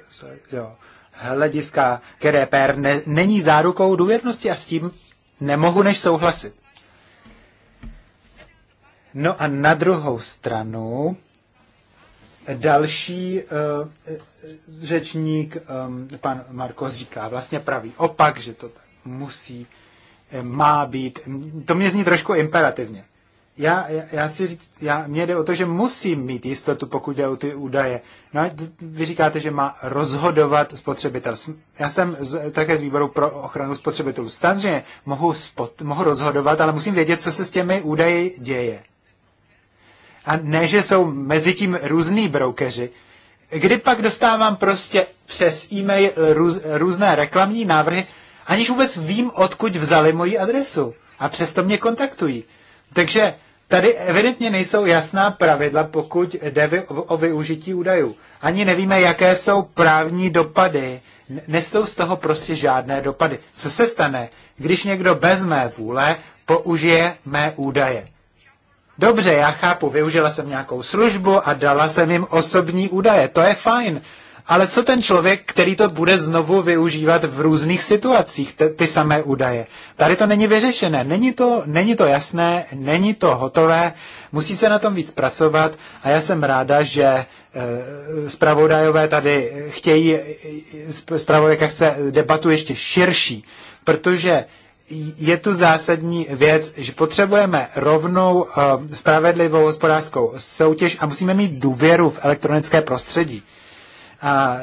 hlediska GDPR ne, není zárukou důvěrnosti a s tím nemohu než souhlasit. No a na druhou stranu další uh, řečník, um, pan Markos, říká vlastně pravý opak, že to tak musí, eh, má být. To mě zní trošku imperativně já, já si říct, já, mě jde o to, že musím mít jistotu, pokud jde o ty údaje. No a vy říkáte, že má rozhodovat spotřebitel. Já jsem z, také z výboru pro ochranu spotřebitelů. Samozřejmě mohu, spot, mohu rozhodovat, ale musím vědět, co se s těmi údaji děje. A ne, že jsou mezi tím různý broukeři. Kdy pak dostávám prostě přes e-mail růz, různé reklamní návrhy, aniž vůbec vím, odkud vzali moji adresu. A přesto mě kontaktují. Takže Tady evidentně nejsou jasná pravidla, pokud jde o využití údajů. Ani nevíme, jaké jsou právní dopady. Nestou z toho prostě žádné dopady. Co se stane, když někdo bez mé vůle použije mé údaje? Dobře, já chápu, využila jsem nějakou službu a dala jsem jim osobní údaje. To je fajn. Ale co ten člověk, který to bude znovu využívat v různých situacích, ty, ty samé údaje? Tady to není vyřešené, není to, není to jasné, není to hotové, musí se na tom víc pracovat a já jsem ráda, že e, zpravodajové tady chtějí, eh, zpravodajka chce debatu ještě širší, protože je tu zásadní věc, že potřebujeme rovnou eh, spravedlivou hospodářskou soutěž a musíme mít důvěru v elektronické prostředí. A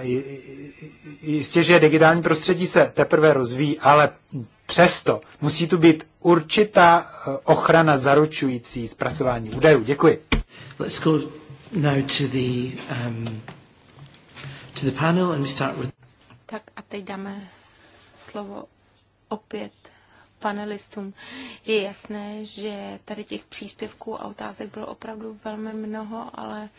jistě, že digitální prostředí se teprve rozvíjí, ale přesto musí tu být určitá eh, ochrana zaručující zpracování údajů. Děkuji. Let's go now to the, um, to the panel and start with... Tak a teď dáme slovo opět panelistům. Je jasné, že tady těch příspěvků a otázek bylo opravdu velmi mnoho, ale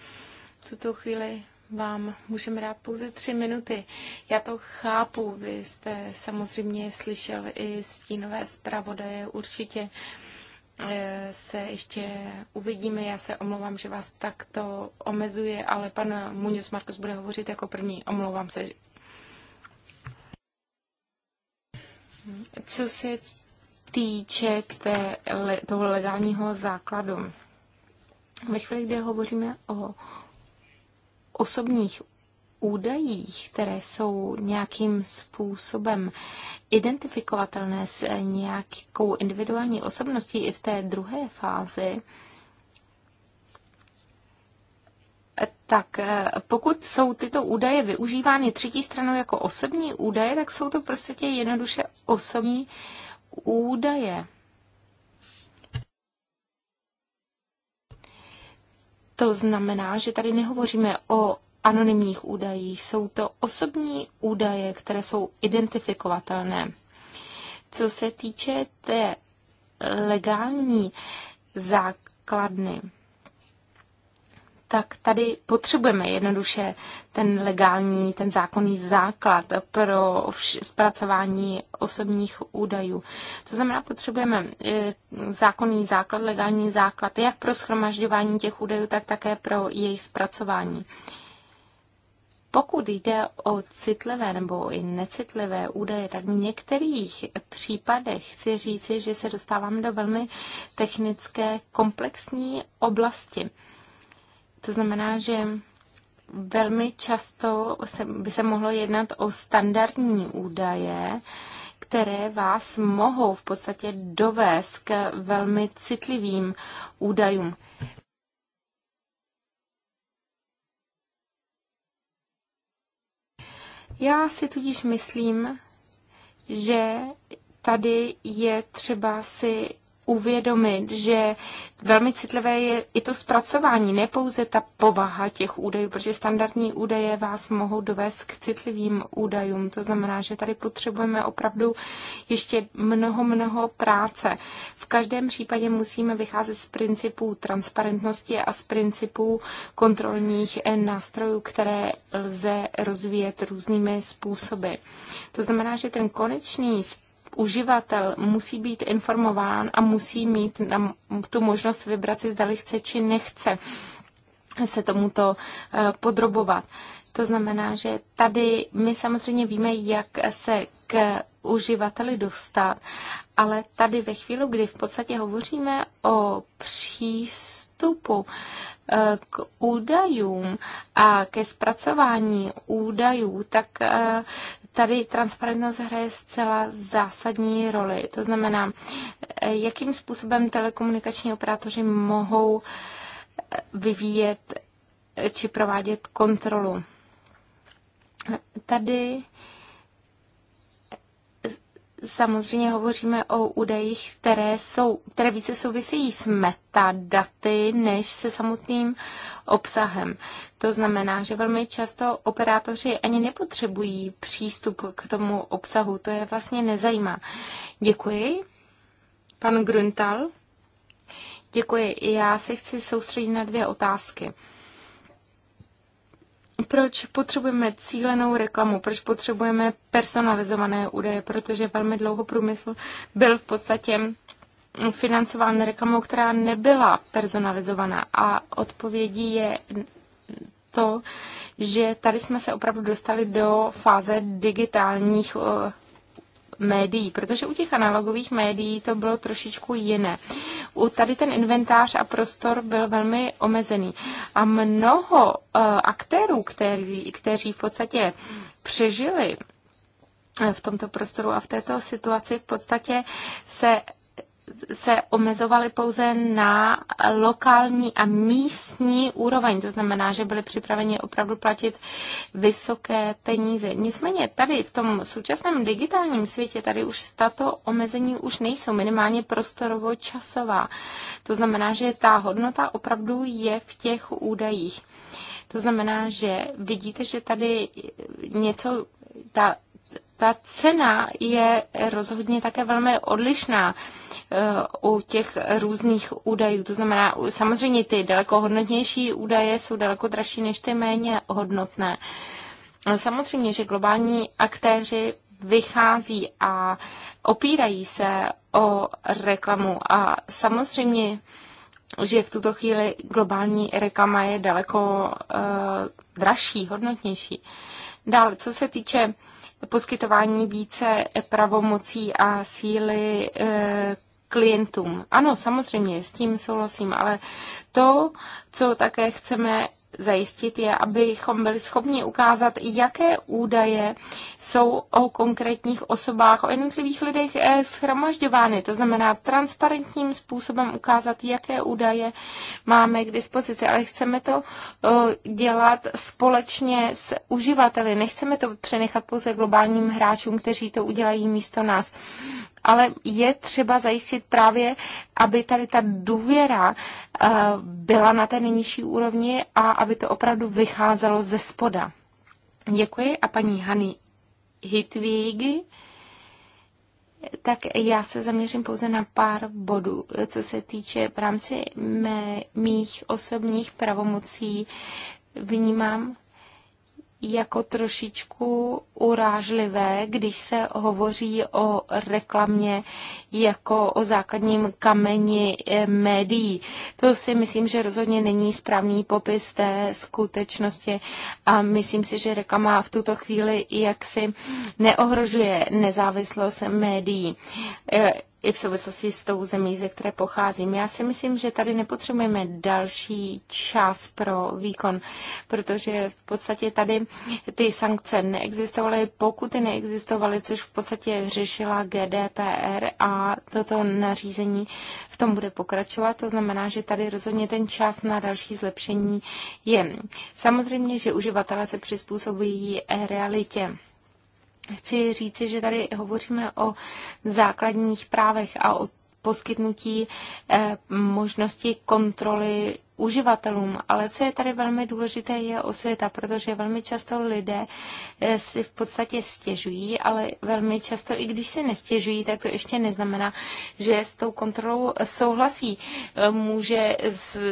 v tuto chvíli vám můžeme dát pouze tři minuty. Já to chápu, vy jste samozřejmě slyšel i stínové zpravodaje, určitě eh, se ještě uvidíme. Já se omlouvám, že vás takto omezuje, ale pan Muñoz Marcos bude hovořit jako první. Omlouvám se. Co se týče té, toho legálního základu, ve chvíli, kdy hovoříme o osobních údajích, které jsou nějakým způsobem identifikovatelné s nějakou individuální osobností i v té druhé fázi, tak eh, pokud jsou tyto údaje využívány třetí stranou jako osobní údaje, tak jsou to prostě jednoduše osobní údaje. To znamená, že tady nehovoříme o anonymních údajích, jsou to osobní údaje, které jsou identifikovatelné. Co se týče té legální základny, tak tady potřebujeme jednoduše ten legální, ten zákonný základ pro zpracování osobních údajů. To znamená, potřebujeme e, zákonný základ, legální základ, jak pro schromažďování těch údajů, tak také pro jejich zpracování. Pokud jde o citlivé nebo i necitlivé údaje, tak v některých případech chci říci, že se dostáváme do velmi technické, komplexní oblasti. To znamená, že velmi často se, by se mohlo jednat o standardní údaje, které vás mohou v podstatě dovést k velmi citlivým údajům. Já si tudíž myslím, že tady je třeba si uvědomit, že velmi citlivé je i to zpracování, ne pouze ta povaha těch údajů, protože standardní údaje vás mohou dovést k citlivým údajům. To znamená, že tady potřebujeme opravdu ještě mnoho, mnoho práce. V každém případě musíme vycházet z principů transparentnosti a z principů kontrolních nástrojů, které lze rozvíjet různými způsoby. To znamená, že ten konečný uživatel musí být informován a musí mít tu možnost vybrat si, zdali chce či nechce se tomuto eh, podrobovat. To znamená, že tady my samozřejmě víme, jak se k uživateli dostat. Ale tady ve chvíli, kdy v podstatě hovoříme o přístupu eh, k údajům a ke zpracování údajů, tak eh, tady transparentnost hraje zcela zásadní roli. To znamená, eh, jakým způsobem telekomunikační operátoři mohou vyvíjet či provádět kontrolu. Tady samozřejmě hovoříme o údajích, které, jsou, které více souvisejí s metadaty než se samotným obsahem. To znamená, že velmi často operátoři ani nepotřebují přístup k tomu obsahu. To je vlastně nezajímá. Děkuji. Pan Gruntal. Děkuji. Já se chci soustředit na dvě otázky proč potřebujeme cílenou reklamu, proč potřebujeme personalizované údaje, protože velmi dlouho průmysl byl v podstatě financován reklamou, která nebyla personalizovaná. A odpovědí je to, že tady jsme se opravdu dostali do fáze digitálních eh, médií, protože u těch analogových médií to bylo trošičku jiné. U tady ten inventář a prostor byl velmi omezený. A mnoho uh, aktérů, který, kteří v podstatě přežili eh, v tomto prostoru a v této situaci v podstatě se se omezovaly pouze na lokální a místní úroveň. To znamená, že byli připraveni opravdu platit vysoké peníze. Nicméně tady v tom současném digitálním světě tady už tato omezení už nejsou minimálně prostorovo-časová. To znamená, že ta hodnota opravdu je v těch údajích. To znamená, že vidíte, že tady něco ta ta cena je rozhodně také velmi odlišná eh, u těch různých údajů. To znamená, samozřejmě ty daleko hodnotnější údaje jsou daleko dražší než ty méně hodnotné. Samozřejmě, že globální aktéři vychází a opírají se o reklamu a samozřejmě, že v tuto chvíli globální reklama je daleko uh, dražší, hodnotnější. Dále, co se týče poskytování více pravomocí a síly eh, klientům. Ano, samozřejmě, s tím souhlasím, ale to, co také chceme zajistit, je, abychom byli schopni ukázat, jaké údaje jsou o konkrétních osobách, o jednotlivých lidech eh, schromažďovány. To znamená transparentním způsobem ukázat, jaké údaje máme k dispozici, ale chceme to eh, dělat společně s uživateli. Nechceme to přenechat pouze globálním hráčům, kteří to udělají místo nás ale je třeba zajistit právě, aby tady ta důvěra eh, byla na té nejnižší úrovni a aby to opravdu vycházelo ze spoda. Děkuji a paní Hany Hitvígy. Tak já se zaměřím pouze na pár bodů, co se týče v rámci mé, mých osobních pravomocí. Vnímám jako trošičku urážlivé, když se hovoří o reklamě jako o základním kameni eh, médií. To si myslím, že rozhodně není správný popis té skutečnosti a myslím si, že reklama v tuto chvíli jaksi neohrožuje nezávislost médií. Eh, i v souvislosti s tou zemí, ze které pocházím. Já si myslím, že tady nepotřebujeme další čas pro výkon, protože v podstatě tady ty sankce neexistovaly, pokuty neexistovaly, což v podstatě řešila GDPR a toto nařízení v tom bude pokračovat. To znamená, že tady rozhodně ten čas na další zlepšení je. Samozřejmě, že uživatelé se přizpůsobují realitě chci říci, že tady hovoříme o základních právech a o poskytnutí eh, možnosti kontroly uživatelům. Ale co je tady velmi důležité, je osvěta, protože velmi často lidé eh, si v podstatě stěžují, ale velmi často, i když si nestěžují, tak to ještě neznamená, že s tou kontrolou souhlasí. Eh, může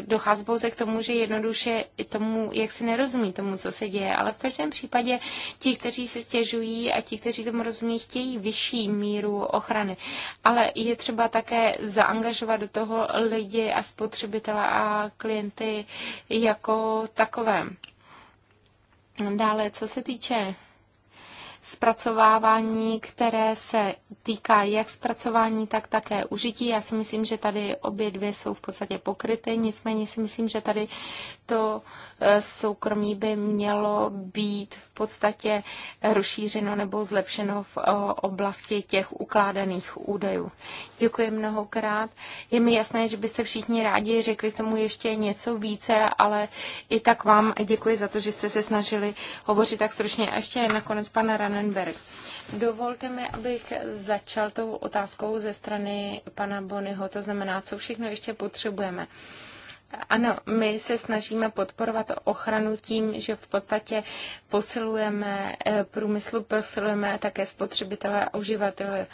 docházet pouze k tomu, že jednoduše tomu, jak si nerozumí tomu, co se děje. Ale v každém případě ti, kteří se stěžují a ti, kteří tomu rozumí, chtějí vyšší míru ochrany. Ale je třeba také zaangažovat do toho lidi a spotřebitele a klienty klienty jako takové. Dále, co se týče zpracovávání, které se týká jak zpracování, tak také užití. Já si myslím, že tady obě dvě jsou v podstatě pokryty, nicméně si myslím, že tady to eh, soukromí by mělo být v podstatě rozšířeno nebo zlepšeno v eh, oblasti těch ukládaných údajů. Děkuji mnohokrát. Je mi jasné, že byste všichni rádi řekli tomu ještě něco více, ale i tak vám děkuji za to, že jste se snažili hovořit tak stručně. A ještě nakonec pan Ranenberg. Dovolte mi, abych začal tou otázkou ze strany pana Bonyho, to znamená, co všechno ještě potřebujeme. Ano, my se snažíme podporovat ochranu tím, že v podstatě posilujeme eh, průmyslu, posilujeme také spotřebitele a uživatele.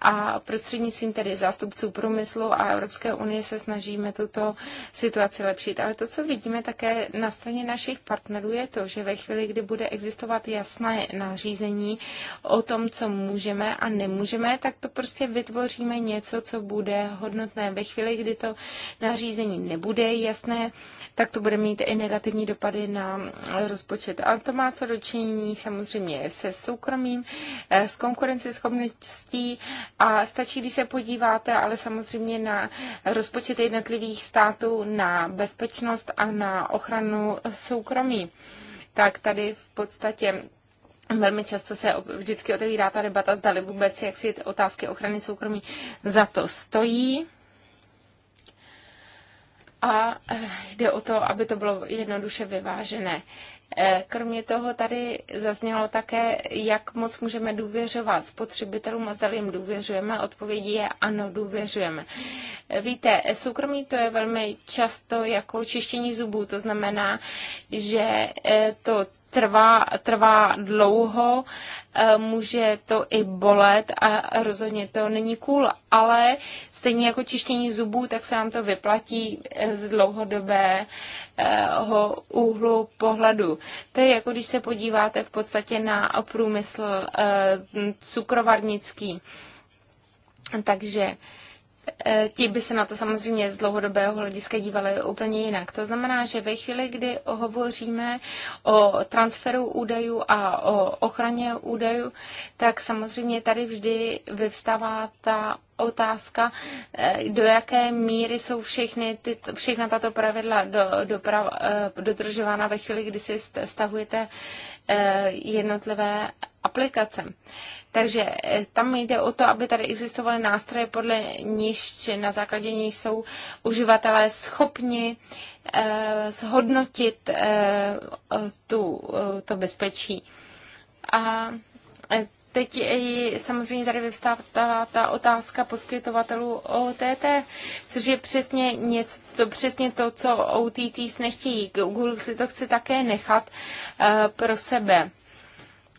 A prostřednictvím tedy zástupců průmyslu a Evropské unie se snažíme tuto situaci lepšit. Ale to, co vidíme také na straně našich partnerů, je to, že ve chvíli, kdy bude existovat jasné nařízení o tom, co můžeme a nemůžeme, tak to prostě vytvoříme něco, co bude hodnotné. Ve chvíli, kdy to nařízení nebude, jasné, tak to bude mít i negativní dopady na eh, rozpočet. A to má co dočinění samozřejmě se soukromím, eh, s konkurenceschopností a stačí, když se podíváte, ale samozřejmě na rozpočet jednotlivých států, na bezpečnost a na ochranu soukromí. Tak tady v podstatě Velmi často se vždycky otevírá ta debata, zdali vůbec, jak si otázky ochrany soukromí za to stojí a eh, jde o to, aby to bylo jednoduše vyvážené. Eh, kromě toho tady zaznělo také, jak moc můžeme důvěřovat spotřebitelům a zda jim důvěřujeme. Odpovědí je ano, důvěřujeme. Eh, víte, soukromí to je velmi často jako čištění zubů, to znamená, že to trvá, trvá dlouho, eh, může to i bolet a rozhodně to není cool, ale stejně jako čištění zubů, tak se vám to vyplatí eh, z dlouhodobého úhlu pohledu. To je jako když se podíváte v podstatě na průmysl eh, cukrovarnický. Takže E, ti by se na to samozřejmě z dlouhodobého hlediska dívali úplně jinak. To znamená, že ve chvíli, kdy hovoříme o transferu údajů a o ochraně údajů, tak samozřejmě tady vždy vyvstává ta otázka, e, do jaké míry jsou všechny ty, všechna tato pravidla do, prav, e, dodržována ve chvíli, kdy si stahujete jednotlivé aplikace. Takže eh, tam jde o to, aby tady existovaly nástroje, podle níž, na základě níž jsou uživatelé schopni eh, zhodnotit eh, tu, to bezpečí. A eh, Teď samozřejmě tady vyvstává ta otázka poskytovatelů OTT, což je přesně, něco, to, přesně to, co OTTs nechtějí. Google si to chce také nechat uh, pro sebe.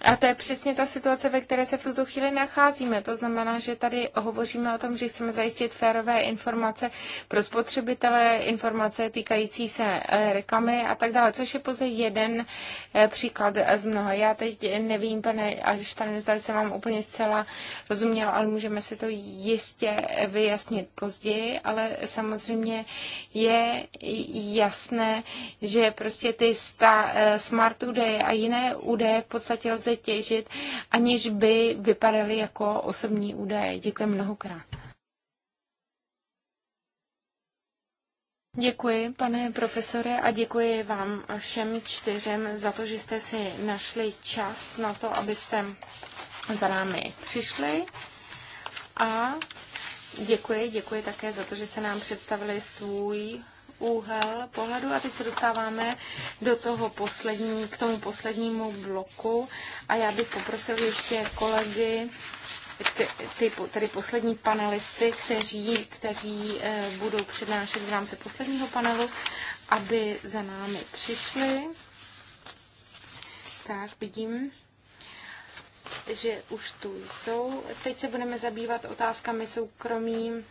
A to je přesně ta situace, ve které se v tuto chvíli nacházíme. To znamená, že tady hovoříme o tom, že chceme zajistit férové informace pro spotřebitele, informace týkající se eh, reklamy a tak dále, což je pouze jeden eh, příklad z mnoha. Já teď nevím, pane tady nezdali se vám úplně zcela rozuměl, ale můžeme si to jistě vyjasnit později, ale samozřejmě je jasné, že prostě ty sta, eh, smart údaje a jiné údaje v podstatě lze lze těžit, aniž by vypadaly jako osobní údaje. Děkuji mnohokrát. Děkuji, pane profesore, a děkuji vám všem čtyřem za to, že jste si našli čas na to, abyste za námi přišli. A děkuji, děkuji také za to, že se nám představili svůj úhel pohledu a teď se dostáváme do toho poslední, k tomu poslednímu bloku a já bych poprosil ještě kolegy, ty, tedy poslední panelisty, kteří, kteří eh, budou přednášet v rámci posledního panelu, aby za námi přišli. Tak, vidím že už tu jsou. Teď se budeme zabývat otázkami soukromí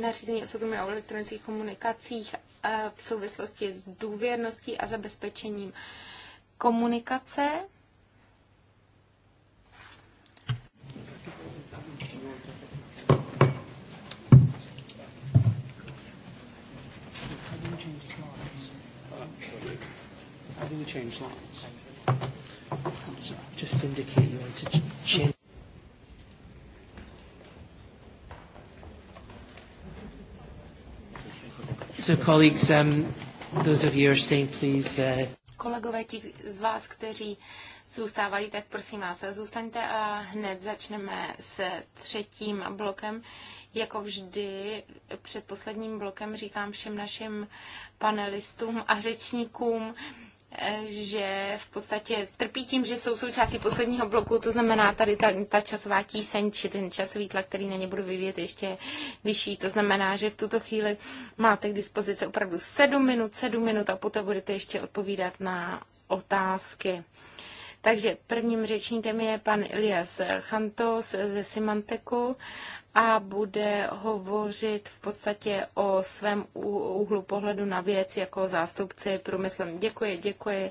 nařízení o soukromí a elektronických komunikacích eh, v souvislosti s důvěrností a zabezpečením komunikace. How do we change lines? Just indicate you want to change. So colleagues, um, those of you are staying, please. Uh... Kolegové, ti z vás, kteří zůstávají, tak prosím vás, zůstaňte a hned začneme s třetím blokem. Jako vždy před posledním blokem říkám všem našim panelistům a řečníkům, že v podstatě trpí tím, že jsou součástí posledního bloku, to znamená tady ta, ta časová tíseň, či ten časový tlak, který na ně budu vyvíjet ještě vyšší. To znamená, že v tuto chvíli máte k dispozici opravdu 7 minut, 7 minut a poté budete ještě odpovídat na otázky. Takže prvním řečníkem je pan Ilias Chantos ze Symanteku a bude hovořit v podstatě o svém úhlu pohledu na věc jako zástupci průmyslu. Děkuji, děkuji.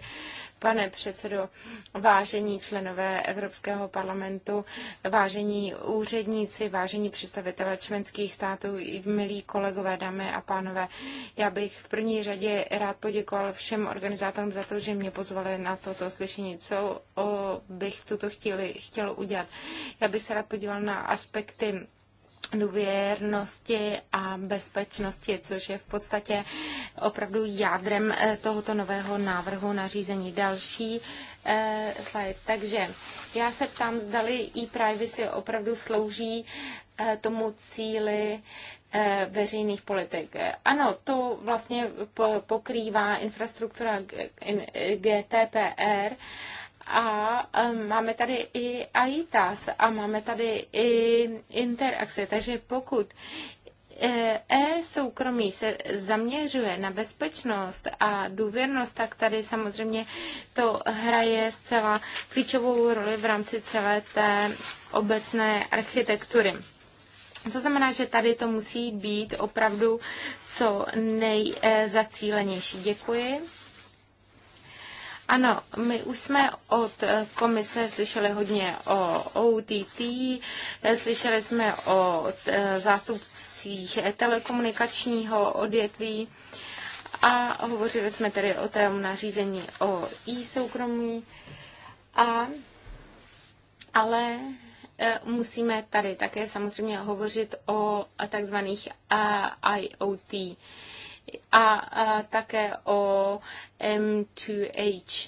Pane předsedo, vážení členové Evropského parlamentu, vážení úředníci, vážení představitelé členských států, milí kolegové, dámy a pánové, já bych v první řadě rád poděkoval všem organizátorům za to, že mě pozvali na toto slyšení. Co bych tuto chtěli, chtěl udělat? Já bych se rád podíval na aspekty důvěrnosti a bezpečnosti, což je v podstatě opravdu jádrem eh, tohoto nového návrhu nařízení. Další eh, slide. Takže já se ptám, zdali e-privacy opravdu slouží eh, tomu cíli eh, veřejných politik. Ano, to vlastně pokrývá infrastruktura GTPR a e, máme tady i AITAS a máme tady i interakce, takže pokud e, e-soukromí se zaměřuje na bezpečnost a důvěrnost, tak tady samozřejmě to hraje zcela klíčovou roli v rámci celé té obecné architektury. To znamená, že tady to musí být opravdu co nejzacílenější. E, Děkuji. Ano, my už jsme od eh, komise slyšeli hodně o OTT, eh, slyšeli jsme o eh, zástupcích telekomunikačního odvětví a hovořili jsme tedy o tom nařízení o e-soukromí. A, ale musíme tady také samozřejmě hovořit o takzvaných IoT a, a také o M2H.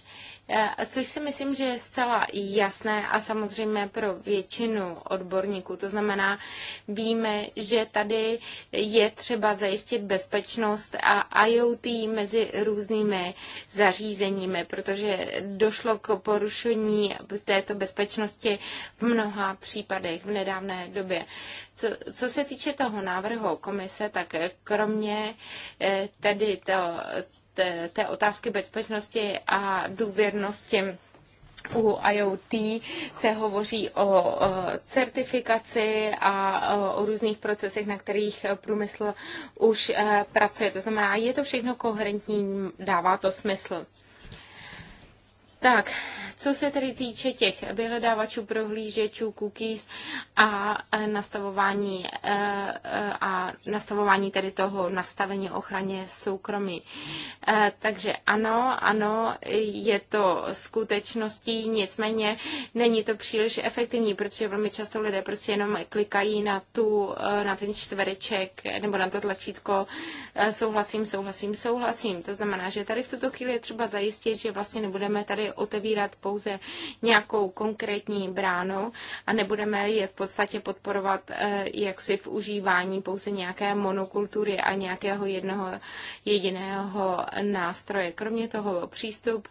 Eh, což si myslím, že je zcela jasné a samozřejmě pro většinu odborníků. To znamená, víme, že tady je třeba zajistit bezpečnost a IoT mezi různými zařízeními, protože došlo k porušení této bezpečnosti v mnoha případech v nedávné době. Co, co se týče toho návrhu komise, tak kromě eh, tedy to, té, otázky bezpečnosti a důvěrnosti u IoT se hovoří o certifikaci a o různých procesech, na kterých průmysl už eh, pracuje. To znamená, je to všechno koherentní, dává to smysl. Tak, co se tedy týče těch vyhledávačů, prohlížečů, cookies a e, nastavování e, e, a nastavování tedy toho nastavení ochraně soukromí. Takže ano, ano, je to skutečností, nicméně není to příliš efektivní, protože velmi často lidé prostě jenom klikají na, tu, na ten čtvereček nebo na to tlačítko souhlasím, souhlasím, souhlasím. To znamená, že tady v tuto chvíli je třeba zajistit, že vlastně nebudeme tady otevírat pouze nějakou konkrétní bránu a nebudeme je v podstatě podporovat eh, jaksi v užívání pouze nějaké monokultury a nějakého jednoho jediného nástroje. Kromě toho přístup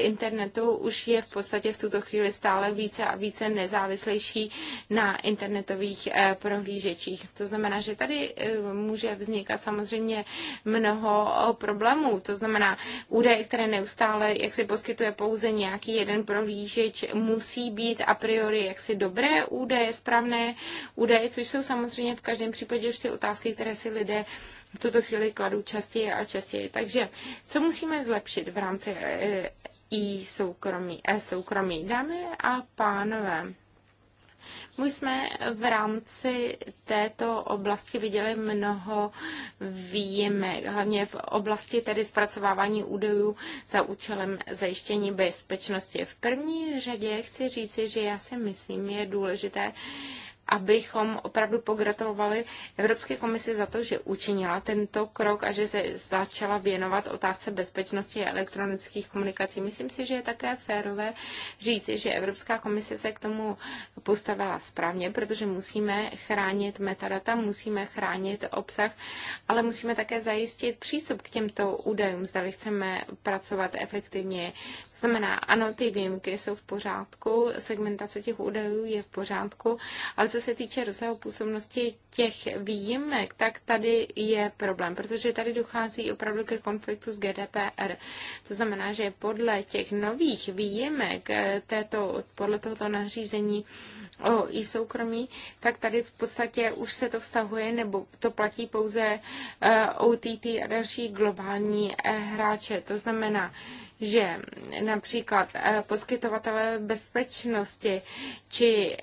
internetu už je v podstatě v tuto chvíli stále více a více nezávislejší na internetových eh, prohlížečích. To znamená, že tady eh, může vznikat samozřejmě mnoho eh, problémů. To znamená, údaje, které neustále, jak si poskytuje pouze nějaký jeden prohlížeč, musí být a priori jaksi dobré údaje, správné údaje, což jsou samozřejmě v každém případě už ty otázky, které si lidé v tuto chvíli kladou častěji a častěji. Takže co musíme zlepšit v rámci i soukromí, e soukromí. Dámy a pánové, my jsme v rámci této oblasti viděli mnoho výjimek, hlavně v oblasti tedy zpracovávání údajů za účelem zajištění bezpečnosti. V první řadě chci říci, že já si myslím, je důležité, abychom opravdu pogratulovali Evropské komisi za to, že učinila tento krok a že se začala věnovat otázce bezpečnosti a elektronických komunikací. Myslím si, že je také férové říci, že Evropská komise se k tomu postavila správně, protože musíme chránit metadata, musíme chránit obsah, ale musíme také zajistit přístup k těmto údajům, zda chceme pracovat efektivně. To znamená, ano, ty výjimky jsou v pořádku, segmentace těch údajů je v pořádku, ale co co se týče rozsahu působnosti těch výjimek, tak tady je problém, protože tady dochází opravdu ke konfliktu s GDPR. To znamená, že podle těch nových výjimek eh, této, podle tohoto nařízení o i soukromí, tak tady v podstatě už se to vztahuje nebo to platí pouze eh, OTT a další globální eh, hráče. To znamená, že například eh, poskytovatelé bezpečnosti či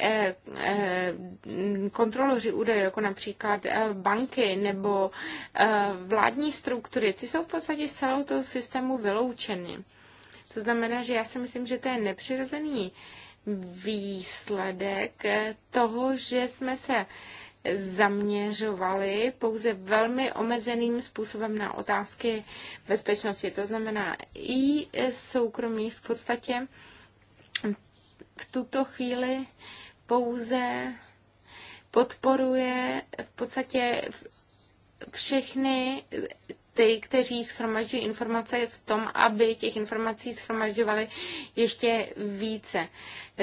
kontroloři údajů, jako například banky nebo vládní struktury, ty jsou v podstatě z celého toho systému vyloučeny. To znamená, že já si myslím, že to je nepřirozený výsledek toho, že jsme se zaměřovali pouze velmi omezeným způsobem na otázky bezpečnosti. To znamená i soukromí v podstatě v tuto chvíli pouze podporuje v podstatě všechny ty, kteří schromažďují informace v tom, aby těch informací schromažďovali ještě více.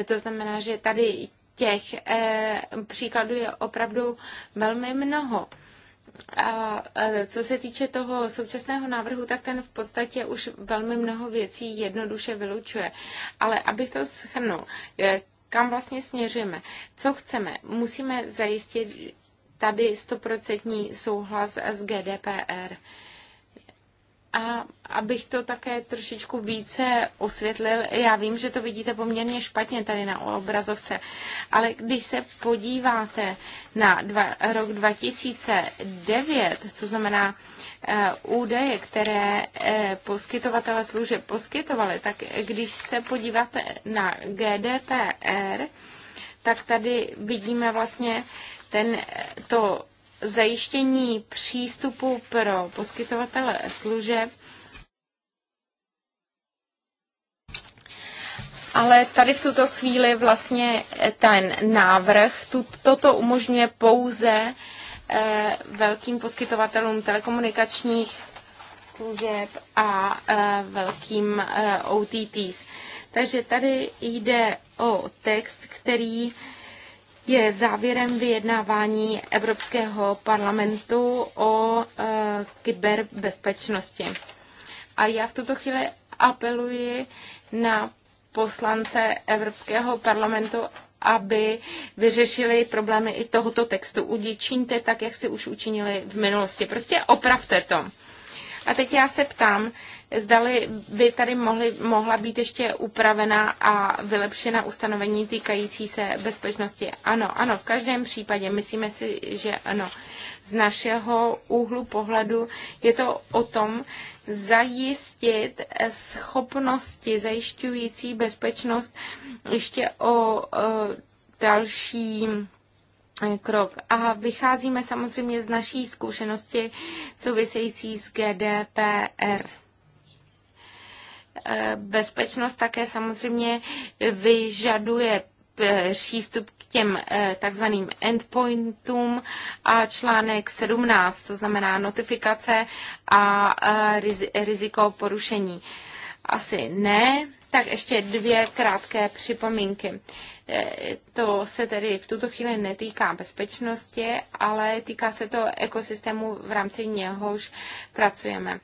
To znamená, že tady těch eh, příkladů je opravdu velmi mnoho. A eh, co se týče toho současného návrhu, tak ten v podstatě už velmi mnoho věcí jednoduše vylučuje. Ale abych to schrnul, eh, kam vlastně směřujeme, co chceme, musíme zajistit tady stoprocentní souhlas s GDPR. A abych to také trošičku více osvětlil, já vím, že to vidíte poměrně špatně tady na obrazovce, ale když se podíváte na dva, rok 2009, to znamená e, údaje, které e, poskytovatele služeb poskytovali, tak když se podíváte na GDPR, tak tady vidíme vlastně ten, eh, to zajištění přístupu pro poskytovatele služeb. Ale tady v tuto chvíli vlastně ten návrh, toto umožňuje pouze eh, velkým poskytovatelům telekomunikačních služeb a eh, velkým eh, OTTs. Takže tady jde o text, který je závěrem vyjednávání Evropského parlamentu o e, kyberbezpečnosti. A já v tuto chvíli apeluji na poslance Evropského parlamentu, aby vyřešili problémy i tohoto textu. Uděčíte tak, jak jste už učinili v minulosti. Prostě opravte to. A teď já se ptám, zdali by tady mohly, mohla být ještě upravena a vylepšena ustanovení týkající se bezpečnosti. Ano, ano, v každém případě myslíme si, že ano. Z našeho úhlu pohledu je to o tom, zajistit schopnosti zajišťující bezpečnost ještě o dalším. Eh, krok. A vycházíme samozřejmě z naší zkušenosti související s GDPR. Eh, bezpečnost také samozřejmě vyžaduje eh, přístup k těm takzvaným endpointům a článek 17, to znamená notifikace a riziko porušení. Asi ne, tak ještě dvě krátké připomínky. Eh, to se tedy v tuto chvíli netýká bezpečnosti, ale týká se to ekosystému, v rámci něhož pracujeme.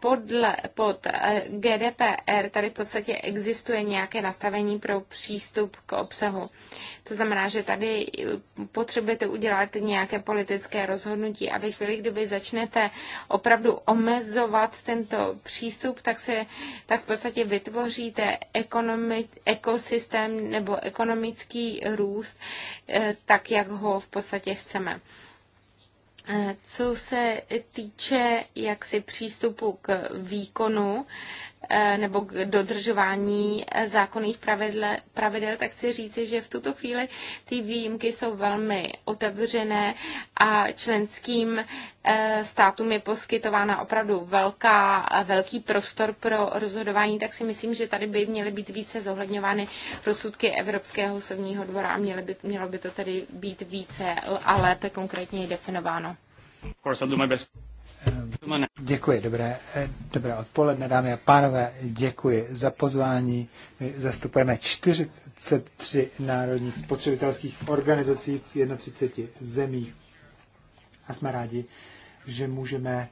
Podle, pod eh, GDPR tady v podstatě existuje nějaké nastavení pro přístup k obsahu. To znamená, že tady eh, potřebujete udělat nějaké politické rozhodnutí a ve chvíli, kdyby začnete opravdu omezovat tento přístup, tak se tak v podstatě vytvoříte ekonomi, ekosystém nebo ekonomický ekonomický růst eh, tak, jak ho v podstatě chceme. Eh, co se týče jaksi přístupu k výkonu, Eh, nebo k dodržování eh, zákonných pravidle, pravidel, tak chci říci, že v tuto chvíli ty výjimky jsou velmi otevřené a členským eh, státům je poskytována opravdu velká, velký prostor pro rozhodování, tak si myslím, že tady by měly být více zohledňovány rozsudky Evropského soudního dvora a měly by, mělo by to tedy být více a lépe konkrétně definováno. Děkuji, dobré, eh, dobré odpoledne, dámy a pánové, děkuji za pozvání. My zastupujeme 43 národních spotřebitelských organizací v 31 zemích a jsme rádi, že můžeme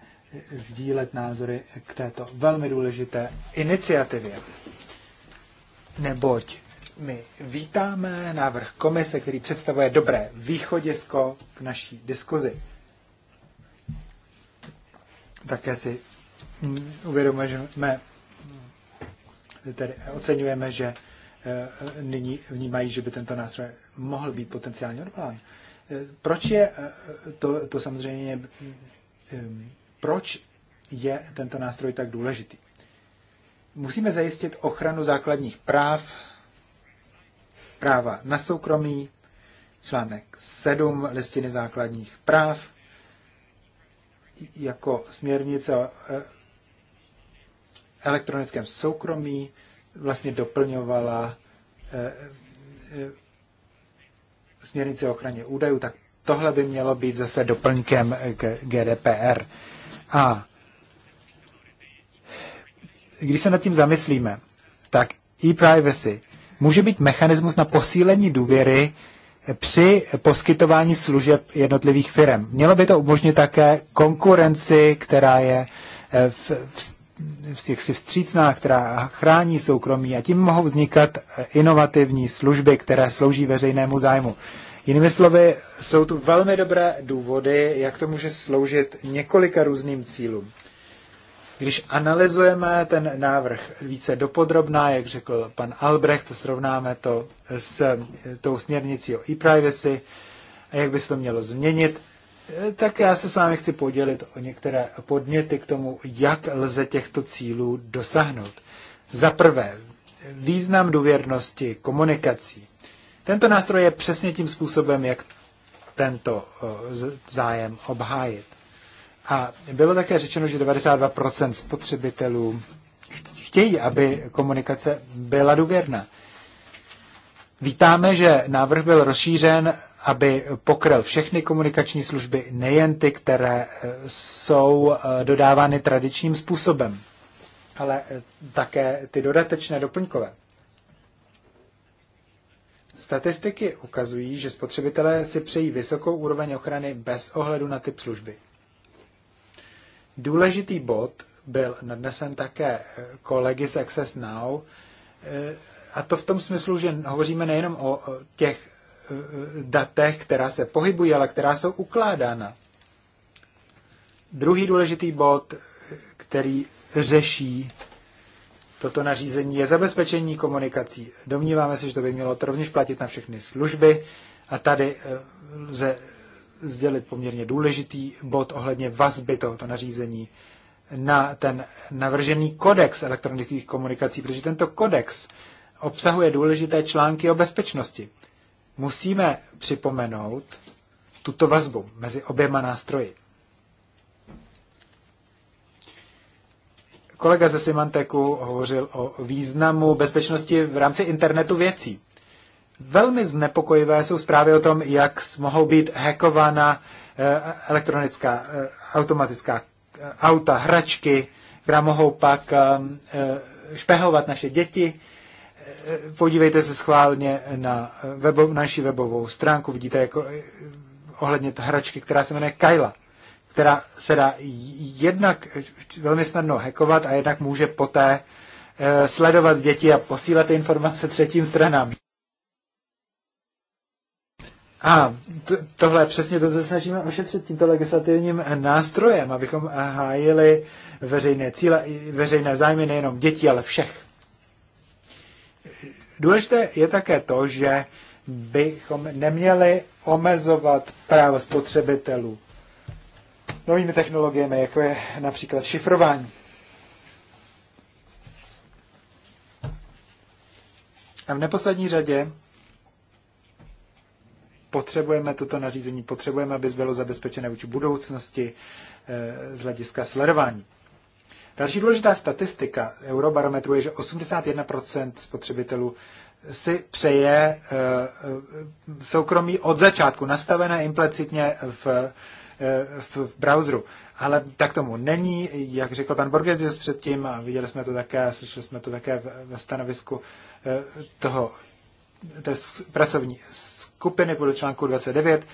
sdílet názory k této velmi důležité iniciativě. Neboť my vítáme návrh komise, který představuje dobré východisko k naší diskuzi. Také si uvědomujeme, tedy oceňujeme, že eh, nyní vnímají, že by tento nástroj mohl být potenciálně odvolán. Eh, proč je eh, to, to samozřejmě, hm, proč je tento nástroj tak důležitý? Musíme zajistit ochranu základních práv, práva na soukromí, článek 7 listiny základních práv, jako směrnice o e, elektronickém soukromí vlastně doplňovala e, e, směrnice o ochraně údajů, tak tohle by mělo být zase doplňkem k GDPR. A když se nad tím zamyslíme, tak e-privacy může být mechanismus na posílení důvěry při poskytování služeb jednotlivých firm. Mělo by to umožnit také konkurenci, která je eh, v, v, v jaksi vstřícná, která chrání soukromí a tím mohou vznikat eh, inovativní služby, které slouží veřejnému zájmu. Jinými slovy, jsou tu velmi dobré důvody, jak to může sloužit několika různým cílům. Když analyzujeme ten návrh více dopodrobná, jak řekl pan Albrecht, srovnáme to s eh, tou směrnicí o e-privacy a jak by se to mělo změnit, eh, tak já se s vámi chci podělit o některé podněty k tomu, jak lze těchto cílů dosáhnout. Za prvé, význam důvěrnosti komunikací. Tento nástroj je přesně tím způsobem, jak tento eh, zájem obhájit. A bylo také řečeno, že 92% spotřebitelů chtějí, aby komunikace byla důvěrná. Vítáme, že návrh byl rozšířen, aby pokryl všechny komunikační služby, nejen ty, které eh, jsou eh, dodávány tradičním způsobem, ale eh, také ty dodatečné, doplňkové. Statistiky ukazují, že spotřebitelé si přejí vysokou úroveň ochrany bez ohledu na typ služby. Důležitý bod byl nadnesen také eh, kolegy z Access Now, eh, a to v tom smyslu, že hovoříme nejenom o těch eh, datech, která se pohybují, ale která jsou ukládána. Druhý důležitý bod, který řeší toto nařízení, je zabezpečení komunikací. Domníváme se, že to by mělo to rovněž platit na všechny služby a tady lze sdělit poměrně důležitý bod ohledně vazby tohoto nařízení na ten navržený kodex elektronických komunikací, protože tento kodex obsahuje důležité články o bezpečnosti. Musíme připomenout tuto vazbu mezi oběma nástroji. Kolega ze Symanteku hovořil o významu bezpečnosti v rámci internetu věcí. Velmi znepokojivé jsou zprávy o tom, jak mohou být hackována eh, elektronická, eh, automatická eh, auta, hračky, která mohou pak špehovat naše děti. Podívejte se schválně na webo, naši webovou stránku, vidíte jako ohledně hračky, která se jmenuje Kyla, která se dá jednak velmi snadno hackovat a jednak může poté sledovat děti a posílat informace třetím stranám. A tohle přesně to se snažíme ošetřit tímto legislativním eh, nástrojem, abychom eh, hájili veřejné cíle, veřejné zájmy nejenom dětí, ale všech. Důležité je také to, že bychom neměli omezovat právo spotřebitelů novými technologiemi, jako je například šifrování. A v neposlední řadě potřebujeme toto nařízení, potřebujeme, aby bylo zabezpečené vůči budoucnosti eh, z hlediska sledování. Další důležitá statistika Eurobarometru je, že 81% spotřebitelů si přeje eh, eh, soukromí od začátku, nastavené implicitně v, v, v browseru. Ale tak tomu není, jak řekl pan Borgesius předtím, a viděli jsme to také, slyšeli jsme to také ve stanovisku toho té pracovní skupiny podle článku 29.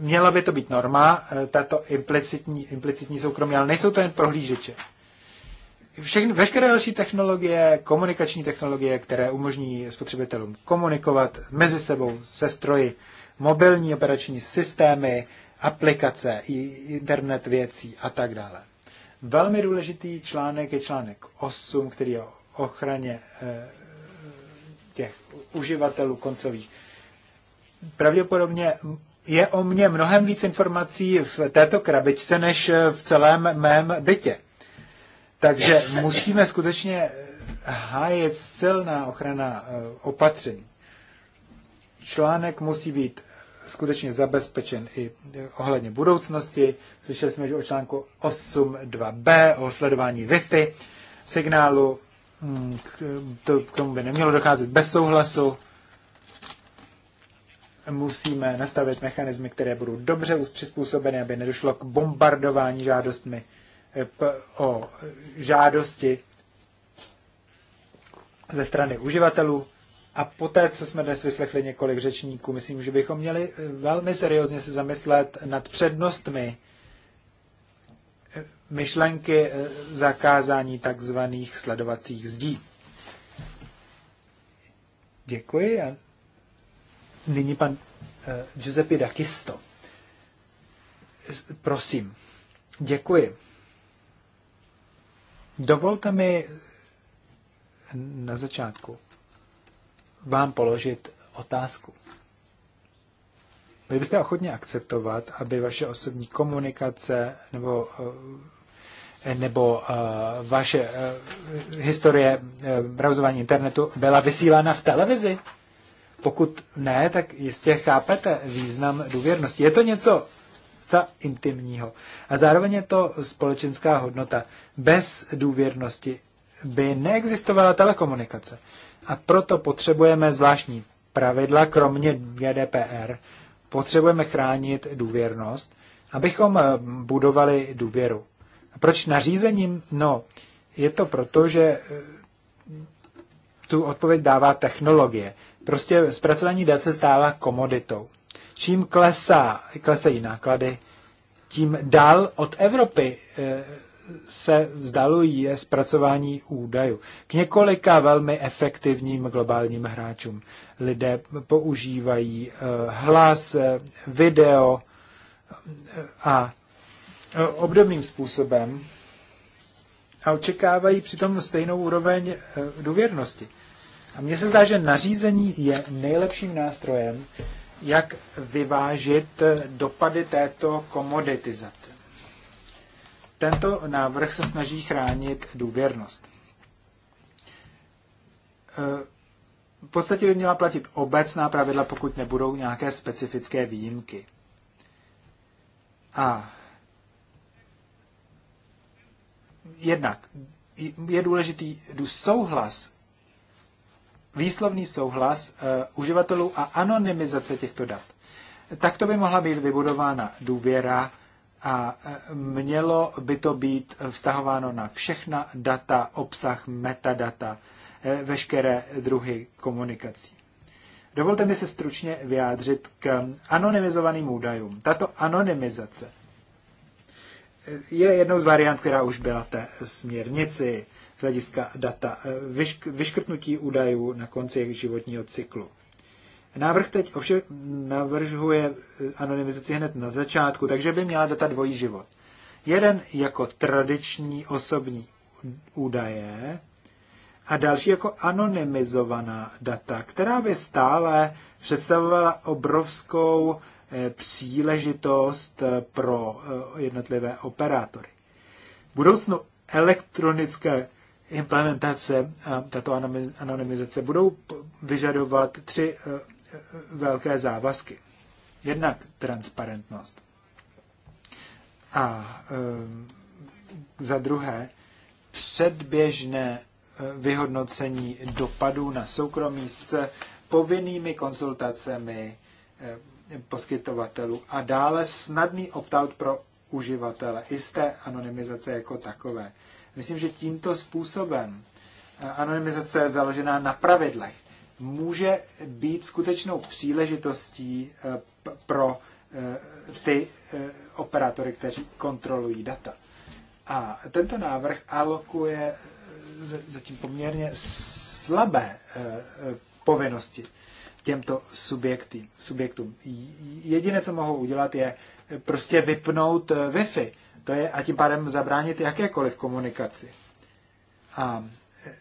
Měla by to být norma, e, tato implicitní, implicitní soukromí, ale nejsou to jen prohlížeče. Všechny, veškeré další technologie, komunikační technologie, které umožní spotřebitelům komunikovat mezi sebou, se stroji, mobilní operační systémy, aplikace, internet věcí a tak dále. Velmi důležitý článek je článek 8, který je o ochraně e, těch uživatelů koncových. Pravděpodobně je o mně mnohem víc informací v této krabičce, než v celém mém bytě. Takže musíme skutečně hájet silná ochrana eh, opatření. Článek musí být skutečně zabezpečen i eh, ohledně budoucnosti. Slyšeli jsme o článku 8.2b, o sledování Wi-Fi signálu Hmm, k, to, k tomu by nemělo docházet bez souhlasu. Musíme nastavit mechanismy, které budou dobře přizpůsobeny, aby nedošlo k bombardování žádostmi eh, o žádosti ze strany uživatelů. A poté, co jsme dnes vyslechli několik řečníků, myslím, že bychom měli eh, velmi seriózně se zamyslet nad přednostmi myšlenky eh, zakázání takzvaných sledovacích zdí. Děkuji a nyní pan eh, Giuseppe D'Acisto, Prosím. Děkuji. Dovolte mi na začátku vám položit otázku. Byli byste ochotně akceptovat, aby vaše osobní komunikace nebo eh, nebo eh, vaše eh, historie eh, browsování internetu byla vysílána v televizi? Pokud ne, tak jistě chápete význam důvěrnosti. Je to něco za intimního. A zároveň je to společenská hodnota. Bez důvěrnosti by neexistovala telekomunikace. A proto potřebujeme zvláštní pravidla, kromě GDPR. Potřebujeme chránit důvěrnost, abychom budovali důvěru. A proč nařízením? No, je to proto, že eh, tu odpověď dává technologie. Prostě zpracování dat se stává komoditou. Čím klesá, klesají náklady, tím dál od Evropy eh, se vzdalují je zpracování údajů k několika velmi efektivním globálním hráčům. Lidé používají eh, hlas, video a Eh, obdobným způsobem a očekávají přitom stejnou úroveň eh, důvěrnosti. A mně se zdá, že nařízení je nejlepším nástrojem, jak vyvážit eh, dopady této komoditizace. Tento návrh se snaží chránit důvěrnost. V podstatě by měla platit obecná pravidla, pokud nebudou nějaké specifické výjimky. A jednak je důležitý souhlas, výslovný souhlas uh, uživatelů a anonymizace těchto dat. Takto by mohla být vybudována důvěra a eh, mělo by to být vztahováno na všechna data, obsah, metadata, eh, veškeré druhy komunikací. Dovolte mi se stručně vyjádřit k anonymizovaným údajům. Tato anonymizace je jednou z variant, která už byla v té směrnici z hlediska data, vyšk, vyškrtnutí údajů na konci jejich životního cyklu. Návrh teď ovšem navrhuje anonymizaci hned na začátku, takže by měla data dvojí život. Jeden jako tradiční osobní údaje a další jako anonymizovaná data, která by stále představovala obrovskou Eh, příležitost eh, pro eh, jednotlivé operátory. budoucnu elektronické implementace a tato anonymizace budou vyžadovat tři velké závazky. Jednak transparentnost. A za druhé předběžné vyhodnocení dopadů na soukromí s povinnými konzultacemi poskytovatelů a dále snadný opt-out pro uživatele i z té anonymizace jako takové. Myslím, že tímto způsobem eh, anonymizace založená na pravidlech může být skutečnou příležitostí eh, pro eh, ty operátory, kteří kontrolují data. A tento návrh alokuje zatím poměrně slabé povinnosti těmto subjekty, subjektům. Jediné, co mohou udělat, je prostě vypnout eh, Wi-Fi. To je, a tím pádem zabránit jakékoliv komunikaci. A eh,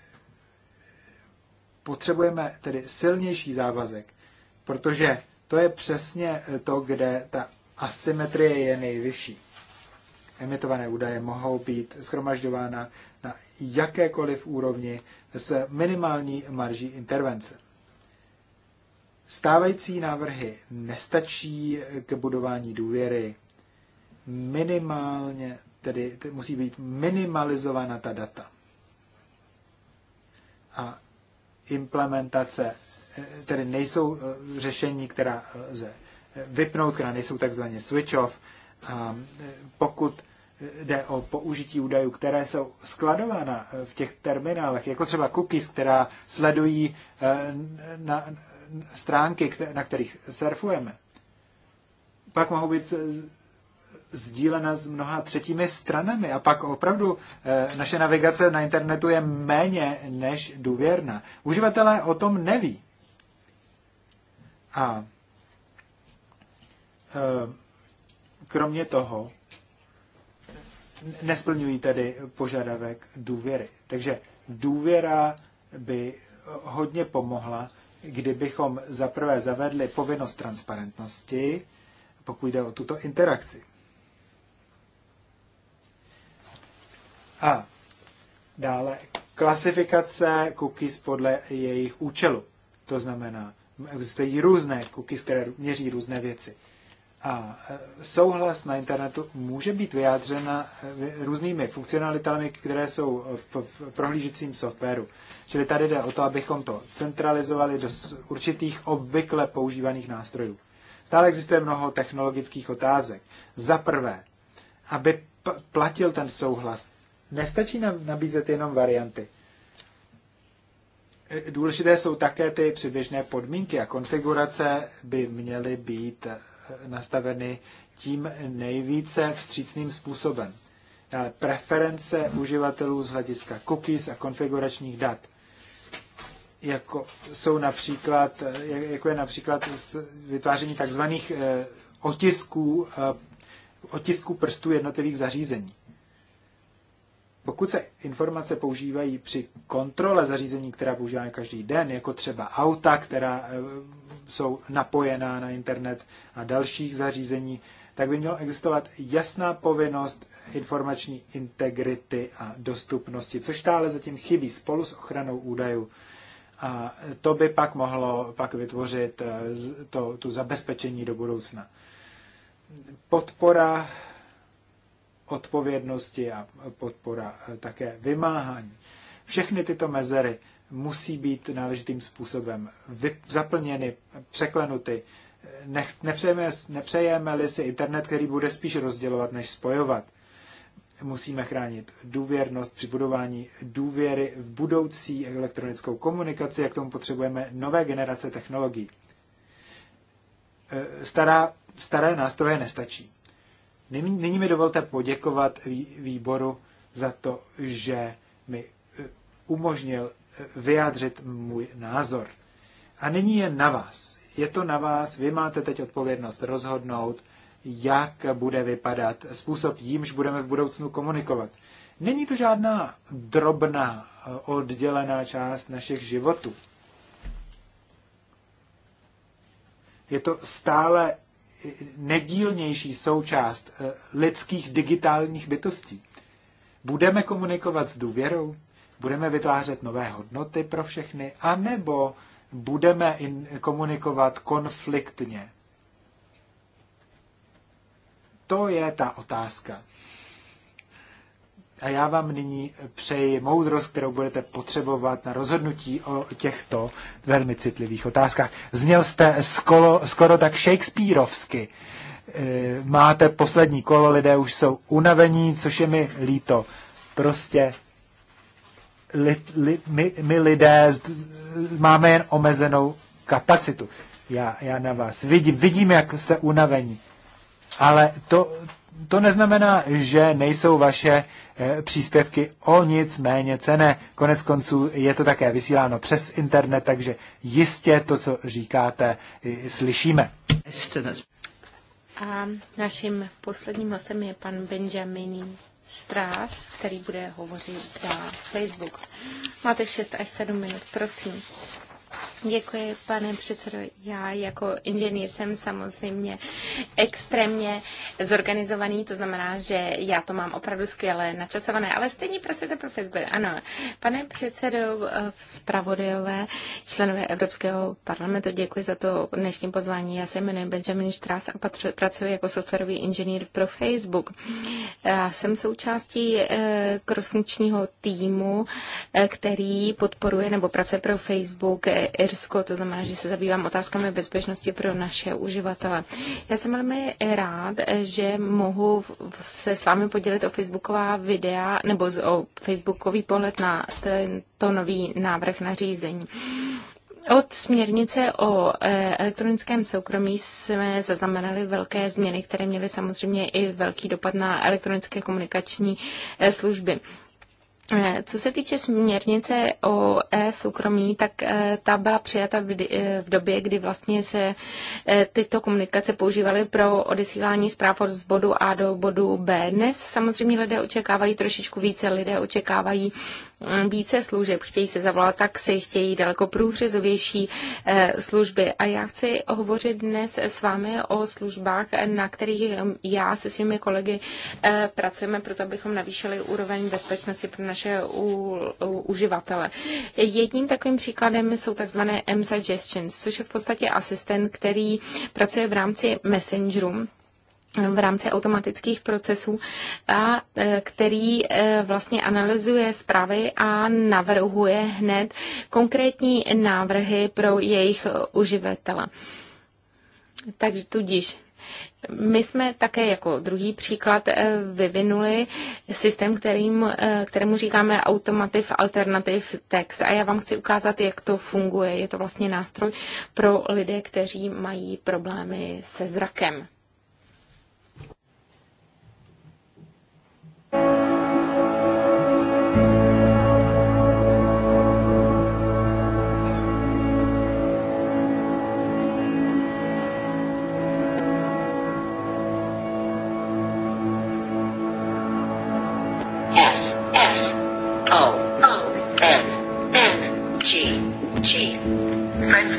potřebujeme tedy silnější závazek, protože to je přesně eh, to, kde ta asymetrie je nejvyšší. Emitované údaje mohou být schromažďována na jakékoliv úrovni s minimální marží intervence. Stávající návrhy nestačí k budování důvěry. Minimálně, tedy, musí být minimalizována ta data. A implementace, eh, tedy nejsou eh, řešení, která eh, lze vypnout, která nejsou takzvaně switch off. A pokud jde o použití údajů, které jsou skladována v těch terminálech, jako třeba cookies, která sledují na, stránky, na kterých surfujeme, pak mohou být eh, sdílena s mnoha třetími stranami a pak opravdu eh, naše navigace na internetu je méně než důvěrná. Uživatelé o tom neví. A eh, kromě toho nesplňují tedy požadavek důvěry. Takže důvěra by hodně pomohla kdybychom zaprvé zavedli povinnost transparentnosti, pokud jde o tuto interakci. A dále klasifikace cookies podle jejich účelu. To znamená, existují různé cookies, které měří různé věci. A e, souhlas na internetu může být vyjádřen e, různými funkcionalitami, které jsou v prohlížecím softwaru. Čili tady jde o to, abychom to centralizovali do určitých obvykle používaných nástrojů. Stále existuje mnoho technologických otázek. Za prvé, aby platil ten souhlas, nestačí nám nabízet jenom varianty. E, důležité jsou také ty předběžné podmínky a konfigurace by měly být nastaveny tím nejvíce vstřícným způsobem. Eh, preference uživatelů z hlediska cookies a konfiguračních dat. Jako, jsou například, eh, jako je například vytváření takzvaných eh, otisků, otisků prstů jednotlivých zařízení. Pokud se informace používají při kontrole zařízení, která používáme každý den, jako třeba auta, která eh, jsou napojená na internet a dalších zařízení, tak by mělo existovat jasná povinnost informační integrity a dostupnosti, což stále zatím chybí spolu s ochranou údajů. A to by pak mohlo pak vytvořit eh, to, tu zabezpečení do budoucna. Podpora odpovědnosti a podpora eh, také vymáhání. Všechny tyto mezery musí být náležitým způsobem zaplněny, překlenuty. Eh, nech, nepřejeme, nepřejeme-li si internet, který bude spíš rozdělovat než spojovat. Musíme chránit důvěrnost při budování důvěry v budoucí elektronickou komunikaci, jak tomu potřebujeme nové generace technologií. Eh, stará, staré nástroje nestačí. Nyní, mi dovolte poděkovat výboru za to, že mi e, umožnil e, vyjádřit můj názor. A nyní je na vás. Je to na vás, vy máte teď odpovědnost rozhodnout, jak bude vypadat způsob, jímž budeme v budoucnu komunikovat. Není to žádná drobná e, oddělená část našich životů. Je to stále nedílnější součást eh, lidských digitálních bytostí. Budeme komunikovat s důvěrou, budeme vytvářet nové hodnoty pro všechny, anebo budeme in, komunikovat konfliktně. To je ta otázka. A já vám nyní přeji moudrost, kterou budete potřebovat na rozhodnutí o těchto velmi citlivých otázkách. Zněl jste skoro, skoro tak Shakespeareovsky. E, máte poslední kolo, lidé už jsou unavení, což je mi líto. Prostě li, li, my, my lidé máme jen omezenou kapacitu. Já, já na vás vidím, vidím, jak jste unavení. Ale to, to neznamená, že nejsou vaše eh, příspěvky o nic méně cené. Konec konců je to také vysíláno přes internet, takže jistě to, co říkáte, slyšíme. A naším posledním hostem je pan Benjamin Strás, který bude hovořit za Facebook. Máte 6 až 7 minut, prosím. Děkuji, pane předsedo. Já jako inženýr jsem samozřejmě extrémně zorganizovaný, to znamená, že já to mám opravdu skvěle načasované, ale stejně pracujete pro Facebook. Ano, pane předsedo, zpravodajové, členové Evropského parlamentu, děkuji za to dnešní pozvání. Já se jmenuji Benjamin Strass a pracuji jako softwarový inženýr pro Facebook. Já jsem součástí eh, crossfunkčního týmu, eh, který podporuje nebo pracuje pro Facebook eh, Irsko, to znamená, že se zabývám otázkami bezpečnosti pro naše uživatele. Já jsem velmi rád, že mohu se s vámi podělit o facebooková videa nebo o facebookový pohled na tento nový návrh na řízení. Od směrnice o eh, elektronickém soukromí jsme zaznamenali velké změny, které měly samozřejmě i velký dopad na elektronické komunikační eh, služby. Eh, co se týče směrnice o e-soukromí, tak eh, ta byla přijata eh, v době, kdy vlastně se tyto komunikace používaly pro odesílání zpráv z bodu A do bodu B. Dnes samozřejmě lidé očekávají trošičku více, lidé očekávají Eh, více služeb, chtějí se zavolat taxi, chtějí daleko průřezovější eh, služby. A já chci hovořit dnes s vámi o službách, na kterých já se svými kolegy eh, pracujeme, proto abychom navýšili úroveň bezpečnosti pro naše uživatele. Jedním takovým příkladem jsou takzvané M-suggestions, což je v podstatě asistent, který pracuje v rámci Messengeru v rámci automatických procesů, a e, který e, vlastně analyzuje zprávy a navrhuje hned konkrétní návrhy pro jejich uživatele. Takže tudíž my jsme také jako druhý příklad e, vyvinuli systém, kterým, kterému říkáme Automative Alternative Text. A já vám chci ukázat, jak to funguje. Je to vlastně nástroj pro lidé, kteří mají problémy se zrakem.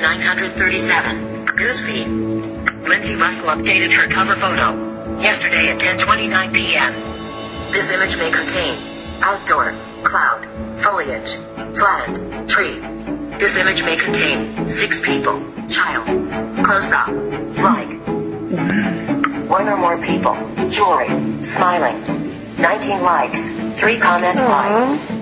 937. Newsfeed. Lindsay Russell updated her cover photo yesterday at 10:29 p.m. This image may contain outdoor, cloud, foliage, flat, tree. This image may contain six people, child, close up, like one or more people, jewelry, smiling, 19 likes, three comments Aww. like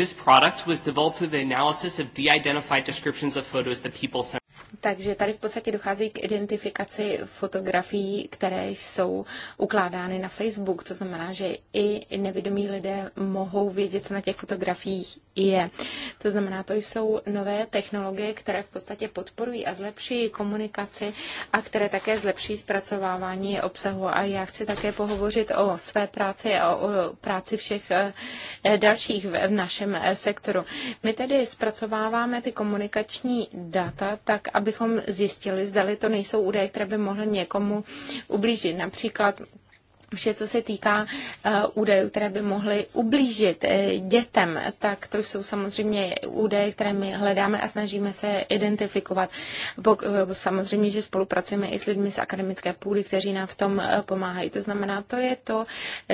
This product was developed through the analysis of de-identified descriptions of photos that people sent. Takže tady v podstatě dochází k identifikaci fotografií, které jsou ukládány na Facebook. To znamená, že i nevědomí lidé mohou vědět, co na těch fotografiích je. To znamená, to jsou nové technologie, které v podstatě podporují a zlepší komunikaci a které také zlepší zpracovávání obsahu. A já chci také pohovořit o své práci a o práci všech eh, eh, dalších v našem eh, sektoru. My tedy zpracováváme ty komunikační data tak, aby abychom zjistili, zdali to nejsou údaje, které by mohly někomu ublížit. Například vše, co se týká eh, údajů, které by mohly ublížit eh, dětem, tak to jsou samozřejmě údaje, které my hledáme a snažíme se identifikovat. Eh, samozřejmě, že spolupracujeme i s lidmi z akademické půdy, kteří nám v tom pomáhají. To znamená, to je to,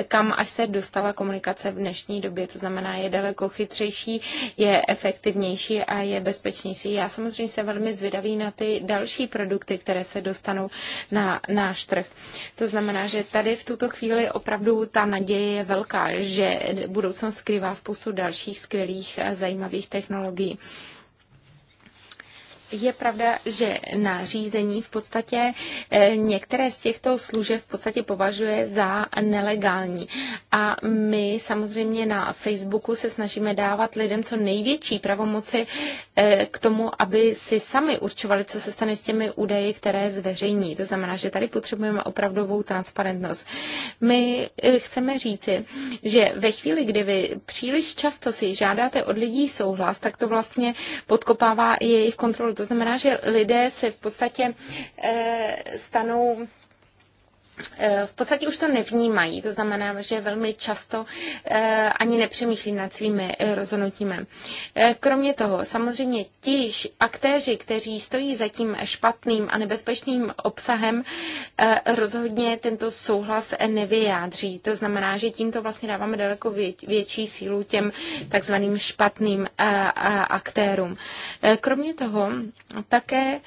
kam až se dostala komunikace v dnešní době. To znamená, je daleko chytřejší, je efektivnější a je bezpečnější. Já samozřejmě se velmi zvědavý na ty další produkty, které se dostanou na náš trh. To znamená, že tady v tuto tuto chvíli opravdu ta naděje je velká, že budoucnost skrývá spoustu dalších skvělých zajímavých technologií je pravda, že nařízení v podstatě eh, některé z těchto služeb v podstatě považuje za nelegální. A my samozřejmě na Facebooku se snažíme dávat lidem co největší pravomoci eh, k tomu, aby si sami určovali, co se stane s těmi údaji, které zveřejní. To znamená, že tady potřebujeme opravdovou transparentnost. My eh, chceme říci, že ve chvíli, kdy vy příliš často si žádáte od lidí souhlas, tak to vlastně podkopává jejich kontrolu to znamená, že lidé se v podstatě eh, stanou Eh, v podstatě už to nevnímají. To znamená, že velmi často eh, ani nepřemýšlí nad svými eh, rozhodnutími. Kromě toho, samozřejmě ti aktéři, kteří stojí za tím špatným a nebezpečným obsahem, rozhodně tento souhlas nevyjádří. To znamená, že tímto vlastně dáváme daleko větší sílu těm takzvaným špatným aktérům. Kromě toho také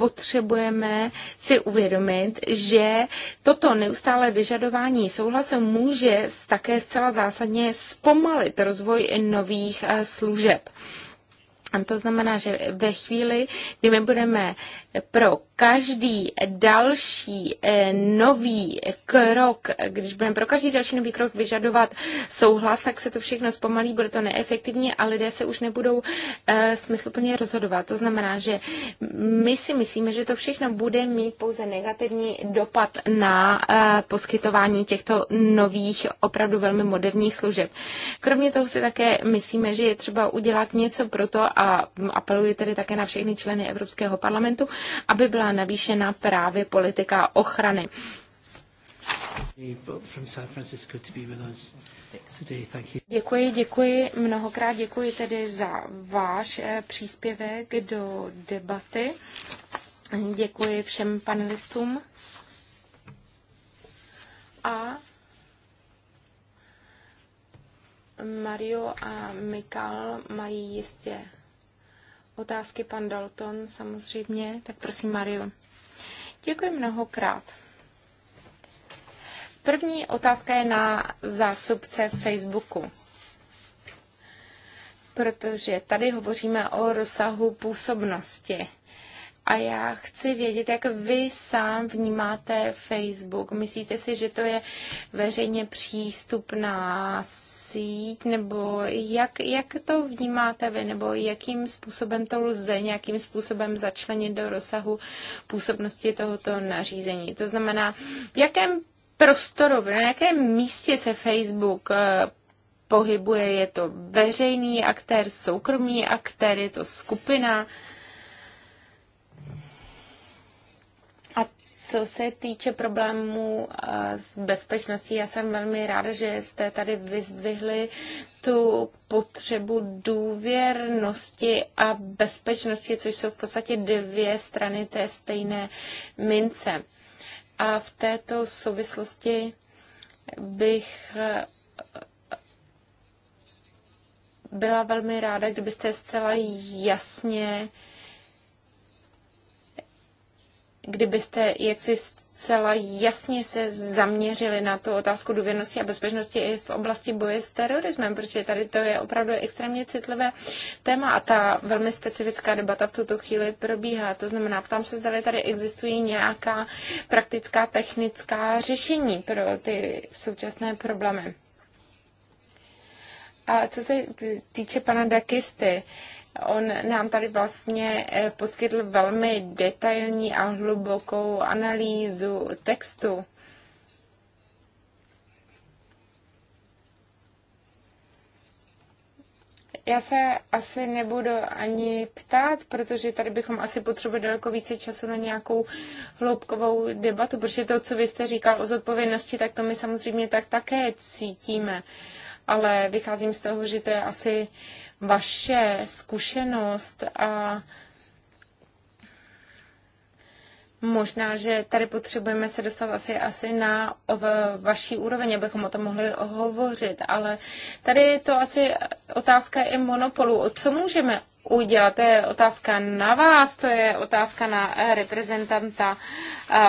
potřebujeme si uvědomit, že toto neustále vyžadování souhlasu může také zcela zásadně zpomalit rozvoj nových eh, služeb. A to znamená, že ve chvíli, kdy my budeme pro každý další eh, nový krok, když budeme pro každý další nový krok vyžadovat souhlas, tak se to všechno zpomalí, bude to neefektivní a lidé se už nebudou eh, smysluplně rozhodovat. To znamená, že my si myslíme, že to všechno bude mít pouze negativní dopad na eh, poskytování těchto nových, opravdu velmi moderních služeb. Kromě toho si také myslíme, že je třeba udělat něco pro to a apeluji tedy také na všechny členy Evropského parlamentu, aby byla navýšena právě politika ochrany. Děkuji, děkuji, mnohokrát děkuji tedy za váš eh, příspěvek do debaty. Děkuji všem panelistům. A Mario a Mikal mají jistě otázky pan Dalton samozřejmě, tak prosím Mariu. Děkuji mnohokrát. První otázka je na zásupce Facebooku protože tady hovoříme o rozsahu působnosti. A já chci vědět, jak vy sám vnímáte Facebook. Myslíte si, že to je veřejně přístupná síť, nebo jak, jak to vnímáte vy, nebo jakým způsobem to lze nějakým způsobem začlenit do rozsahu působnosti tohoto nařízení. To znamená, v jakém prostoru, na jakém místě se Facebook eh, pohybuje, je to veřejný aktér, soukromý aktér, je to skupina, Co se týče problémů s bezpečností, já jsem velmi ráda, že jste tady vyzdvihli tu potřebu důvěrnosti a bezpečnosti, což jsou v podstatě dvě strany té stejné mince. A v této souvislosti bych e, byla velmi ráda, kdybyste zcela jasně kdybyste jaksi zcela jasně se zaměřili na tu otázku důvěrnosti a bezpečnosti i v oblasti boje s terorismem, protože tady to je opravdu extrémně citlivé téma a ta velmi specifická debata v tuto chvíli probíhá. To znamená, ptám se, zda tady existují nějaká praktická technická řešení pro ty současné problémy. A co se týče pana Dakisty, uh, On nám tady vlastně eh, poskytl velmi detailní a hlubokou analýzu textu. Já se asi nebudu ani ptát, protože tady bychom asi potřebovali daleko více času na nějakou hloubkovou debatu, protože to, co vy jste říkal o zodpovědnosti, tak to my samozřejmě tak také cítíme. Ale vycházím z toho, že to je asi vaše zkušenost a Možná, že tady potřebujeme se dostat asi, asi na vaší úroveň, abychom o tom mohli hovořit, ale tady je to asi otázka i monopolu. Co můžeme udělat? To je otázka na vás, to je otázka na reprezentanta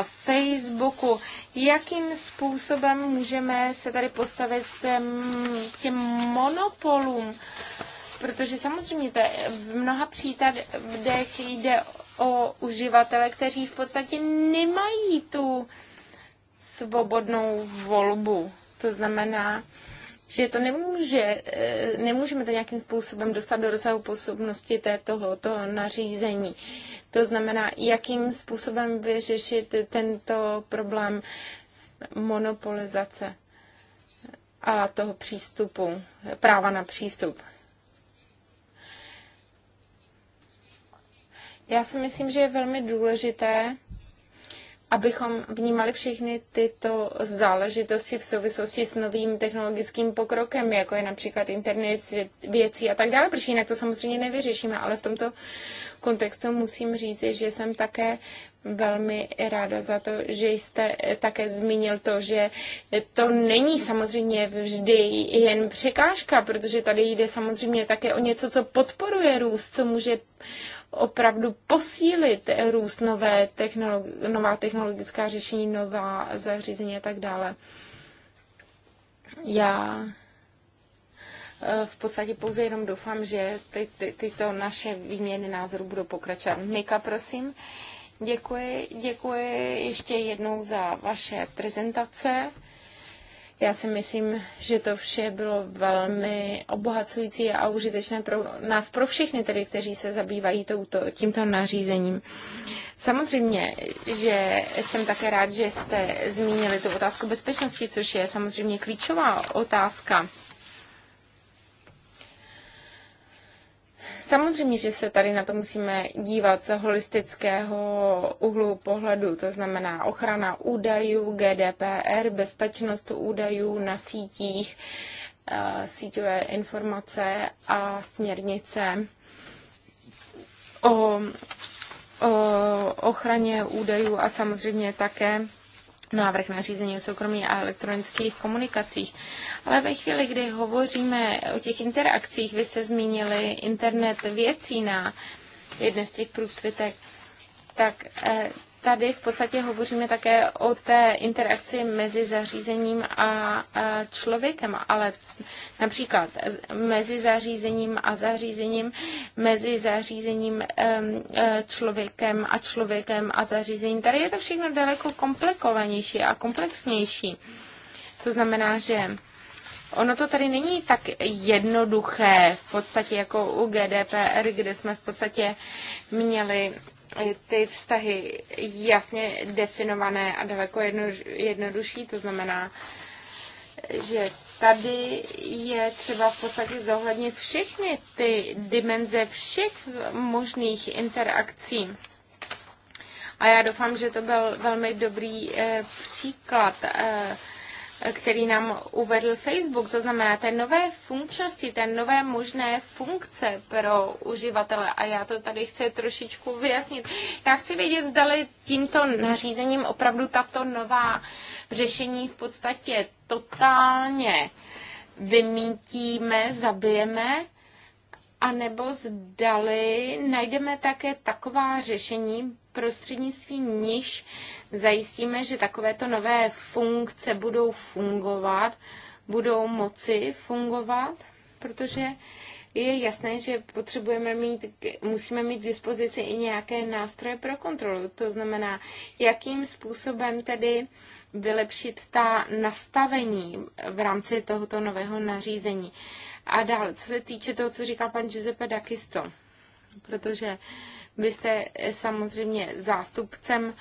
Facebooku. Jakým způsobem můžeme se tady postavit k těm monopolům? protože samozřejmě te, v mnoha případech jde o uživatele, kteří v podstatě nemají tu svobodnou volbu. To znamená, že to nemůže, eh, nemůžeme to nějakým způsobem dostat do rozsahu působnosti této toho nařízení. To znamená, jakým způsobem vyřešit tento problém monopolizace a toho přístupu, práva na přístup. Já si myslím, že je velmi důležité, abychom vnímali všechny tyto záležitosti v souvislosti s novým technologickým pokrokem, jako je například internet věcí a tak dále, protože jinak to samozřejmě nevyřešíme, ale v tomto kontextu musím říct, že jsem také velmi ráda za to, že jste také zmínil to, že to není samozřejmě vždy jen překážka, protože tady jde samozřejmě také o něco, co podporuje růst, co může opravdu posílit růst nové technologi- nová technologická řešení, nová zařízení a tak dále. Já eh, v podstatě pouze jenom doufám, že ty, ty, tyto naše výměny názorů budou pokračovat. Mika, prosím. Děkuji, děkuji ještě jednou za vaše prezentace. Já si myslím, že to vše bylo velmi obohacující a užitečné pro nás, pro všechny tedy, kteří se zabývají touto, tímto nařízením. Samozřejmě, že jsem také rád, že jste zmínili tu otázku bezpečnosti, což je samozřejmě klíčová otázka Samozřejmě, že se tady na to musíme dívat z holistického úhlu pohledu, to znamená ochrana údajů, GDPR, bezpečnost údajů na sítích, eh, síťové informace a směrnice o, o ochraně údajů a samozřejmě také návrh na řízení o soukromí a elektronických komunikacích. Ale ve chvíli, kdy hovoříme o těch interakcích, vy jste zmínili internet věcí na jedné z těch průsvitek, tak eh, tady v podstatě hovoříme také o té interakci mezi zařízením a člověkem, ale například mezi zařízením a zařízením, mezi zařízením e, člověkem a člověkem a zařízením. Tady je to všechno daleko komplikovanější a komplexnější. To znamená, že Ono to tady není tak jednoduché, v podstatě jako u GDPR, kde jsme v podstatě měli ty vztahy jasně definované a daleko jedno, jednodušší. To znamená, že tady je třeba v podstatě zohlednit všechny ty dimenze všech možných interakcí. A já doufám, že to byl velmi dobrý eh, příklad eh, který nám uvedl Facebook, to znamená té nové funkčnosti, té nové možné funkce pro uživatele. A já to tady chci trošičku vyjasnit. Já chci vědět, zdali tímto nařízením opravdu tato nová řešení v podstatě totálně vymítíme, zabijeme, anebo zdali najdeme také taková řešení, prostřednictvím níž zajistíme, že takovéto nové funkce budou fungovat, budou moci fungovat, protože je jasné, že potřebujeme mít, musíme mít k dispozici i nějaké nástroje pro kontrolu. To znamená, jakým způsobem tedy vylepšit ta nastavení v rámci tohoto nového nařízení. A dále, co se týče toho, co říkal pan Giuseppe D'Akisto, protože vy jste eh, samozřejmě zástupcem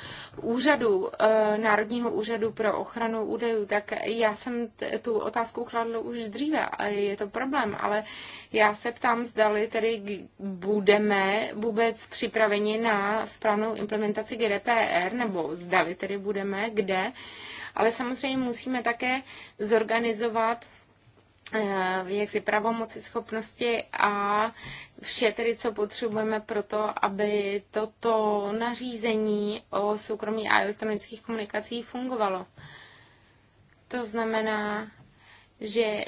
úřadu, eh, Národního úřadu pro ochranu údajů, tak já jsem tu otázku kladla už dříve a je to problém, ale já se ptám, zdali tedy budeme vůbec připraveni na správnou implementaci GDPR, nebo zdali tedy budeme, kde, ale samozřejmě musíme také zorganizovat Eh, jaksi pravomoci, schopnosti a vše tedy, co potřebujeme pro to, aby toto nařízení o soukromí a elektronických komunikacích fungovalo. To znamená, že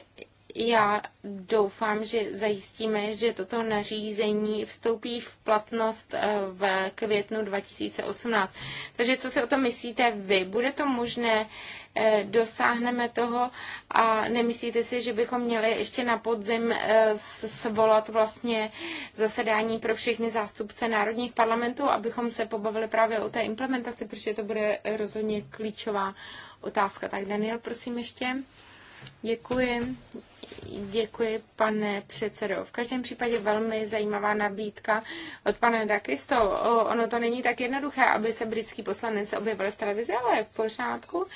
já doufám, že zajistíme, že toto nařízení vstoupí v platnost eh, v květnu 2018. Takže co si o tom myslíte vy? Bude to možné Eh, dosáhneme toho a nemyslíte si, že bychom měli ještě na podzim eh, svolat vlastně zasedání pro všechny zástupce národních parlamentů, abychom se pobavili právě o té implementaci, protože to bude rozhodně klíčová otázka. Tak Daniel, prosím ještě. Děkuji. Děkuji, pane předsedo. V každém případě velmi zajímavá nabídka od pana Dakisto. Ono to není tak jednoduché, aby se britský poslanec objevil v televizi, ale v pořádku.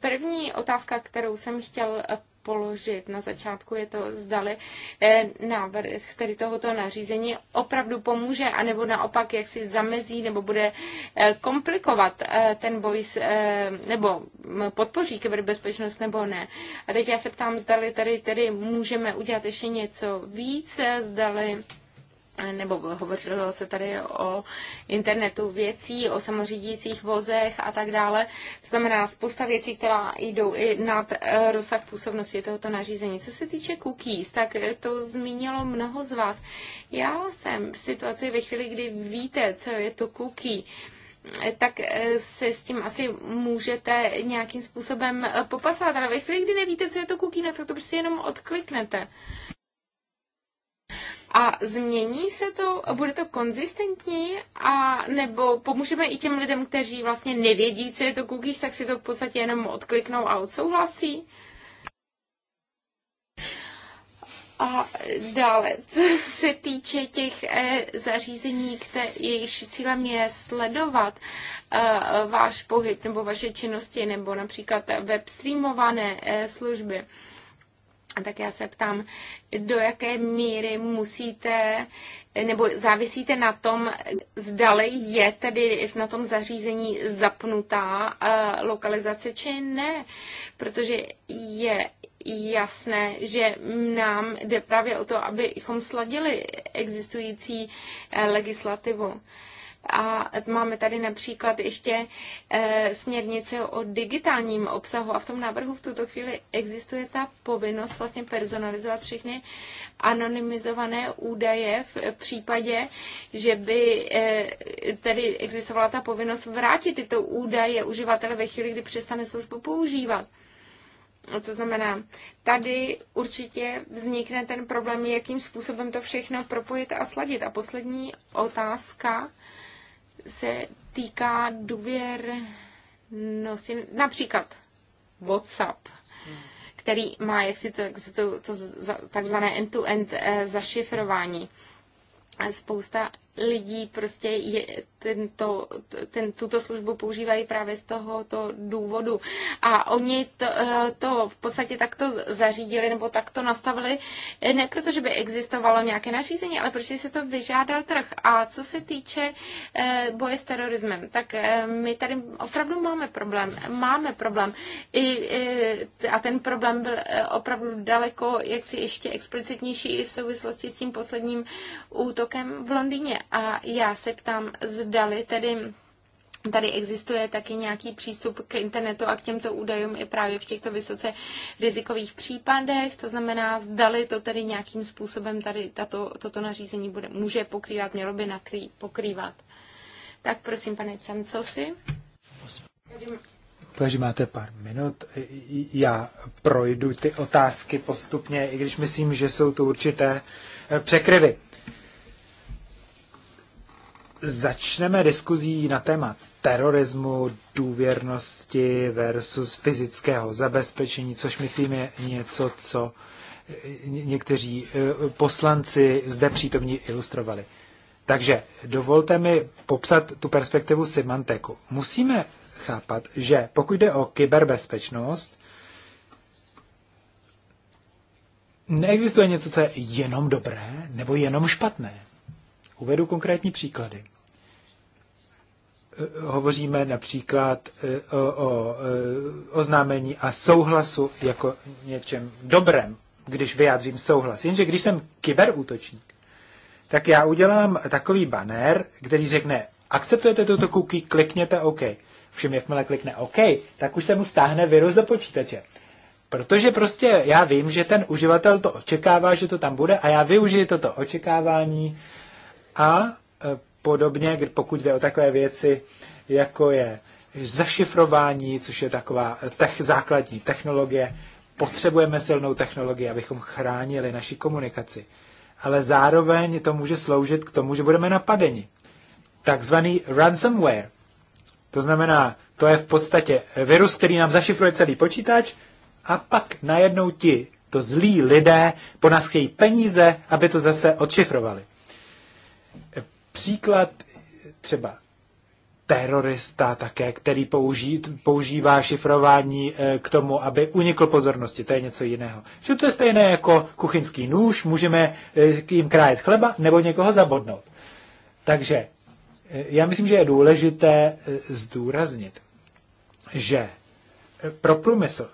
První otázka, kterou jsem chtěl položit na začátku, je to zdali eh, návrh tedy tohoto nařízení opravdu pomůže, anebo naopak jak si zamezí nebo bude eh, komplikovat eh, ten boj s, nebo podpoří kyberbezpečnost nebo ne. A teď já se ptám, zdali tady, tady můžeme udělat ještě něco víc, zdali nebo hovořilo se tady o internetu věcí, o samořídících vozech a tak dále. To znamená spousta věcí, která jdou i nad eh, rozsah působnosti tohoto nařízení. Co se týče cookies, tak to zmínilo mnoho z vás. Já jsem v situaci ve chvíli, kdy víte, co je to cookie, eh, tak eh, se s tím asi můžete nějakým způsobem popasovat, ale ve chvíli, kdy nevíte, co je to cookie, no tak to prostě jenom odkliknete. A změní se to, bude to konzistentní a nebo pomůžeme i těm lidem, kteří vlastně nevědí, co je to cookies, tak si to v podstatě jenom odkliknou a odsouhlasí. A dále, co se týče těch eh, zařízení, které jejich cílem je sledovat eh, váš pohyb nebo vaše činnosti, nebo například web streamované eh, služby. A tak já se ptám, do jaké míry musíte nebo závisíte na tom, zdali je tedy na tom zařízení zapnutá eh, lokalizace či ne. Protože je jasné, že nám jde právě o to, abychom sladili existující eh, legislativu. A máme tady například ještě eh, směrnice o digitálním obsahu a v tom návrhu v tuto chvíli existuje ta povinnost vlastně personalizovat všechny anonymizované údaje v případě, že by eh, tedy existovala ta povinnost vrátit tyto údaje uživatele ve chvíli, kdy přestane službu používat. To znamená, tady určitě vznikne ten problém, jakým způsobem to všechno propojit a sladit. A poslední otázka se týká důvěrnosti, například WhatsApp, který má jaksi to, jaksi to, to takzvané end-to-end eh, zašifrování. Spousta lidí prostě je, tento, ten, tuto službu používají právě z tohoto důvodu. A oni to, eh, to v podstatě takto zařídili nebo takto nastavili, eh, ne protože by existovalo nějaké nařízení, ale protože se to vyžádal trh. A co se týče eh, boje s terorismem, tak my tady opravdu máme problém. Máme problém. I, a ten problém byl opravdu daleko, jak si ještě explicitnější i v souvislosti s tím posledním útokem v Londýně a já se ptám, zdali tedy tady existuje taky nějaký přístup k internetu a k těmto údajům i právě v těchto vysoce rizikových případech. To znamená, zdali to tedy nějakým způsobem tady tato, toto nařízení bude, může pokrývat, mělo by nakrý, pokrývat. Tak prosím, pane si? Takže máte pár minut. Já projdu ty otázky postupně, i když myslím, že jsou to určité překryvy začneme diskuzí na téma terorismu, důvěrnosti versus fyzického zabezpečení, což myslím je něco, co někteří eh, poslanci zde přítomní ilustrovali. Takže dovolte mi popsat tu perspektivu semantiku. Musíme chápat, že pokud jde o kyberbezpečnost, neexistuje něco, co je jenom dobré nebo jenom špatné. Uvedu konkrétní příklady. E, hovoříme například e, o e, oznámení a souhlasu jako něčem dobrém, když vyjádřím souhlas. Jenže když jsem kyberútočník, tak já udělám takový banner, který řekne, akceptujete tuto cookie, klikněte OK. Všem, jakmile klikne OK, tak už se mu stáhne virus do počítače. Protože prostě já vím, že ten uživatel to očekává, že to tam bude a já využiji toto očekávání a e, podobně, pokud jde o takové věci, jako je zašifrování, což je taková e, tech, základní technologie, potřebujeme silnou technologii, abychom chránili naši komunikaci. Ale zároveň to může sloužit k tomu, že budeme napadeni. Takzvaný ransomware. To znamená, to je v podstatě virus, který nám zašifruje celý počítač a pak najednou ti, to zlí lidé, po nás chtějí peníze, aby to zase odšifrovali příklad třeba terorista také, který použí, používá šifrování eh, k tomu, aby unikl pozornosti. To je něco jiného. Že to je stejné jako kuchyňský nůž, můžeme eh, jim krájet chleba nebo někoho zabodnout. Takže eh, já myslím, že je důležité zdůraznit, že pro průmysl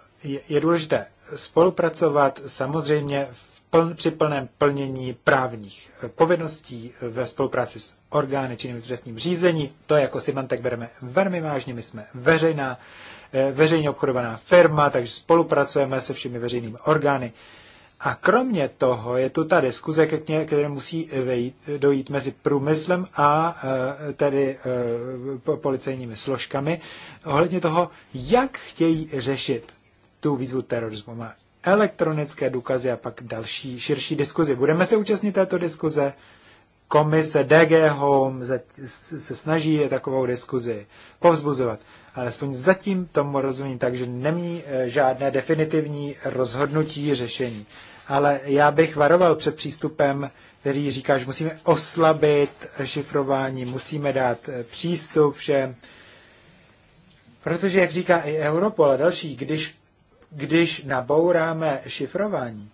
je důležité spolupracovat samozřejmě v pln, při plném plnění právních eh, povinností eh, ve spolupráci s orgány činnými v trestním řízení. To je jako Symantec bereme velmi vážně. My jsme veřejná, eh, veřejně obchodovaná firma, takže spolupracujeme se všemi veřejnými orgány. A kromě toho je tu ta diskuze, které musí vejít, dojít mezi průmyslem a tedy policejními složkami ohledně toho, jak chtějí řešit tu výzvu terorismu elektronické důkazy a pak další širší diskuzi. Budeme se účastnit této diskuze. Komise DG Home se snaží takovou diskuzi povzbuzovat. Ale aspoň zatím tomu rozumím, takže nemí e, žádné definitivní rozhodnutí řešení. Ale já bych varoval před přístupem, který říká, že musíme oslabit šifrování, musíme dát e, přístup všem. Protože, jak říká i Europol a další, když když nabouráme šifrování,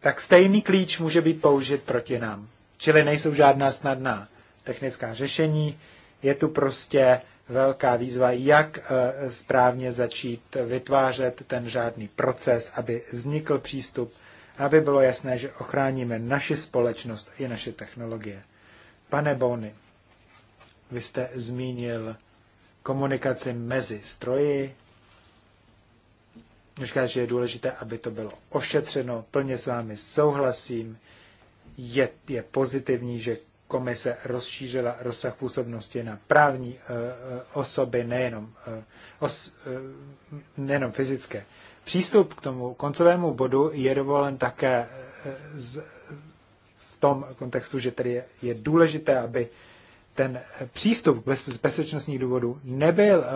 tak stejný klíč může být použit proti nám. Čili nejsou žádná snadná technická řešení, je tu prostě velká výzva, jak eh, správně začít vytvářet ten žádný proces, aby vznikl přístup, aby bylo jasné, že ochráníme naši společnost i naše technologie. Pane Bony, vy jste zmínil komunikaci mezi stroji. Říká, že je důležité, aby to bylo ošetřeno. Plně s vámi souhlasím. Je, je pozitivní, že komise rozšířila rozsah působnosti na právní e, osoby, nejenom, e, os, e, nejenom fyzické. Přístup k tomu koncovému bodu je dovolen také z, v tom kontextu, že tedy je, je důležité, aby e, ten přístup z bezpečnostních důvodů nebyl eh,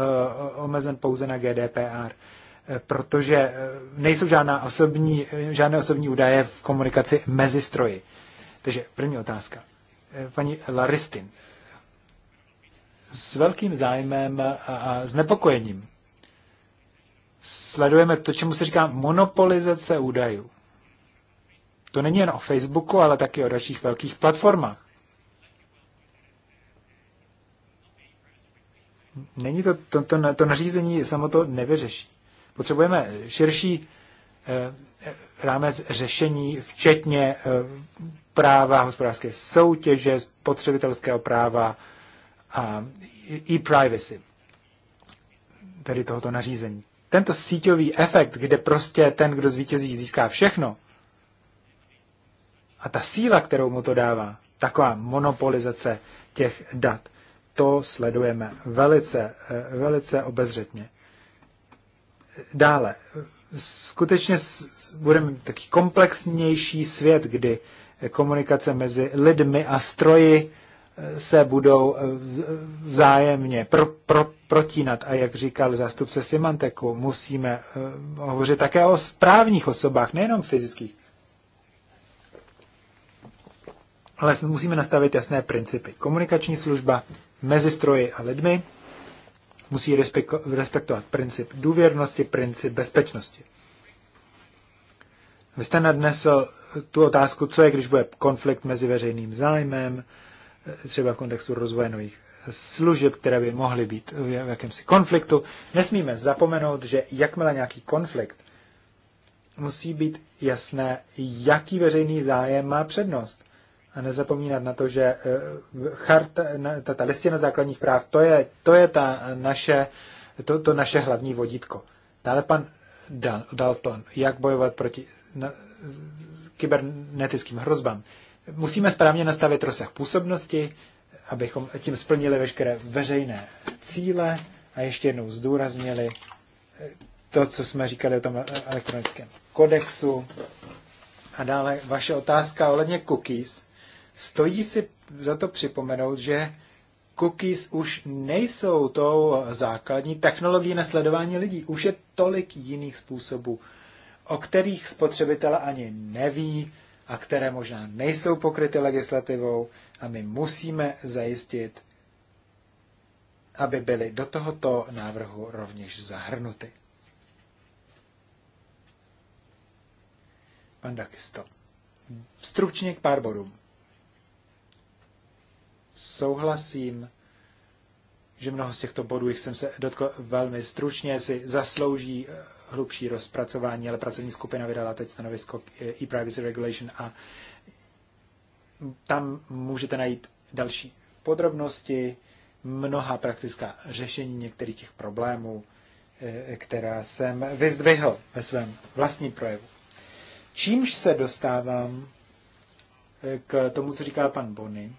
omezen pouze na GDPR, eh, protože eh, nejsou žádná osobní, žádné osobní údaje v komunikaci mezi stroji. Takže první otázka. Paní Laristin, s velkým zájmem a znepokojením sledujeme to, čemu se říká monopolizace údajů. To není jen o Facebooku, ale taky o dalších velkých platformách. není to, to, to, to nařízení samo to nevyřeší. Potřebujeme širší eh, eh, rámec řešení, včetně eh, práva hospodářské soutěže, spotřebitelského práva a i privacy tedy tohoto nařízení. Tento síťový efekt, kde prostě ten, kdo zvítězí, získá všechno, a ta síla, kterou mu to dává, taková monopolizace těch dat, to sledujeme velice, eh, velice obezřetně. Dále, skutečně budeme taky komplexnější svět, kdy komunikace mezi lidmi a stroji eh, se budou eh, vzájemně pro, pro, protínat. A jak říkal zástupce Symanteku, musíme hovořit také o správních osobách, nejenom fyzických. ale musíme nastavit jasné principy. Komunikační služba mezi stroji a lidmi musí respektovat princip důvěrnosti, princip bezpečnosti. Vy jste nadnesl tu otázku, co je, když bude konflikt mezi veřejným zájmem, třeba v kontextu rozvoje nových služeb, které by mohly být v jakémsi konfliktu. Nesmíme zapomenout, že jakmile nějaký konflikt, musí být jasné, jaký veřejný zájem má přednost a nezapomínat na to, že eh, charta, ta, listina základních práv, to je, to je ta naše, to, to naše hlavní vodítko. Dále pan Dalton, jak bojovat proti kybernetickým hrozbám. Musíme správně nastavit rozsah působnosti, abychom tím splnili veškeré veřejné cíle a ještě jednou zdůraznili eh, to, co jsme říkali o tom elektronickém kodexu. A dále vaše otázka ohledně cookies. Stojí si za to připomenout, že cookies už nejsou tou základní technologií na sledování lidí. Už je tolik jiných způsobů, o kterých spotřebitel ani neví a které možná nejsou pokryty legislativou a my musíme zajistit, aby byly do tohoto návrhu rovněž zahrnuty. Pan Dakisto. Stručně k pár bodům souhlasím, že mnoho z těchto bodů, jich jsem se dotkl velmi stručně, si zaslouží eh, hlubší rozpracování, ale pracovní skupina vydala teď stanovisko eh, e-privacy regulation a tam můžete najít další podrobnosti, mnoha praktická řešení některých těch problémů, eh, která jsem vyzdvihl ve svém vlastním projevu. Čímž se dostávám k tomu, co říká pan Bony,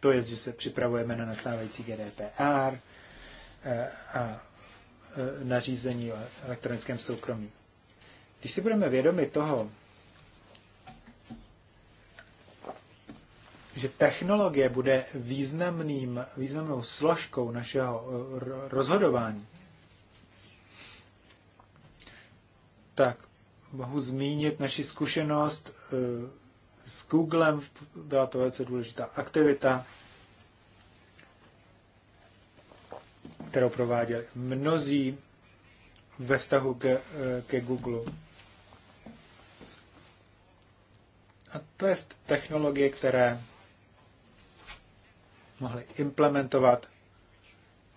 to je, že se připravujeme na nastávající GDPR eh, a eh, nařízení o elektronickém soukromí. Když si budeme vědomi toho, že technologie bude významným, významnou složkou našeho eh, rozhodování, tak mohu zmínit naši zkušenost s Googlem, byla to velice důležitá aktivita, kterou prováděli mnozí ve vztahu ke, ke Google. A to je technologie, které mohly implementovat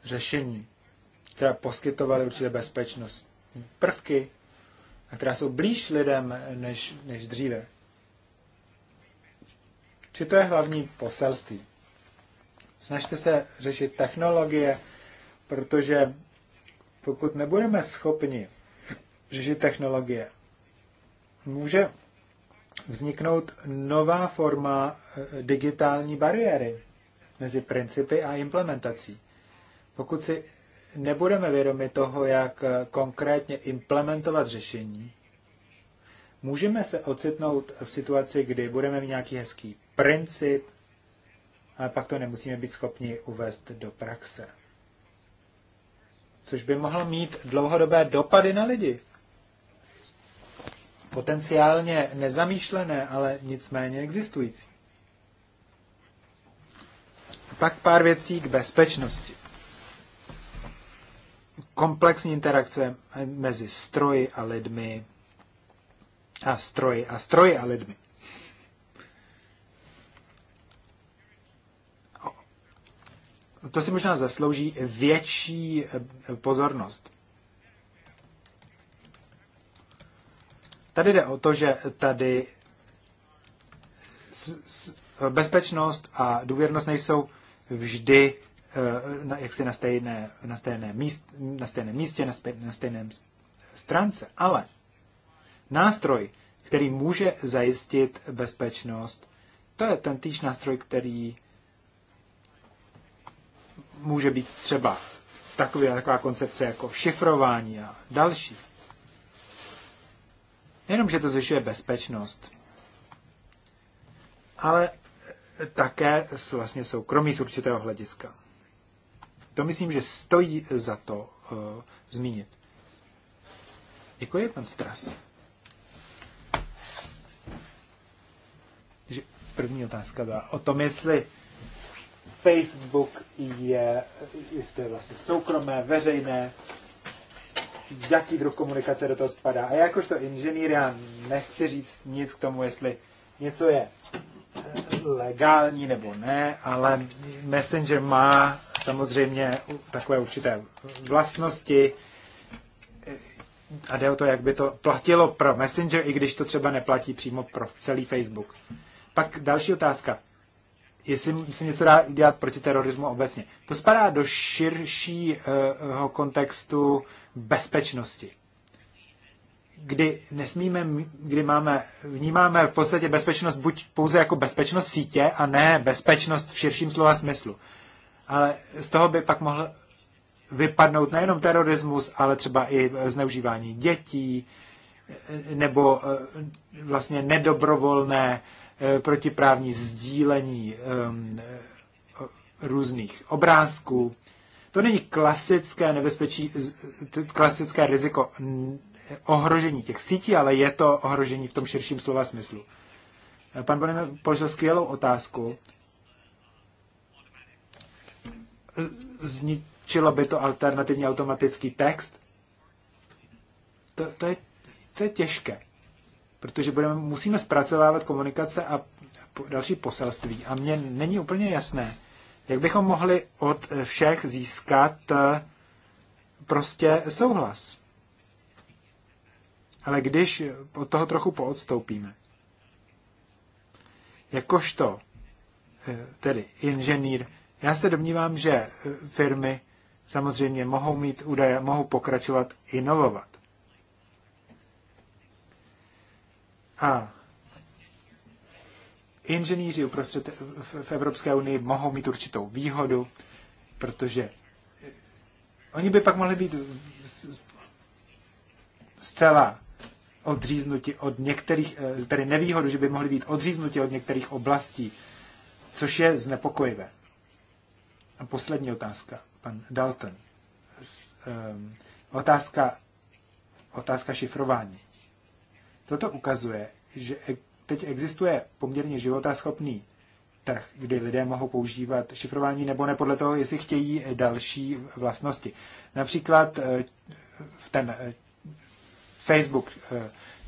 řešení, která poskytovaly určité bezpečnost prvky, a která jsou blíž lidem než, než dříve. Či to je hlavní poselství? Snažte se řešit technologie, protože pokud nebudeme schopni řešit technologie, může vzniknout nová forma eh, digitální bariéry mezi principy a implementací. Pokud si nebudeme vědomi toho, jak eh, konkrétně implementovat řešení, můžeme se ocitnout v situaci, kdy budeme mít nějaký hezký princip, ale pak to nemusíme být schopni uvést do praxe. Což by mohlo mít dlouhodobé dopady na lidi. Potenciálně nezamýšlené, ale nicméně existující. Pak pár věcí k bezpečnosti. Komplexní interakce mezi stroji a lidmi, a stroji a stroji a lidmi. To si možná zaslouží větší eh, pozornost. Tady jde o to, že tady bezpečnost a důvěrnost nejsou vždy eh, jaksi na, stejné, na, stejné míst, na stejném místě, na, stejném stránce, ale nástroj, který může zajistit bezpečnost. To je ten týž nástroj, který může být třeba takový, taková koncepce jako šifrování a další. Jenom, že to zvyšuje bezpečnost, ale také vlastně soukromí z určitého hlediska. To myslím, že stojí za to uh, zmínit. Děkuji, pan Stras. První otázka byla o tom, jestli Facebook je, jestli je vlastně soukromé, veřejné, jaký druh komunikace do toho spadá. A já jakožto inženýr, já nechci říct nic k tomu, jestli něco je eh, legální nebo ne, ale Messenger má samozřejmě takové určité vlastnosti eh, a jde o to, jak by to platilo pro Messenger, i když to třeba neplatí přímo pro celý Facebook. Pak další otázka. Jestli se něco dá dělat proti terorismu obecně. To spadá do širšího kontextu bezpečnosti kdy nesmíme, kdy máme, vnímáme v podstatě bezpečnost buď pouze jako bezpečnost sítě a ne bezpečnost v širším slova smyslu. Ale z toho by pak mohl vypadnout nejenom terorismus, ale třeba i zneužívání dětí nebo e, vlastně nedobrovolné Eh, protiprávní sdílení eh, různých obrázků. To není klasické nebezpečí, klasické riziko ohrožení těch sítí, ale je to ohrožení v tom širším slova smyslu. Eh, pan Bonem položil skvělou otázku. Zničilo by to alternativně automatický text? To, to, je, to je těžké protože budeme, musíme zpracovávat komunikace a další poselství. A mně není úplně jasné, jak bychom mohli od všech získat eh, prostě souhlas. Ale když od toho trochu poodstoupíme, jakožto eh, tedy inženýr, já se domnívám, že eh, firmy samozřejmě mohou mít údaje, mohou pokračovat, inovovat. A inženýři uprostřed v Evropské unii mohou mít určitou výhodu, protože oni by pak mohli být zcela odříznuti od některých, eh, tedy nevýhodu, že by mohli být odříznuti od některých oblastí, což je znepokojivé. A poslední otázka, pan Dalton. Ehm, otázka, otázka šifrování. Toto ukazuje, že e- teď existuje poměrně životaschopný trh, kdy lidé mohou používat šifrování nebo ne podle toho, jestli chtějí další vlastnosti. Například e, v ten e, Facebook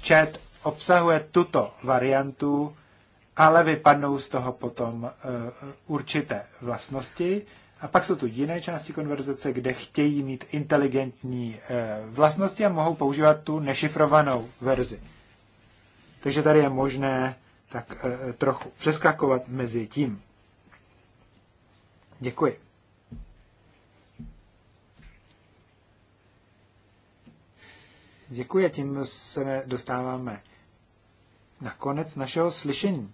chat obsahuje tuto variantu, ale vypadnou z toho potom určité vlastnosti. A pak jsou tu jiné části konverzace, kde chtějí mít inteligentní vlastnosti a mohou používat tu nešifrovanou verzi. Takže tady je možné tak eh, trochu přeskakovat mezi tím. Děkuji. Děkuji tím se dostáváme na konec našeho slyšení.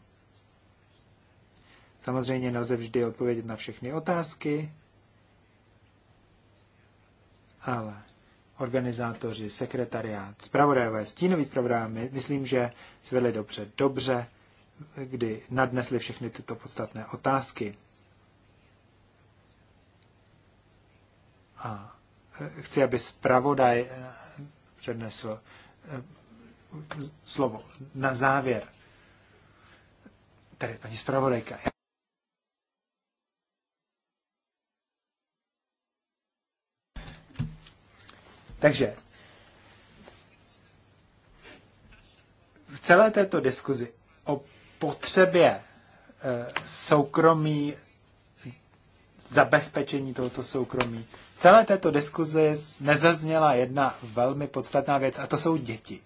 Samozřejmě nelze vždy odpovědět na všechny otázky, ale organizátoři, sekretariát, zpravodajové, stínoví zpravodajové, myslím, že se vedli dobře, dobře, kdy nadnesli všechny tyto podstatné otázky. A eh, chci, aby zpravodaj eh, přednesl eh, slovo na závěr. Tady paní zpravodajka. Takže v celé této diskuzi o potřebě e, soukromí, zabezpečení tohoto soukromí. V celé této diskuzi nezazněla jedna velmi podstatná věc, a to jsou děti.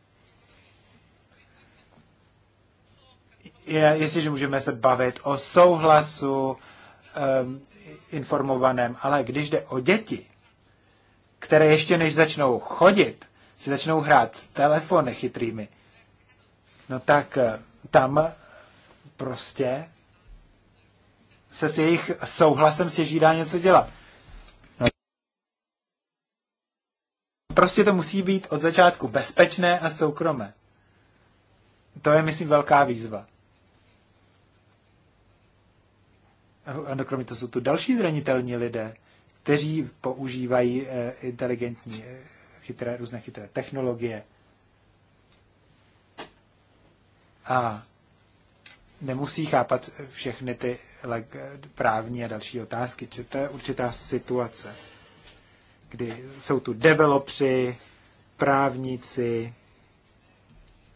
Je, jestliže můžeme se bavit o souhlasu um, informovaném, ale když jde o děti, které ještě než začnou chodit, si začnou hrát s telefony chytrými, no tak eh, tam prostě se s jejich souhlasem stěží dá něco dělat. No. Prostě to musí být od začátku bezpečné a soukromé. To je, myslím, velká výzva. A kromě to jsou tu další zranitelní lidé kteří používají eh, inteligentní eh, chytré, různé chytré technologie. A nemusí chápat všechny ty právní a další otázky. Či to je určitá situace, kdy jsou tu developři, právníci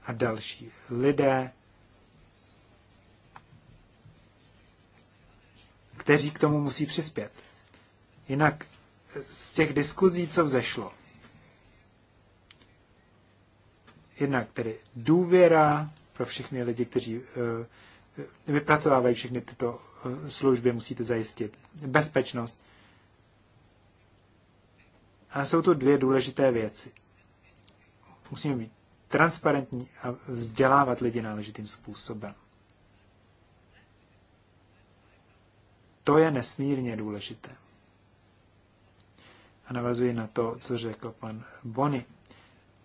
a další lidé, kteří k tomu musí přispět. Jinak z těch diskuzí, co vzešlo, jednak tedy důvěra pro všechny lidi, kteří eh, eh, vypracovávají všechny tyto eh, služby, musíte zajistit bezpečnost. A jsou to dvě důležité věci. Musíme být transparentní a vzdělávat lidi náležitým způsobem. To je nesmírně důležité a navazuji na to, co řekl pan Bony.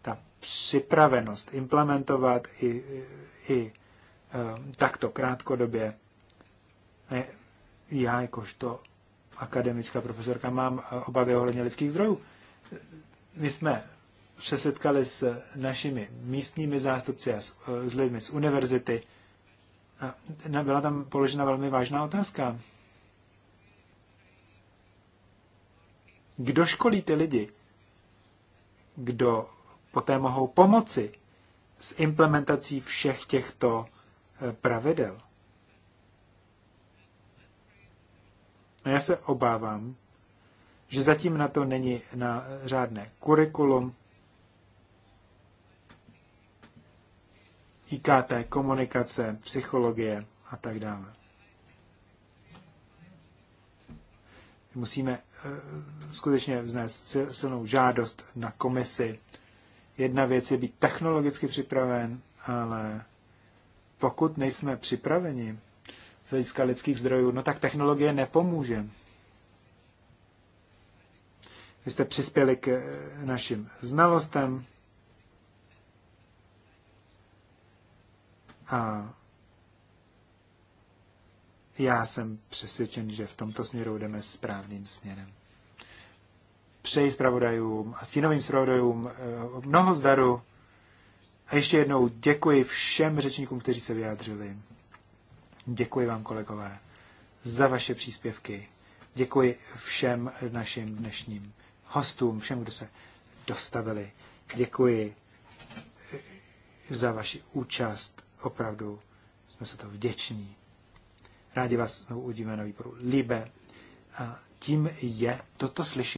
Ta připravenost implementovat i, i eh, takto krátkodobě. Eh, já jakožto akademická profesorka mám eh, obavy ohledně lidských zdrojů. My jsme přesetkali s našimi místními zástupci a s, s lidmi z univerzity. A byla tam položena velmi vážná otázka. Kdo školí ty lidi? Kdo poté mohou pomoci s implementací všech těchto eh, pravidel? A no, já se obávám, že zatím na to není na řádné kurikulum, IKT, komunikace, psychologie a tak dále. Musíme Eh, skutečně vznést silnou žádost na komisi. Jedna věc je být technologicky připraven, ale pokud nejsme připraveni z hlediska lidských zdrojů, no tak technologie nepomůže. Vy jste přispěli k eh, našim znalostem a já jsem přesvědčen, že v tomto směru jdeme správným směrem. Přeji zpravodajům a stínovým zpravodajům eh, mnoho zdaru a ještě jednou děkuji všem řečníkům, kteří se vyjádřili. Děkuji vám, kolegové, za vaše příspěvky. Děkuji všem našim dnešním hostům, všem, kdo se dostavili. Děkuji eh, za vaši účast. Opravdu jsme se to vděční. Rádi vás uvidíme na výboru Libe. A tím je toto slyšení.